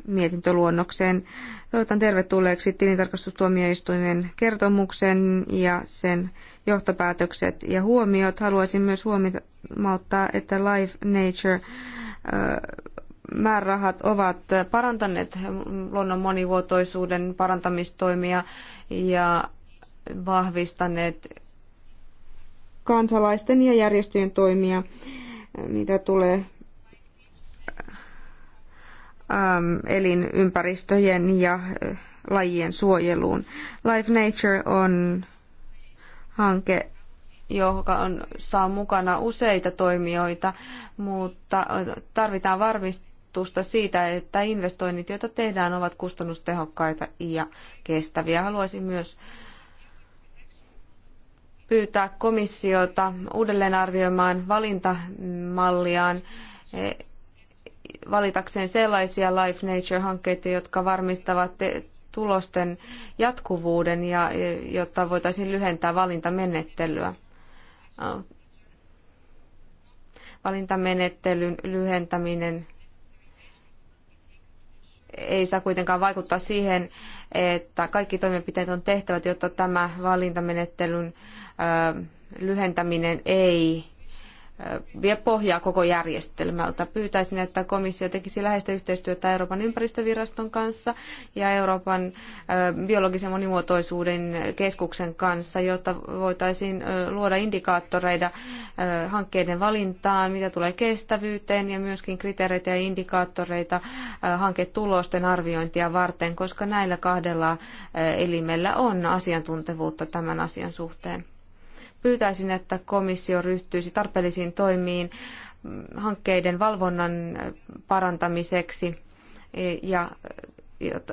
mietintöluonnokseen. Toivotan tervetulleeksi tilintarkastustuomioistuimen kertomuksen ja sen johtopäätökset ja huomiot. Haluaisin myös huomauttaa, että Life Nature äh, määrärahat ovat parantaneet luonnon monivuotoisuuden parantamistoimia ja vahvistaneet kansalaisten ja järjestöjen toimia, mitä tulee elinympäristöjen ja lajien suojeluun. Life Nature on hanke, joka on, saa mukana useita toimijoita, mutta tarvitaan varmistusta siitä, että investoinnit, joita tehdään, ovat kustannustehokkaita ja kestäviä. Haluaisin myös äh, pyytää komissiota uudelleenarvioimaan valintamalliaan e, valitakseen sellaisia Life Nature-hankkeita, jotka varmistavat tulosten jatkuvuuden ja e, jotta voitaisiin lyhentää valintamenettelyä. Valintamenettelyn lyhentäminen ei saa kuitenkaan vaikuttaa siihen, että kaikki toimenpiteet on tehtävät, jotta tämä valintamenettelyn lyhentäminen ei vie pohjaa koko järjestelmältä. Pyytäisin, että komissio tekisi läheistä yhteistyötä Euroopan ympäristöviraston kanssa ja Euroopan biologisen monimuotoisuuden keskuksen kanssa, jotta voitaisiin luoda indikaattoreita hankkeiden valintaan, mitä tulee kestävyyteen ja myöskin kriteereitä ja indikaattoreita hanketulosten arviointia varten, koska näillä kahdella elimellä on asiantuntevuutta tämän asian suhteen pyytäisin, että komissio ryhtyisi tarpeellisiin toimiin hankkeiden valvonnan parantamiseksi ja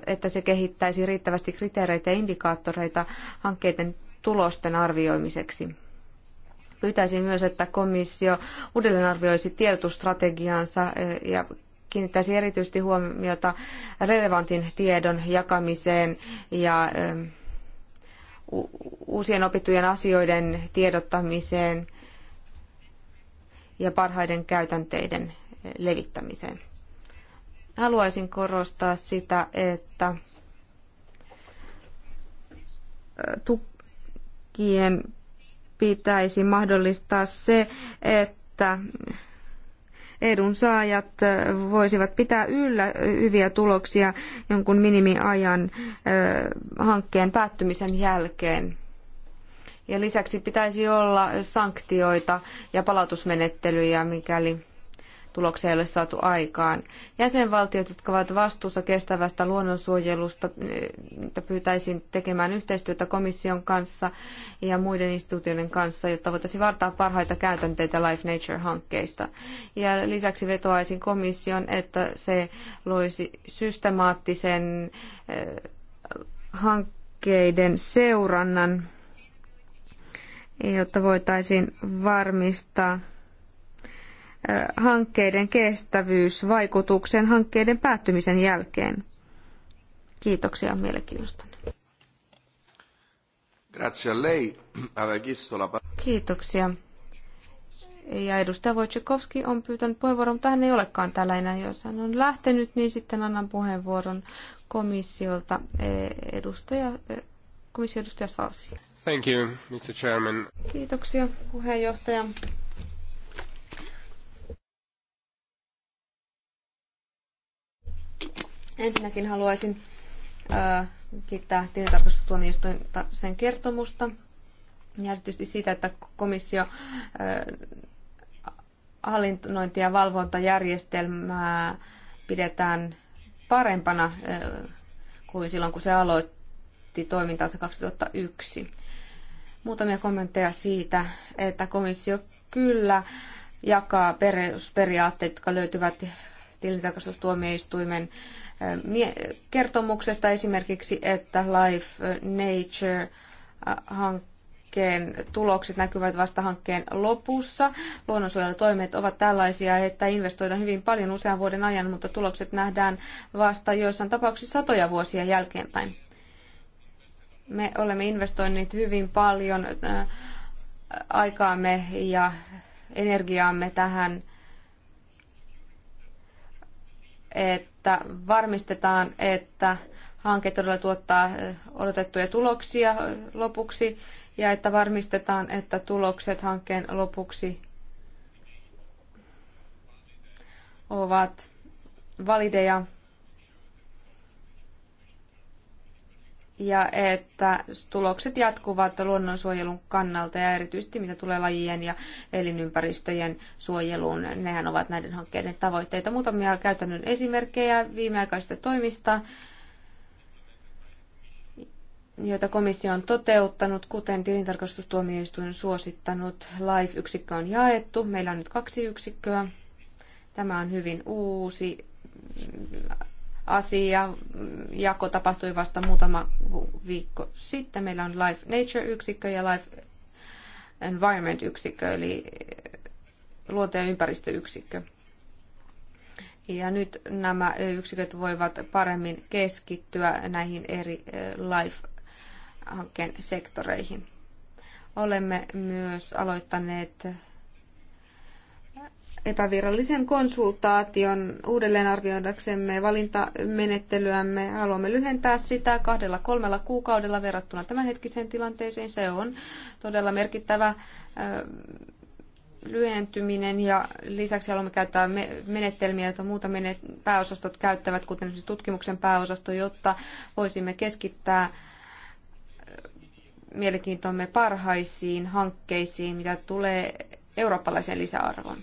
että se kehittäisi riittävästi kriteereitä ja indikaattoreita hankkeiden tulosten arvioimiseksi. Pyytäisin myös, että komissio uudelleenarvioisi tiedotusstrategiaansa e, ja kiinnittäisi erityisesti huomiota relevantin tiedon jakamiseen ja e, uusien opittujen asioiden tiedottamiseen ja parhaiden käytänteiden eh, levittämiseen. Haluaisin korostaa sitä, että eh, tukien pitäisi mahdollistaa se, että edunsaajat voisivat pitää yllä hyviä tuloksia jonkun minimiajan hankkeen päättymisen jälkeen. Ja lisäksi pitäisi olla sanktioita ja palautusmenettelyjä, mikäli tuloksia ei ole saatu aikaan. Jäsenvaltiot, jotka ovat vastuussa kestävästä luonnonsuojelusta, eh, pyytäisin tekemään yhteistyötä komission kanssa ja muiden instituutioiden kanssa, jotta voitaisiin vartaa parhaita käytänteitä Life Nature-hankkeista. Ja lisäksi vetoaisin komission, että se loisi systemaattisen eh, hankkeiden seurannan, jotta voitaisiin varmistaa, hankkeiden kestävyysvaikutukseen hankkeiden päättymisen jälkeen. Kiitoksia mielenkiinnostanne. Kiitoksia. Ja edustaja Wojciechowski on pyytänyt puheenvuoron, mutta hän ei olekaan täällä enää. Jos hän on lähtenyt, niin sitten annan puheenvuoron komissiolta e, edustaja, e, komission edustaja Salsi. Thank you, Mr. Chairman. Kiitoksia puheenjohtaja. Ensinnäkin haluaisin äh, kiittää tilintarkastustuomioistuinta sen kertomusta ja erityisesti siitä, että komissio äh, hallinnointi- ja valvontajärjestelmää pidetään parempana äh, kuin silloin, kun se aloitti toimintansa 2001. Muutamia kommentteja siitä, että komissio kyllä jakaa perusperiaatteet, jotka löytyvät tilintarkastustuomioistuimen äh, kertomuksesta esimerkiksi, että Life Nature-hankkeen hankkeen tulokset näkyvät vasta hankkeen lopussa. Luonnonsuojelutoimet ovat tällaisia, että investoidaan hyvin paljon usean vuoden ajan, mutta tulokset nähdään vasta joissain tapauksissa satoja vuosia jälkeenpäin. Me olemme investoineet hyvin paljon aikaamme ja energiaamme tähän että varmistetaan, että hanke todella tuottaa odotettuja tuloksia lopuksi ja että varmistetaan, että tulokset hankkeen lopuksi ovat valideja ja että tulokset jatkuvat luonnonsuojelun kannalta ja erityisesti mitä tulee lajien ja elinympäristöjen suojeluun. Nehän ovat näiden hankkeiden tavoitteita. Muutamia käytännön esimerkkejä viimeaikaisista toimista, joita komissio on toteuttanut, kuten tilintarkastustuomioistuin suosittanut. LIFE-yksikkö on jaettu. Meillä on nyt kaksi yksikköä. Tämä on hyvin uusi asia. Jako tapahtui vasta muutama viikko sitten. Meillä on Life Nature-yksikkö ja Life Environment-yksikkö, eli luonto- ja ympäristöyksikkö. Ja nyt nämä yksiköt voivat paremmin keskittyä näihin eri eh, LIFE-hankkeen sektoreihin. Olemme myös aloittaneet epävirallisen konsultaation uudelleenarvioidaksemme valintamenettelyämme. Haluamme lyhentää sitä kahdella kolmella kuukaudella verrattuna tämänhetkiseen tilanteeseen. Se on todella merkittävä lyhentyminen ja lisäksi haluamme käyttää menetelmiä, joita muuta pääosastot käyttävät, kuten esimerkiksi tutkimuksen pääosasto, jotta voisimme keskittää mielenkiintomme parhaisiin hankkeisiin, mitä tulee eurooppalaisen lisäarvon.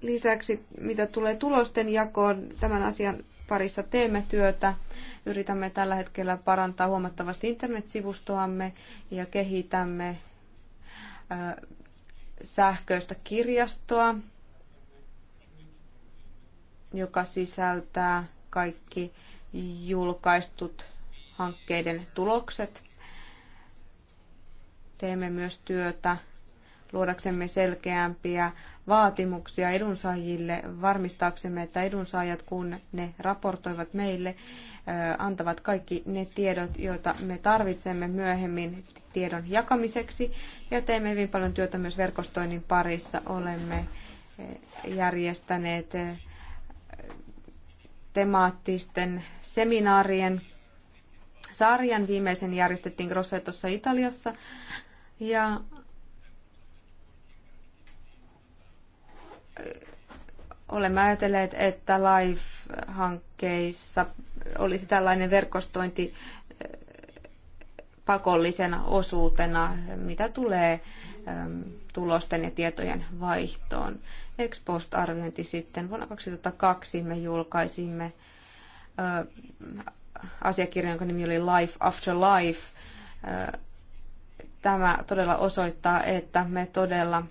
lisäksi, mitä tulee tulosten jakoon, tämän asian parissa teemme työtä. Yritämme tällä hetkellä parantaa huomattavasti internetsivustoamme ja kehitämme sähköistä kirjastoa, joka sisältää kaikki julkaistut hankkeiden tulokset. Teemme myös työtä luodaksemme selkeämpiä vaatimuksia edunsaajille, varmistaaksemme, että edunsaajat, kun ne raportoivat meille, antavat kaikki ne tiedot, joita me tarvitsemme myöhemmin tiedon jakamiseksi. Ja teemme hyvin paljon työtä myös verkostoinnin parissa. Olemme järjestäneet temaattisten seminaarien sarjan. Viimeisen järjestettiin Grossetossa Italiassa. Ja olemme ajatelleet, että LIFE-hankkeissa olisi tällainen verkostointi eh, pakollisena osuutena, mitä tulee ehm, tulosten ja tietojen vaihtoon. Ex post-arviointi sitten. Vuonna 2002 me julkaisimme eh, asiakirjan, jonka nimi oli Life After Life. Eh, tämä todella osoittaa, että me todella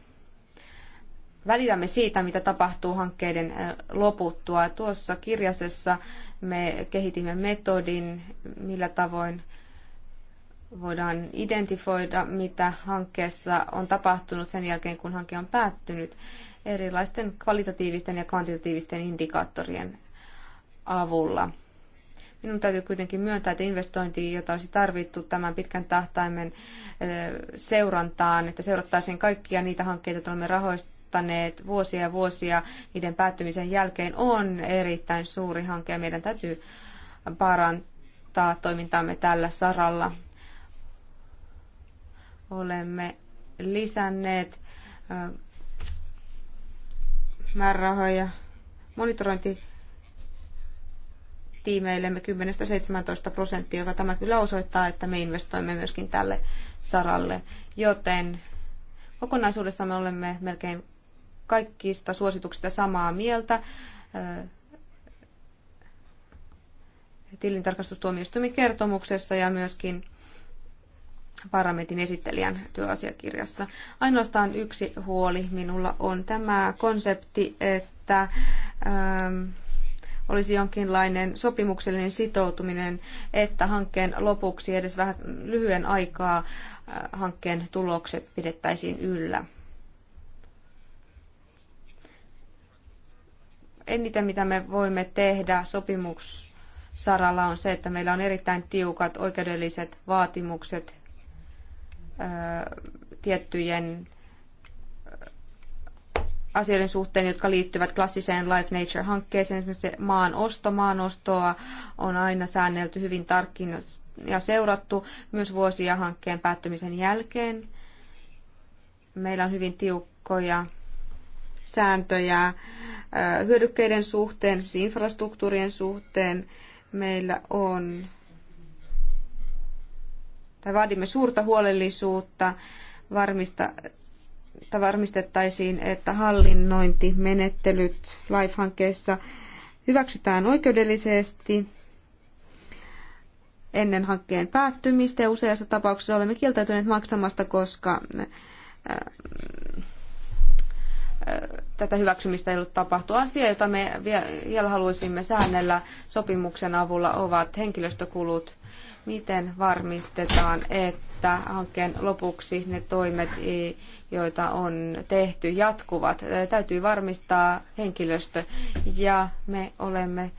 välitämme siitä, mitä tapahtuu hankkeiden loputtua. Tuossa kirjasessa me kehitimme metodin, millä tavoin voidaan identifioida, mitä hankkeessa on tapahtunut sen jälkeen, kun hanke on päättynyt erilaisten kvalitatiivisten ja kvantitatiivisten indikaattorien avulla. Minun täytyy kuitenkin myöntää, että investointi, jota olisi tarvittu tämän pitkän tahtaimen seurantaan, että seurattaisiin kaikkia niitä hankkeita, joita olemme rahoista odottaneet vuosia ja vuosia niiden päättymisen jälkeen, on erittäin suuri hanke ja meidän täytyy parantaa toimintaamme tällä saralla. Olemme lisänneet määrärahoja monitorointi tiimeillemme 10-17 prosenttia, joka tämä kyllä osoittaa, että me investoimme myöskin tälle saralle. Joten kokonaisuudessa me olemme melkein kaikista suosituksista samaa mieltä. Tilintarkastustuomioistuimen kertomuksessa ja myöskin parametin esittelijän työasiakirjassa. Ainoastaan yksi huoli minulla on tämä konsepti, että ähm, olisi jonkinlainen sopimuksellinen sitoutuminen, että hankkeen lopuksi edes vähän lyhyen aikaa äh, hankkeen tulokset pidettäisiin yllä. eniten mitä me voimme tehdä sopimussaralla on se, että meillä on erittäin tiukat oikeudelliset vaatimukset tiettyjen asioiden suhteen, jotka liittyvät klassiseen Life Nature-hankkeeseen. Esimerkiksi maan osto, maan ostoa on aina säännelty hyvin tarkkin ja seurattu myös vuosia hankkeen päättymisen jälkeen. Meillä on hyvin tiukkoja sääntöjä hyödykkeiden suhteen, siis infrastruktuurien suhteen. Meillä on, tai vaadimme suurta huolellisuutta varmista, että varmistettaisiin, että hallinnointimenettelyt LIFE-hankkeessa hyväksytään oikeudellisesti ennen hankkeen päättymistä ja useassa tapauksessa olemme kieltäytyneet maksamasta, koska tätä hyväksymistä ei ollut tapahtu. Asia, jota me vielä haluaisimme säännellä sopimuksen avulla, ovat henkilöstökulut. Miten varmistetaan, että hankkeen lopuksi ne toimet, joita on tehty, jatkuvat? Täytyy varmistaa henkilöstö. Ja me olemme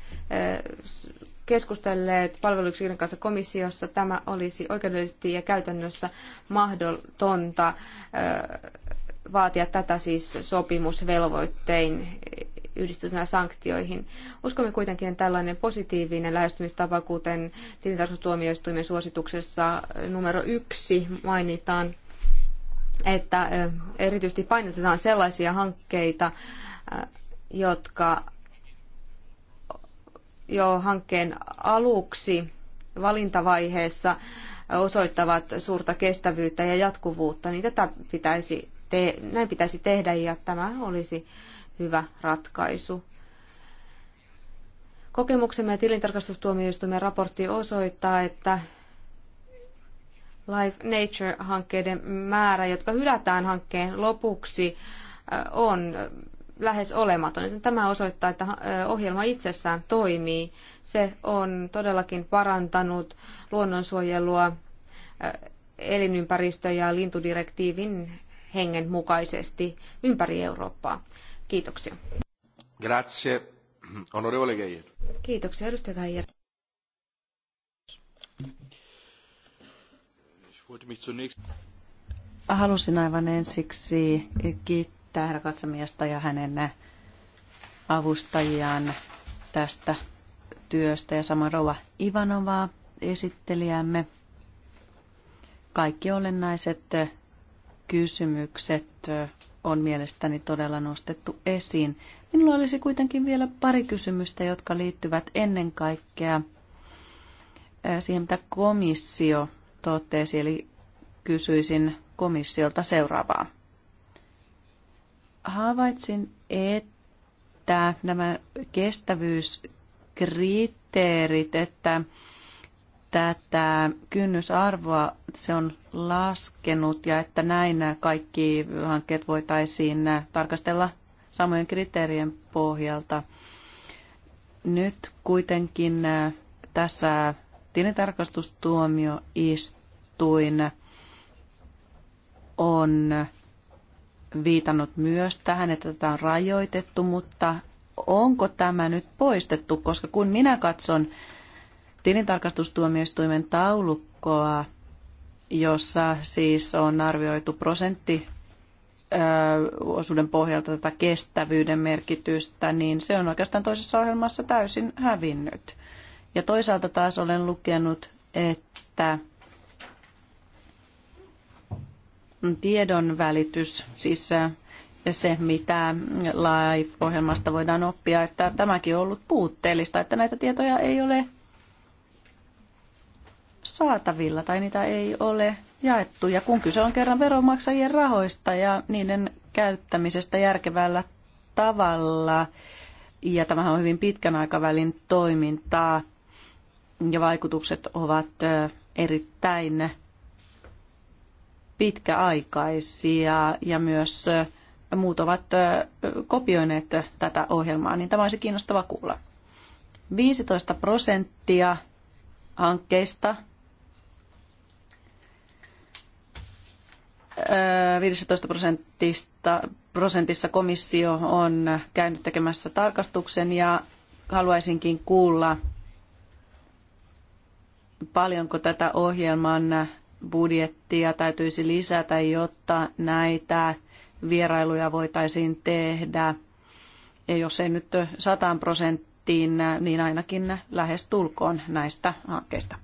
keskustelleet palveluyksikön kanssa komissiossa. Tämä olisi oikeudellisesti ja käytännössä mahdotonta vaatia tätä siis sopimusvelvoittein yhdistettynä sanktioihin. Uskomme kuitenkin, että tällainen positiivinen lähestymistapa, kuten tilintarkastustuomioistuimen suosituksessa numero yksi mainitaan, että erityisesti painotetaan sellaisia hankkeita, jotka jo hankkeen aluksi valintavaiheessa osoittavat suurta kestävyyttä ja jatkuvuutta, niin tätä pitäisi te- näin pitäisi tehdä ja tämä olisi hyvä ratkaisu. Kokemuksemme ja tilintarkastustuomioistuimen raportti osoittaa, että Life Nature-hankkeiden määrä, jotka hylätään hankkeen lopuksi, on lähes olematon. Tämä osoittaa, että ohjelma itsessään toimii. Se on todellakin parantanut luonnonsuojelua, elinympäristö- ja lintudirektiivin hengen mukaisesti ympäri Eurooppaa. Kiitoksia. Grazie. Onorevole Geijer. Kiitoksia, edustaja Geijer. Halusin aivan ensiksi kiittää herra katsomiestä ja hänen avustajiaan tästä työstä ja samoin rouva Ivanovaa esittelijämme. Kaikki olennaiset kysymykset on mielestäni todella nostettu esiin. Minulla olisi kuitenkin vielä pari kysymystä, jotka liittyvät ennen kaikkea siihen, mitä komissio totesi, eli kysyisin komissiolta seuraavaa. Havaitsin, että nämä kestävyyskriteerit, että tätä kynnysarvoa se on laskenut ja että näin kaikki hankkeet voitaisiin tarkastella samojen kriteerien pohjalta. Nyt kuitenkin tässä tilintarkastustuomioistuin on viitannut myös tähän, että tätä on rajoitettu, mutta onko tämä nyt poistettu, koska kun minä katson tilintarkastustuomioistuimen taulukkoa, jossa siis on arvioitu prosentti osuuden pohjalta tätä kestävyyden merkitystä, niin se on oikeastaan toisessa ohjelmassa täysin hävinnyt. Ja toisaalta taas olen lukenut, että tiedon välitys, siis se, mitä LIFE-ohjelmasta voidaan oppia, että tämäkin on ollut puutteellista, että näitä tietoja ei ole saatavilla tai niitä ei ole jaettu. Ja kun kyse on kerran veronmaksajien rahoista ja niiden käyttämisestä järkevällä tavalla, ja tämähän on hyvin pitkän aikavälin toimintaa, ja vaikutukset ovat erittäin pitkäaikaisia ja myös muut ovat kopioineet tätä ohjelmaa, niin tämä olisi kiinnostava kuulla. 15 prosenttia hankkeista 15 prosentista, prosentissa komissio on käynyt tekemässä tarkastuksen ja haluaisinkin kuulla, paljonko tätä ohjelman budjettia täytyisi lisätä, jotta näitä vierailuja voitaisiin tehdä. Ja jos ei nyt 100 prosenttiin, niin ainakin lähes tulkoon näistä hankkeista.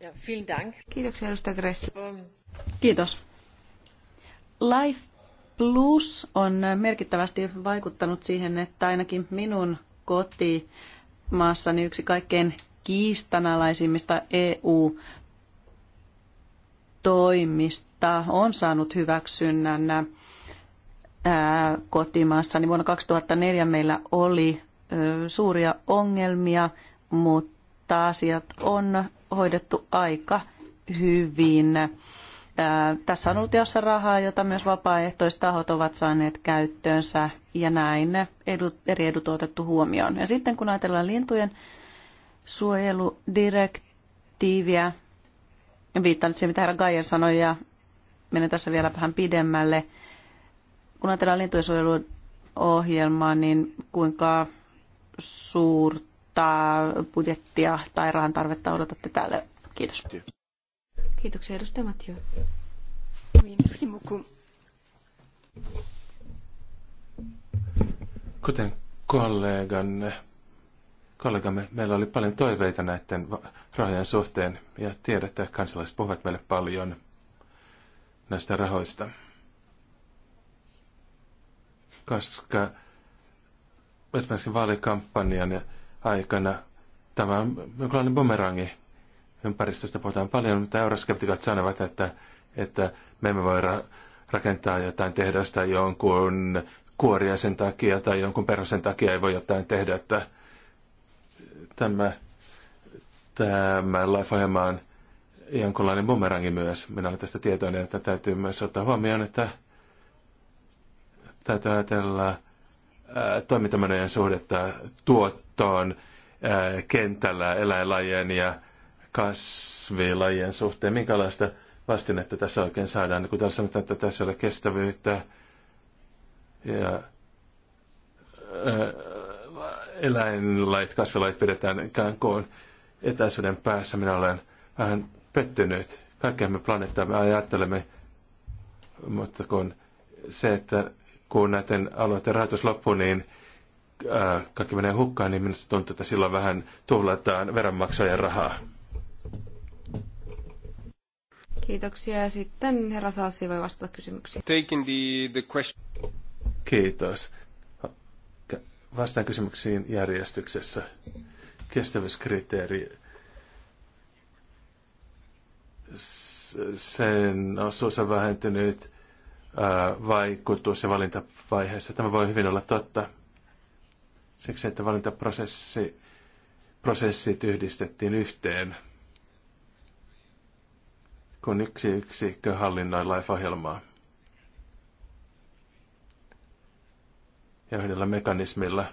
Ja, vielen Dank. Kiitoksia, edustaja Um Kiitos. Life Plus on merkittävästi vaikuttanut siihen, että ainakin minun kotimaassani yksi kaikkein kiistanalaisimmista EU-toimista on saanut hyväksynnän kotimaassani vuonna 2004 meillä oli suuria ongelmia, mutta asiat on hoidettu aika hyvin tässä on ollut jossa rahaa, jota myös vapaaehtoistahot ovat saaneet käyttöönsä ja näin edut, eri edut otettu huomioon. Ja sitten kun ajatellaan lintujen suojeludirektiiviä, viittaan siihen, mitä herra Gaia sanoi ja menen tässä vielä vähän pidemmälle. Kun ajatellaan lintujen suojeluohjelmaa, niin kuinka suurta budjettia tai rahan tarvetta odotatte tälle? Kiitos. Kiitoksia edustaja Mathieu. merci beaucoup. Kuten kolleganne, kollegamme, meillä oli paljon toiveita näiden rahojen suhteen ja tiedätte, että kansalaiset puhuvat meille paljon näistä rahoista. Koska esimerkiksi vaalikampanjan aikana tämä on jonkinlainen bumerangi ympäristöstä puhutaan paljon, mutta euroskeptikot sanovat, että, että me emme voi ra- rakentaa jotain tehdasta jonkun kuoria sen takia tai jonkun perhosen takia ei voi jotain tehdä, että tämä, tämä life-ohjelma on jonkunlainen bumerangi myös. Minä olen tästä tietoinen, että täytyy myös ottaa huomioon, että täytyy ajatella toimintamenojen suhdetta tuottoon kentällä eläinlajien ja kasvilajien suhteen, minkälaista vastinetta tässä oikein saadaan. Niin kun tässä sanotaan, että tässä ei ole kestävyyttä ja äh, eläinlait, kasvilait pidetään ikään kuin etäisyyden päässä. Minä olen vähän pettynyt. Kaikkea me planeettaa me ajattelemme, mutta kun se, että kun näiden alueiden rahoitus loppuu, niin äh, kaikki menee hukkaan, niin minusta tuntuu, että silloin vähän tuhlataan veronmaksajan rahaa. Kiitoksia. Sitten herra Salsi voi vastata kysymyksiin. Taking the, the question. Kiitos. Vastaan kysymyksiin järjestyksessä. Kestävyyskriteeri. Sen osuus on vähentynyt vaikutus- ja valintavaiheessa. Tämä voi hyvin olla totta. Siksi, että valintaprosessit yhdistettiin yhteen – kun yksi yksikkö hallinnoi LIFE-ohjelmaa. Ja yhdellä mekanismilla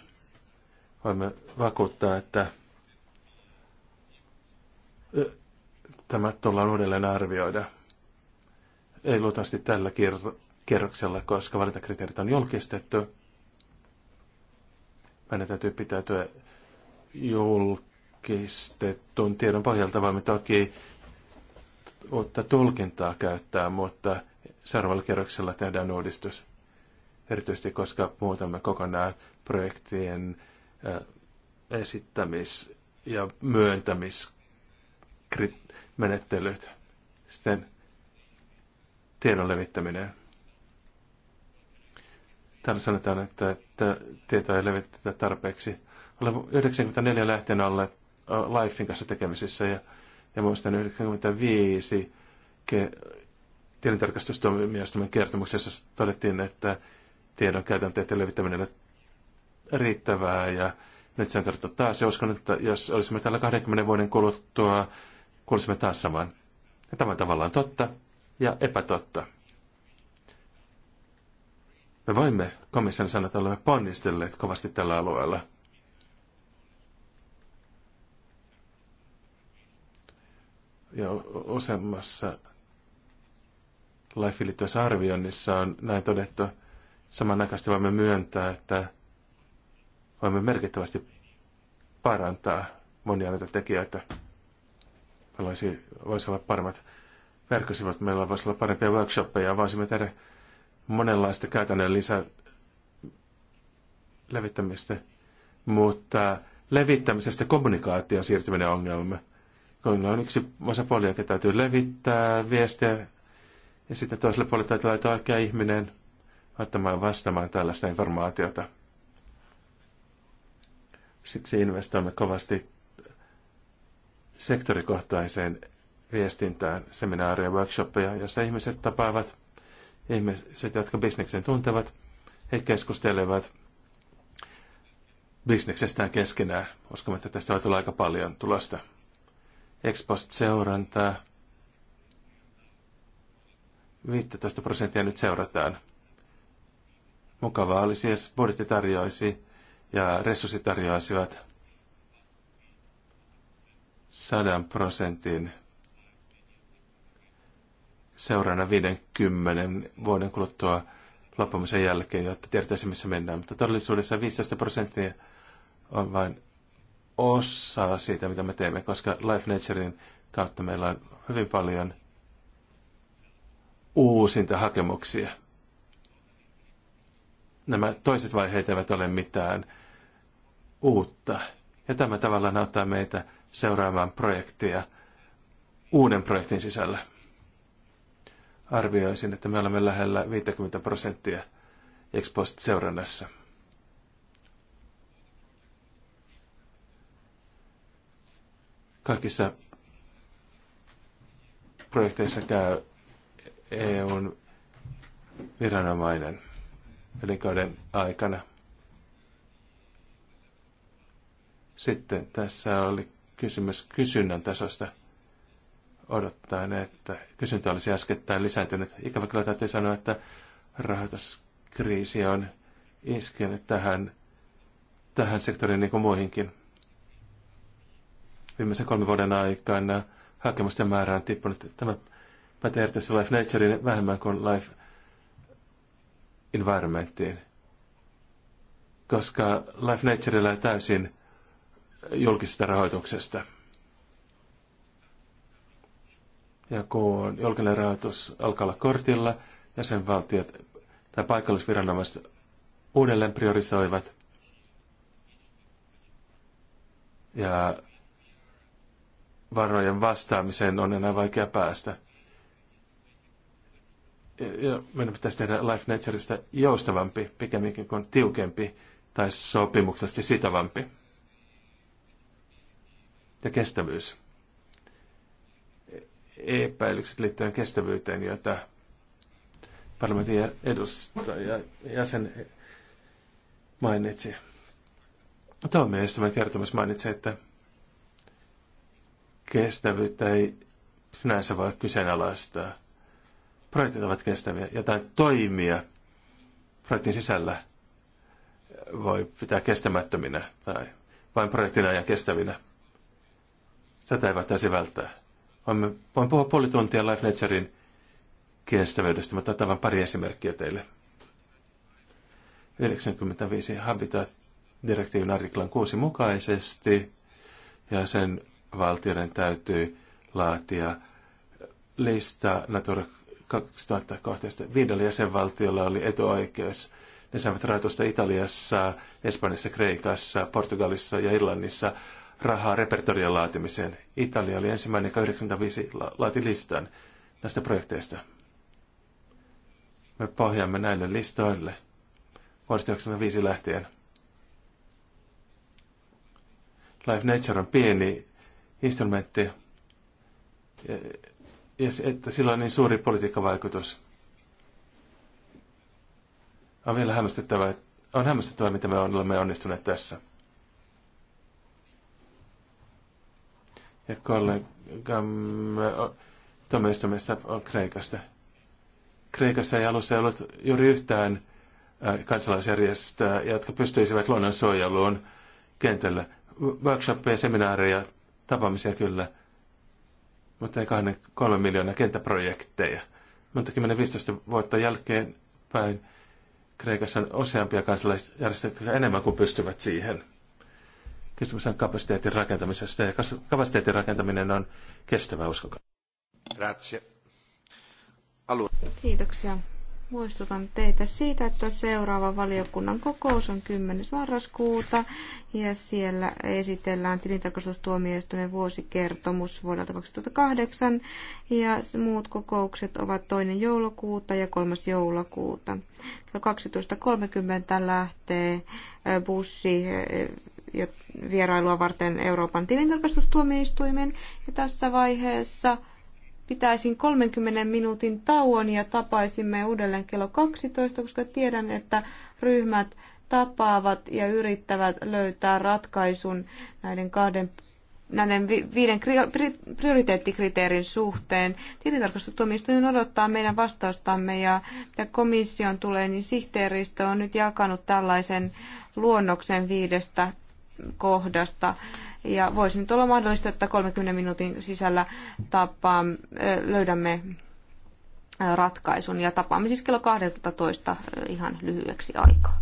voimme vakuuttaa, että tämä tullaan uudelleen arvioida. Ei luultavasti tällä kerroksella, koska valintakriteerit on julkistettu. Meidän täytyy pitäytyä julkistetun tiedon pohjalta, vaan me toki uutta tulkintaa käyttää, mutta seuraavalla kerroksella tehdään uudistus. Erityisesti koska muutamme kokonaan projektien esittämis- ja myöntämismenettelyt. Sitten tiedon levittäminen. Täällä sanotaan, että, että tietoa ei levitetä tarpeeksi. Olen 94 lähtien alle Lifein kanssa tekemisissä ja ja muistan 1995 ke- tilintarkastustuomioistuimen kertomuksessa todettiin, että tiedon ja levittäminen on riittävää ja nyt se on todettu taas. Ja uskon, että jos olisimme täällä 20 vuoden kuluttua, kuulisimme taas saman. Ja tämä on tavallaan totta ja epätotta. Me voimme komission sanat olemme ponnistelleet kovasti tällä alueella – ja useammassa Life liittyvässä arvioinnissa on näin todettu. Samanaikaisesti voimme myöntää, että voimme merkittävästi parantaa monia näitä tekijöitä. Meillä olisi, voisi olla paremmat verkkosivut, meillä voisi olla parempia workshoppeja, voisimme tehdä monenlaista käytännön lisää levittämistä, mutta levittämisestä kommunikaatio siirtyminen ongelma. Toinen on yksi puoli, joka täytyy levittää viestiä, ja sitten toiselle puolelle täytyy laittaa oikea ihminen ottamaan vastaamaan tällaista informaatiota. Siksi investoimme kovasti sektorikohtaiseen viestintään, seminaaria, workshoppeja, jossa ihmiset tapaavat, ihmiset, jotka bisneksen tuntevat, he keskustelevat bisneksestään keskenään. Uskomme, että tästä voi tulla aika paljon tulosta ex post seurantaa. 15 prosenttia nyt seurataan. Mukavaa olisi, jos budjetti tarjoaisi ja resurssit tarjoaisivat 100 prosentin seurana 50 vuoden kuluttua loppumisen jälkeen, jotta tiedettäisiin, missä mennään. Mutta todellisuudessa 15 prosenttia on vain osa siitä, mitä me teemme, koska Life Naturein kautta meillä on hyvin paljon uusinta hakemuksia. Nämä toiset vaiheet eivät ole mitään uutta. Ja tämä tavallaan auttaa meitä seuraamaan projektia uuden projektin sisällä. Arvioisin, että me olemme lähellä 50 prosenttia ex seurannassa. kaikissa projekteissa käy EUn viranomainen elinkauden aikana. Sitten tässä oli kysymys kysynnän tasosta odottaen, että kysyntä olisi äskettäin lisääntynyt. Ikävä kyllä täytyy sanoa, että rahoituskriisi on iskenyt tähän, tähän sektoriin niin kuin muihinkin viimeisen kolmen vuoden aikana hakemusten määrä on tippunut. Tämä pätee erityisesti Life Naturein vähemmän kuin Life Environmentiin, koska Life on täysin julkisesta rahoituksesta. Ja kun julkinen rahoitus alkaa olla kortilla, valtiot tai paikallisviranomaiset uudelleen priorisoivat. Ja varojen vastaamiseen on enää vaikea päästä. Ja meidän pitäisi tehdä Life Naturesta joustavampi, pikemminkin kuin tiukempi tai sopimuksellisesti sitavampi. Ja kestävyys. Epäilykset liittyen kestävyyteen, joita parlamentin edustaja jäsen mainitsi. Tuomioistuimen kertomus mainitsi, että kestävyyttä ei sinänsä voi kyseenalaistaa. Projektit ovat kestäviä. Jotain toimia projektin sisällä voi pitää kestämättöminä tai vain projektin ajan kestävinä. Tätä ei voitaisi välttää. Voimme, voin puhua puoli tuntia Life Naturein kestävyydestä, mutta otan vain pari esimerkkiä teille. 95 Habitat-direktiivin artiklan 6 mukaisesti ja sen valtioiden täytyy laatia lista Natura 2000 Viidellä jäsenvaltiolla oli etuoikeus. Ne saivat rahoitusta Italiassa, Espanjassa, Kreikassa, Portugalissa ja Irlannissa rahaa repertorian laatimiseen. Italia oli ensimmäinen, joka 95 laati listan näistä projekteista. Me pohjaamme näille listoille vuodesta 95 lähtien. Life Nature on pieni instrumentti, ja että sillä on niin suuri politiikkavaikutus. On vielä hämmästyttävää, on hämmästyttävää, mitä me olemme onnistuneet tässä. Ja kollegamme tuomioistuimesta on Kreikasta. Kreikassa ei alussa ollut juuri yhtään kansalaisjärjestöä, jotka pystyisivät luonnonsuojeluun kentällä. Workshoppeja, seminaareja tapaamisia kyllä, mutta ei kahden, kolme miljoonaa kenttäprojekteja. Mutta 10-15 vuotta jälkeen päin Kreikassa on useampia kansalaisjärjestöjä, jotka enemmän kuin pystyvät siihen. Kysymys on kapasiteetin rakentamisesta ja kapasiteetin rakentaminen on kestävä uskokaa. Grazie. Alue. Kiitoksia. Muistutan teitä siitä, että seuraava valiokunnan kokous on 10. marraskuuta ja siellä esitellään tilintarkastustuomioistuimen vuosikertomus vuodelta 2008 ja muut kokoukset ovat toinen joulukuuta ja kolmas joulukuuta. 12.30 lähtee bussi vierailua varten Euroopan tilintarkastustuomioistuimen ja tässä vaiheessa pitäisin 30 minuutin tauon ja tapaisimme uudelleen kello 12, koska tiedän, että ryhmät tapaavat ja yrittävät löytää ratkaisun näiden kahden näiden viiden prioriteettikriteerin suhteen. Tilintarkastustuomioistuin odottaa meidän vastaustamme ja mitä komission tulee, niin sihteeristö on nyt jakanut tällaisen luonnoksen viidestä kohdasta. Ja voisi nyt olla mahdollista, että 30 minuutin sisällä tapaan, löydämme ratkaisun ja tapaamme siis kello 12 ihan lyhyeksi aikaa.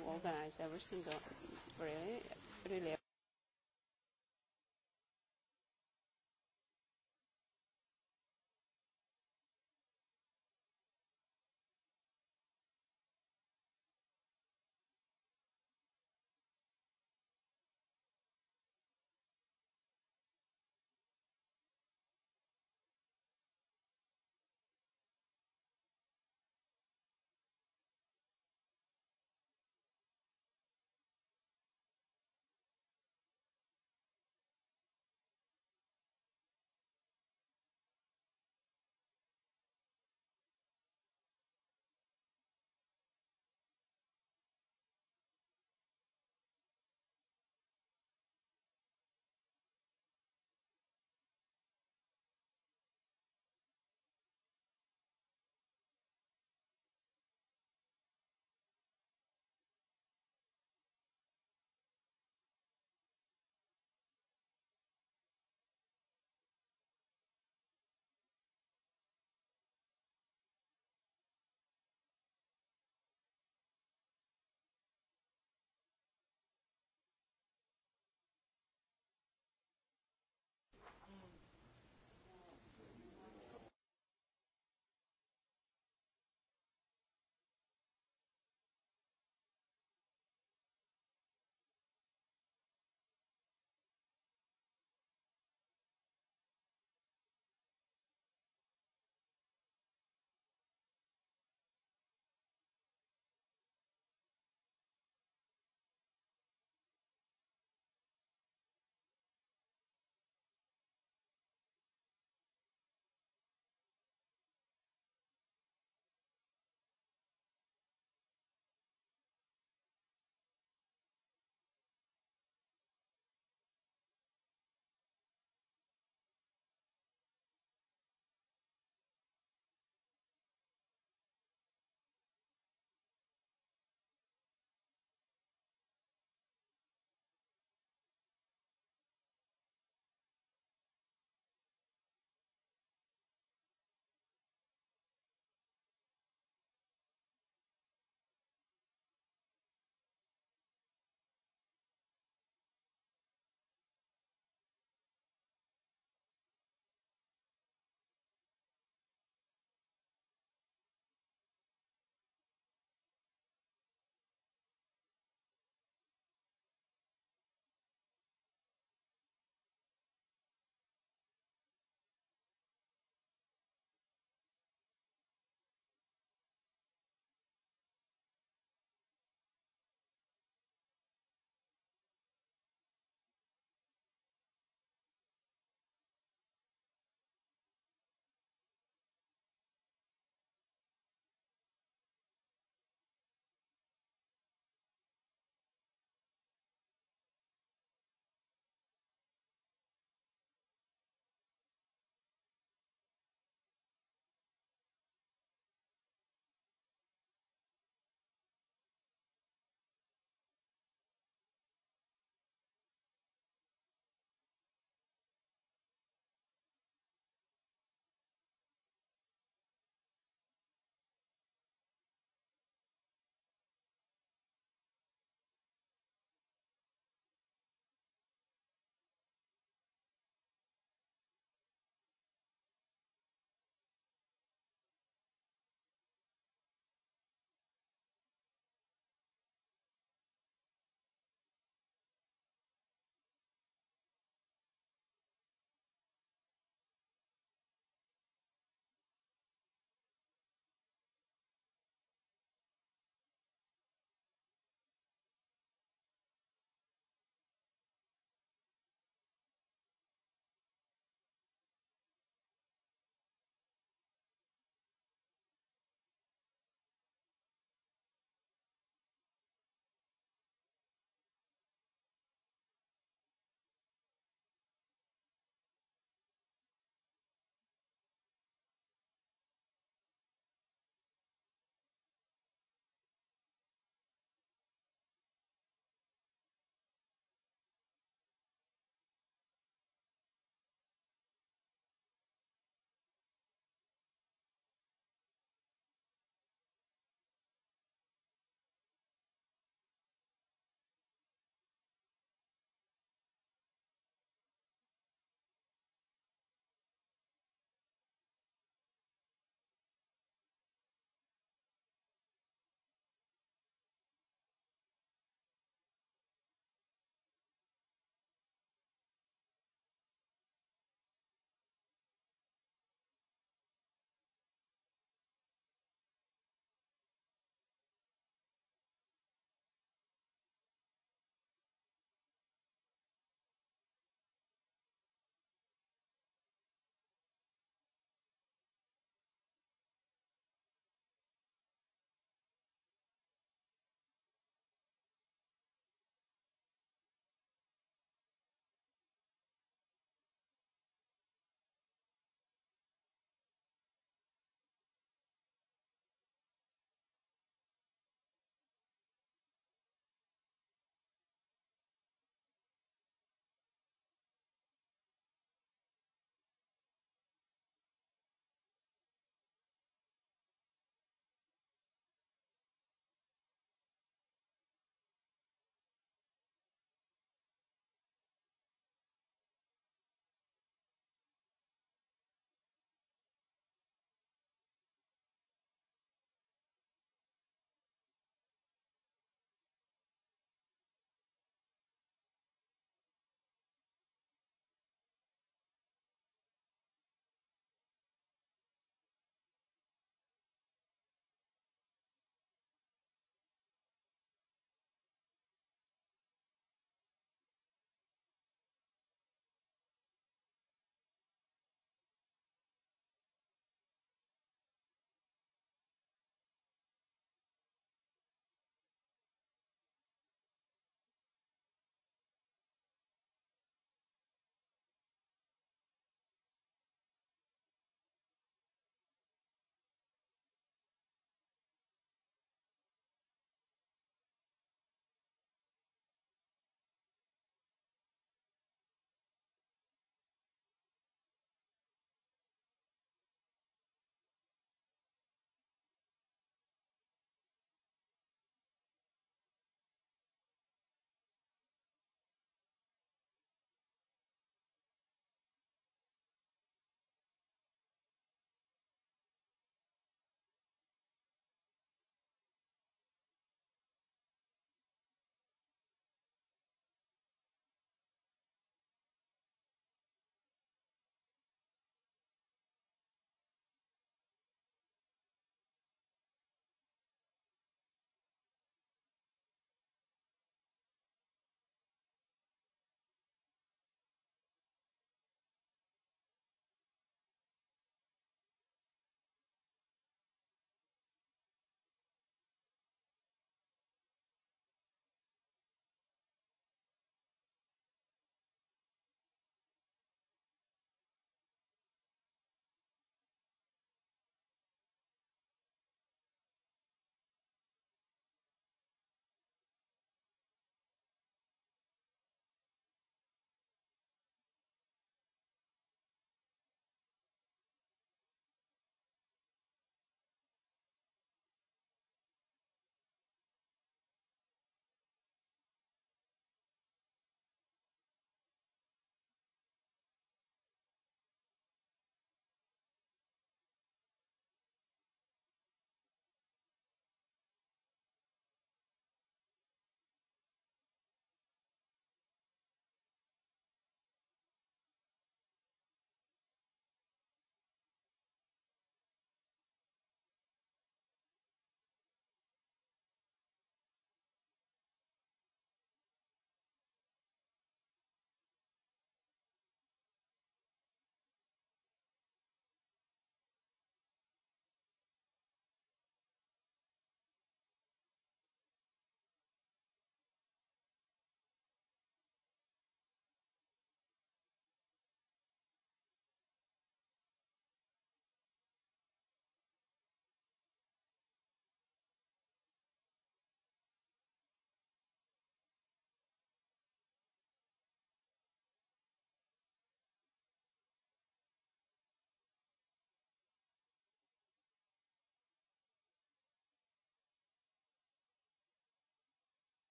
organize every single really, really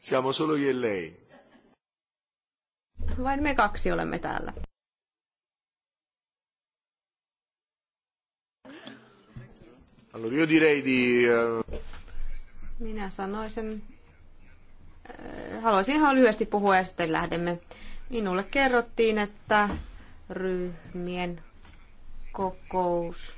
Siamo solo io e lei. Vain me kaksi olemme täällä. Allora io direi di... Eh, Minä sanoisin... Eh, haluaisin ihan lyhyesti puhua ja sitten lähdemme. Minulle kerrottiin, että ryhmien kokous,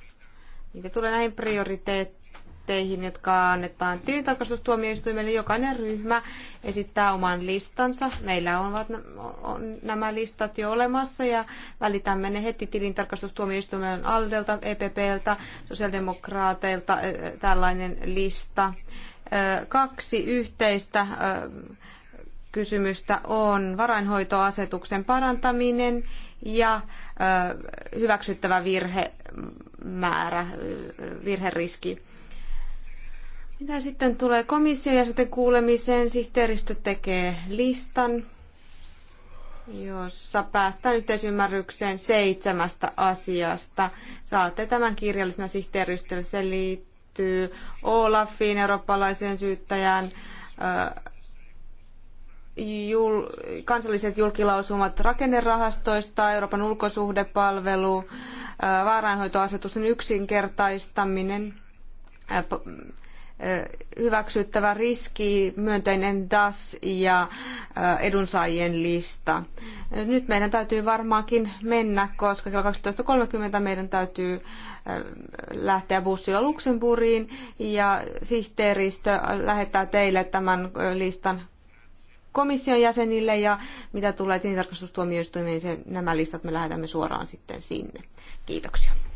mitä tulee näihin prioriteetteihin, raportteihin, jotka annetaan tilintarkastustuomioistuimelle. Jokainen ryhmä esittää oman listansa. Meillä on nämä listat jo olemassa ja välitämme ne heti tilintarkastustuomioistuimen Aldelta, EPPltä, sosiaalidemokraateilta e, e, tällainen lista. Kaksi yhteistä kysymystä on varainhoitoasetuksen parantaminen ja hyväksyttävä virhemäärä, virheriski. Mitä sitten tulee komission ja sitten kuulemiseen? Sihteeristö tekee listan, jossa päästään yhteisymmärrykseen seitsemästä asiasta. Saatte tämän kirjallisena sihteeristölle. Se liittyy Olafiin, eurooppalaiseen syyttäjään, jul, kansalliset julkilausumat rakennerahastoista, Euroopan ulkosuhdepalvelu, vaarainhoitoasetuksen yksinkertaistaminen, hyväksyttävä riski, myönteinen DAS ja edunsaajien lista. Nyt meidän täytyy varmaankin mennä, koska kello 12.30 meidän täytyy lähteä bussilla Luxemburgiin ja sihteeristö lähettää teille tämän listan komission jäsenille ja mitä tulee tilintarkastustuomioistuimeen, nämä listat me lähetämme suoraan sitten sinne. Kiitoksia.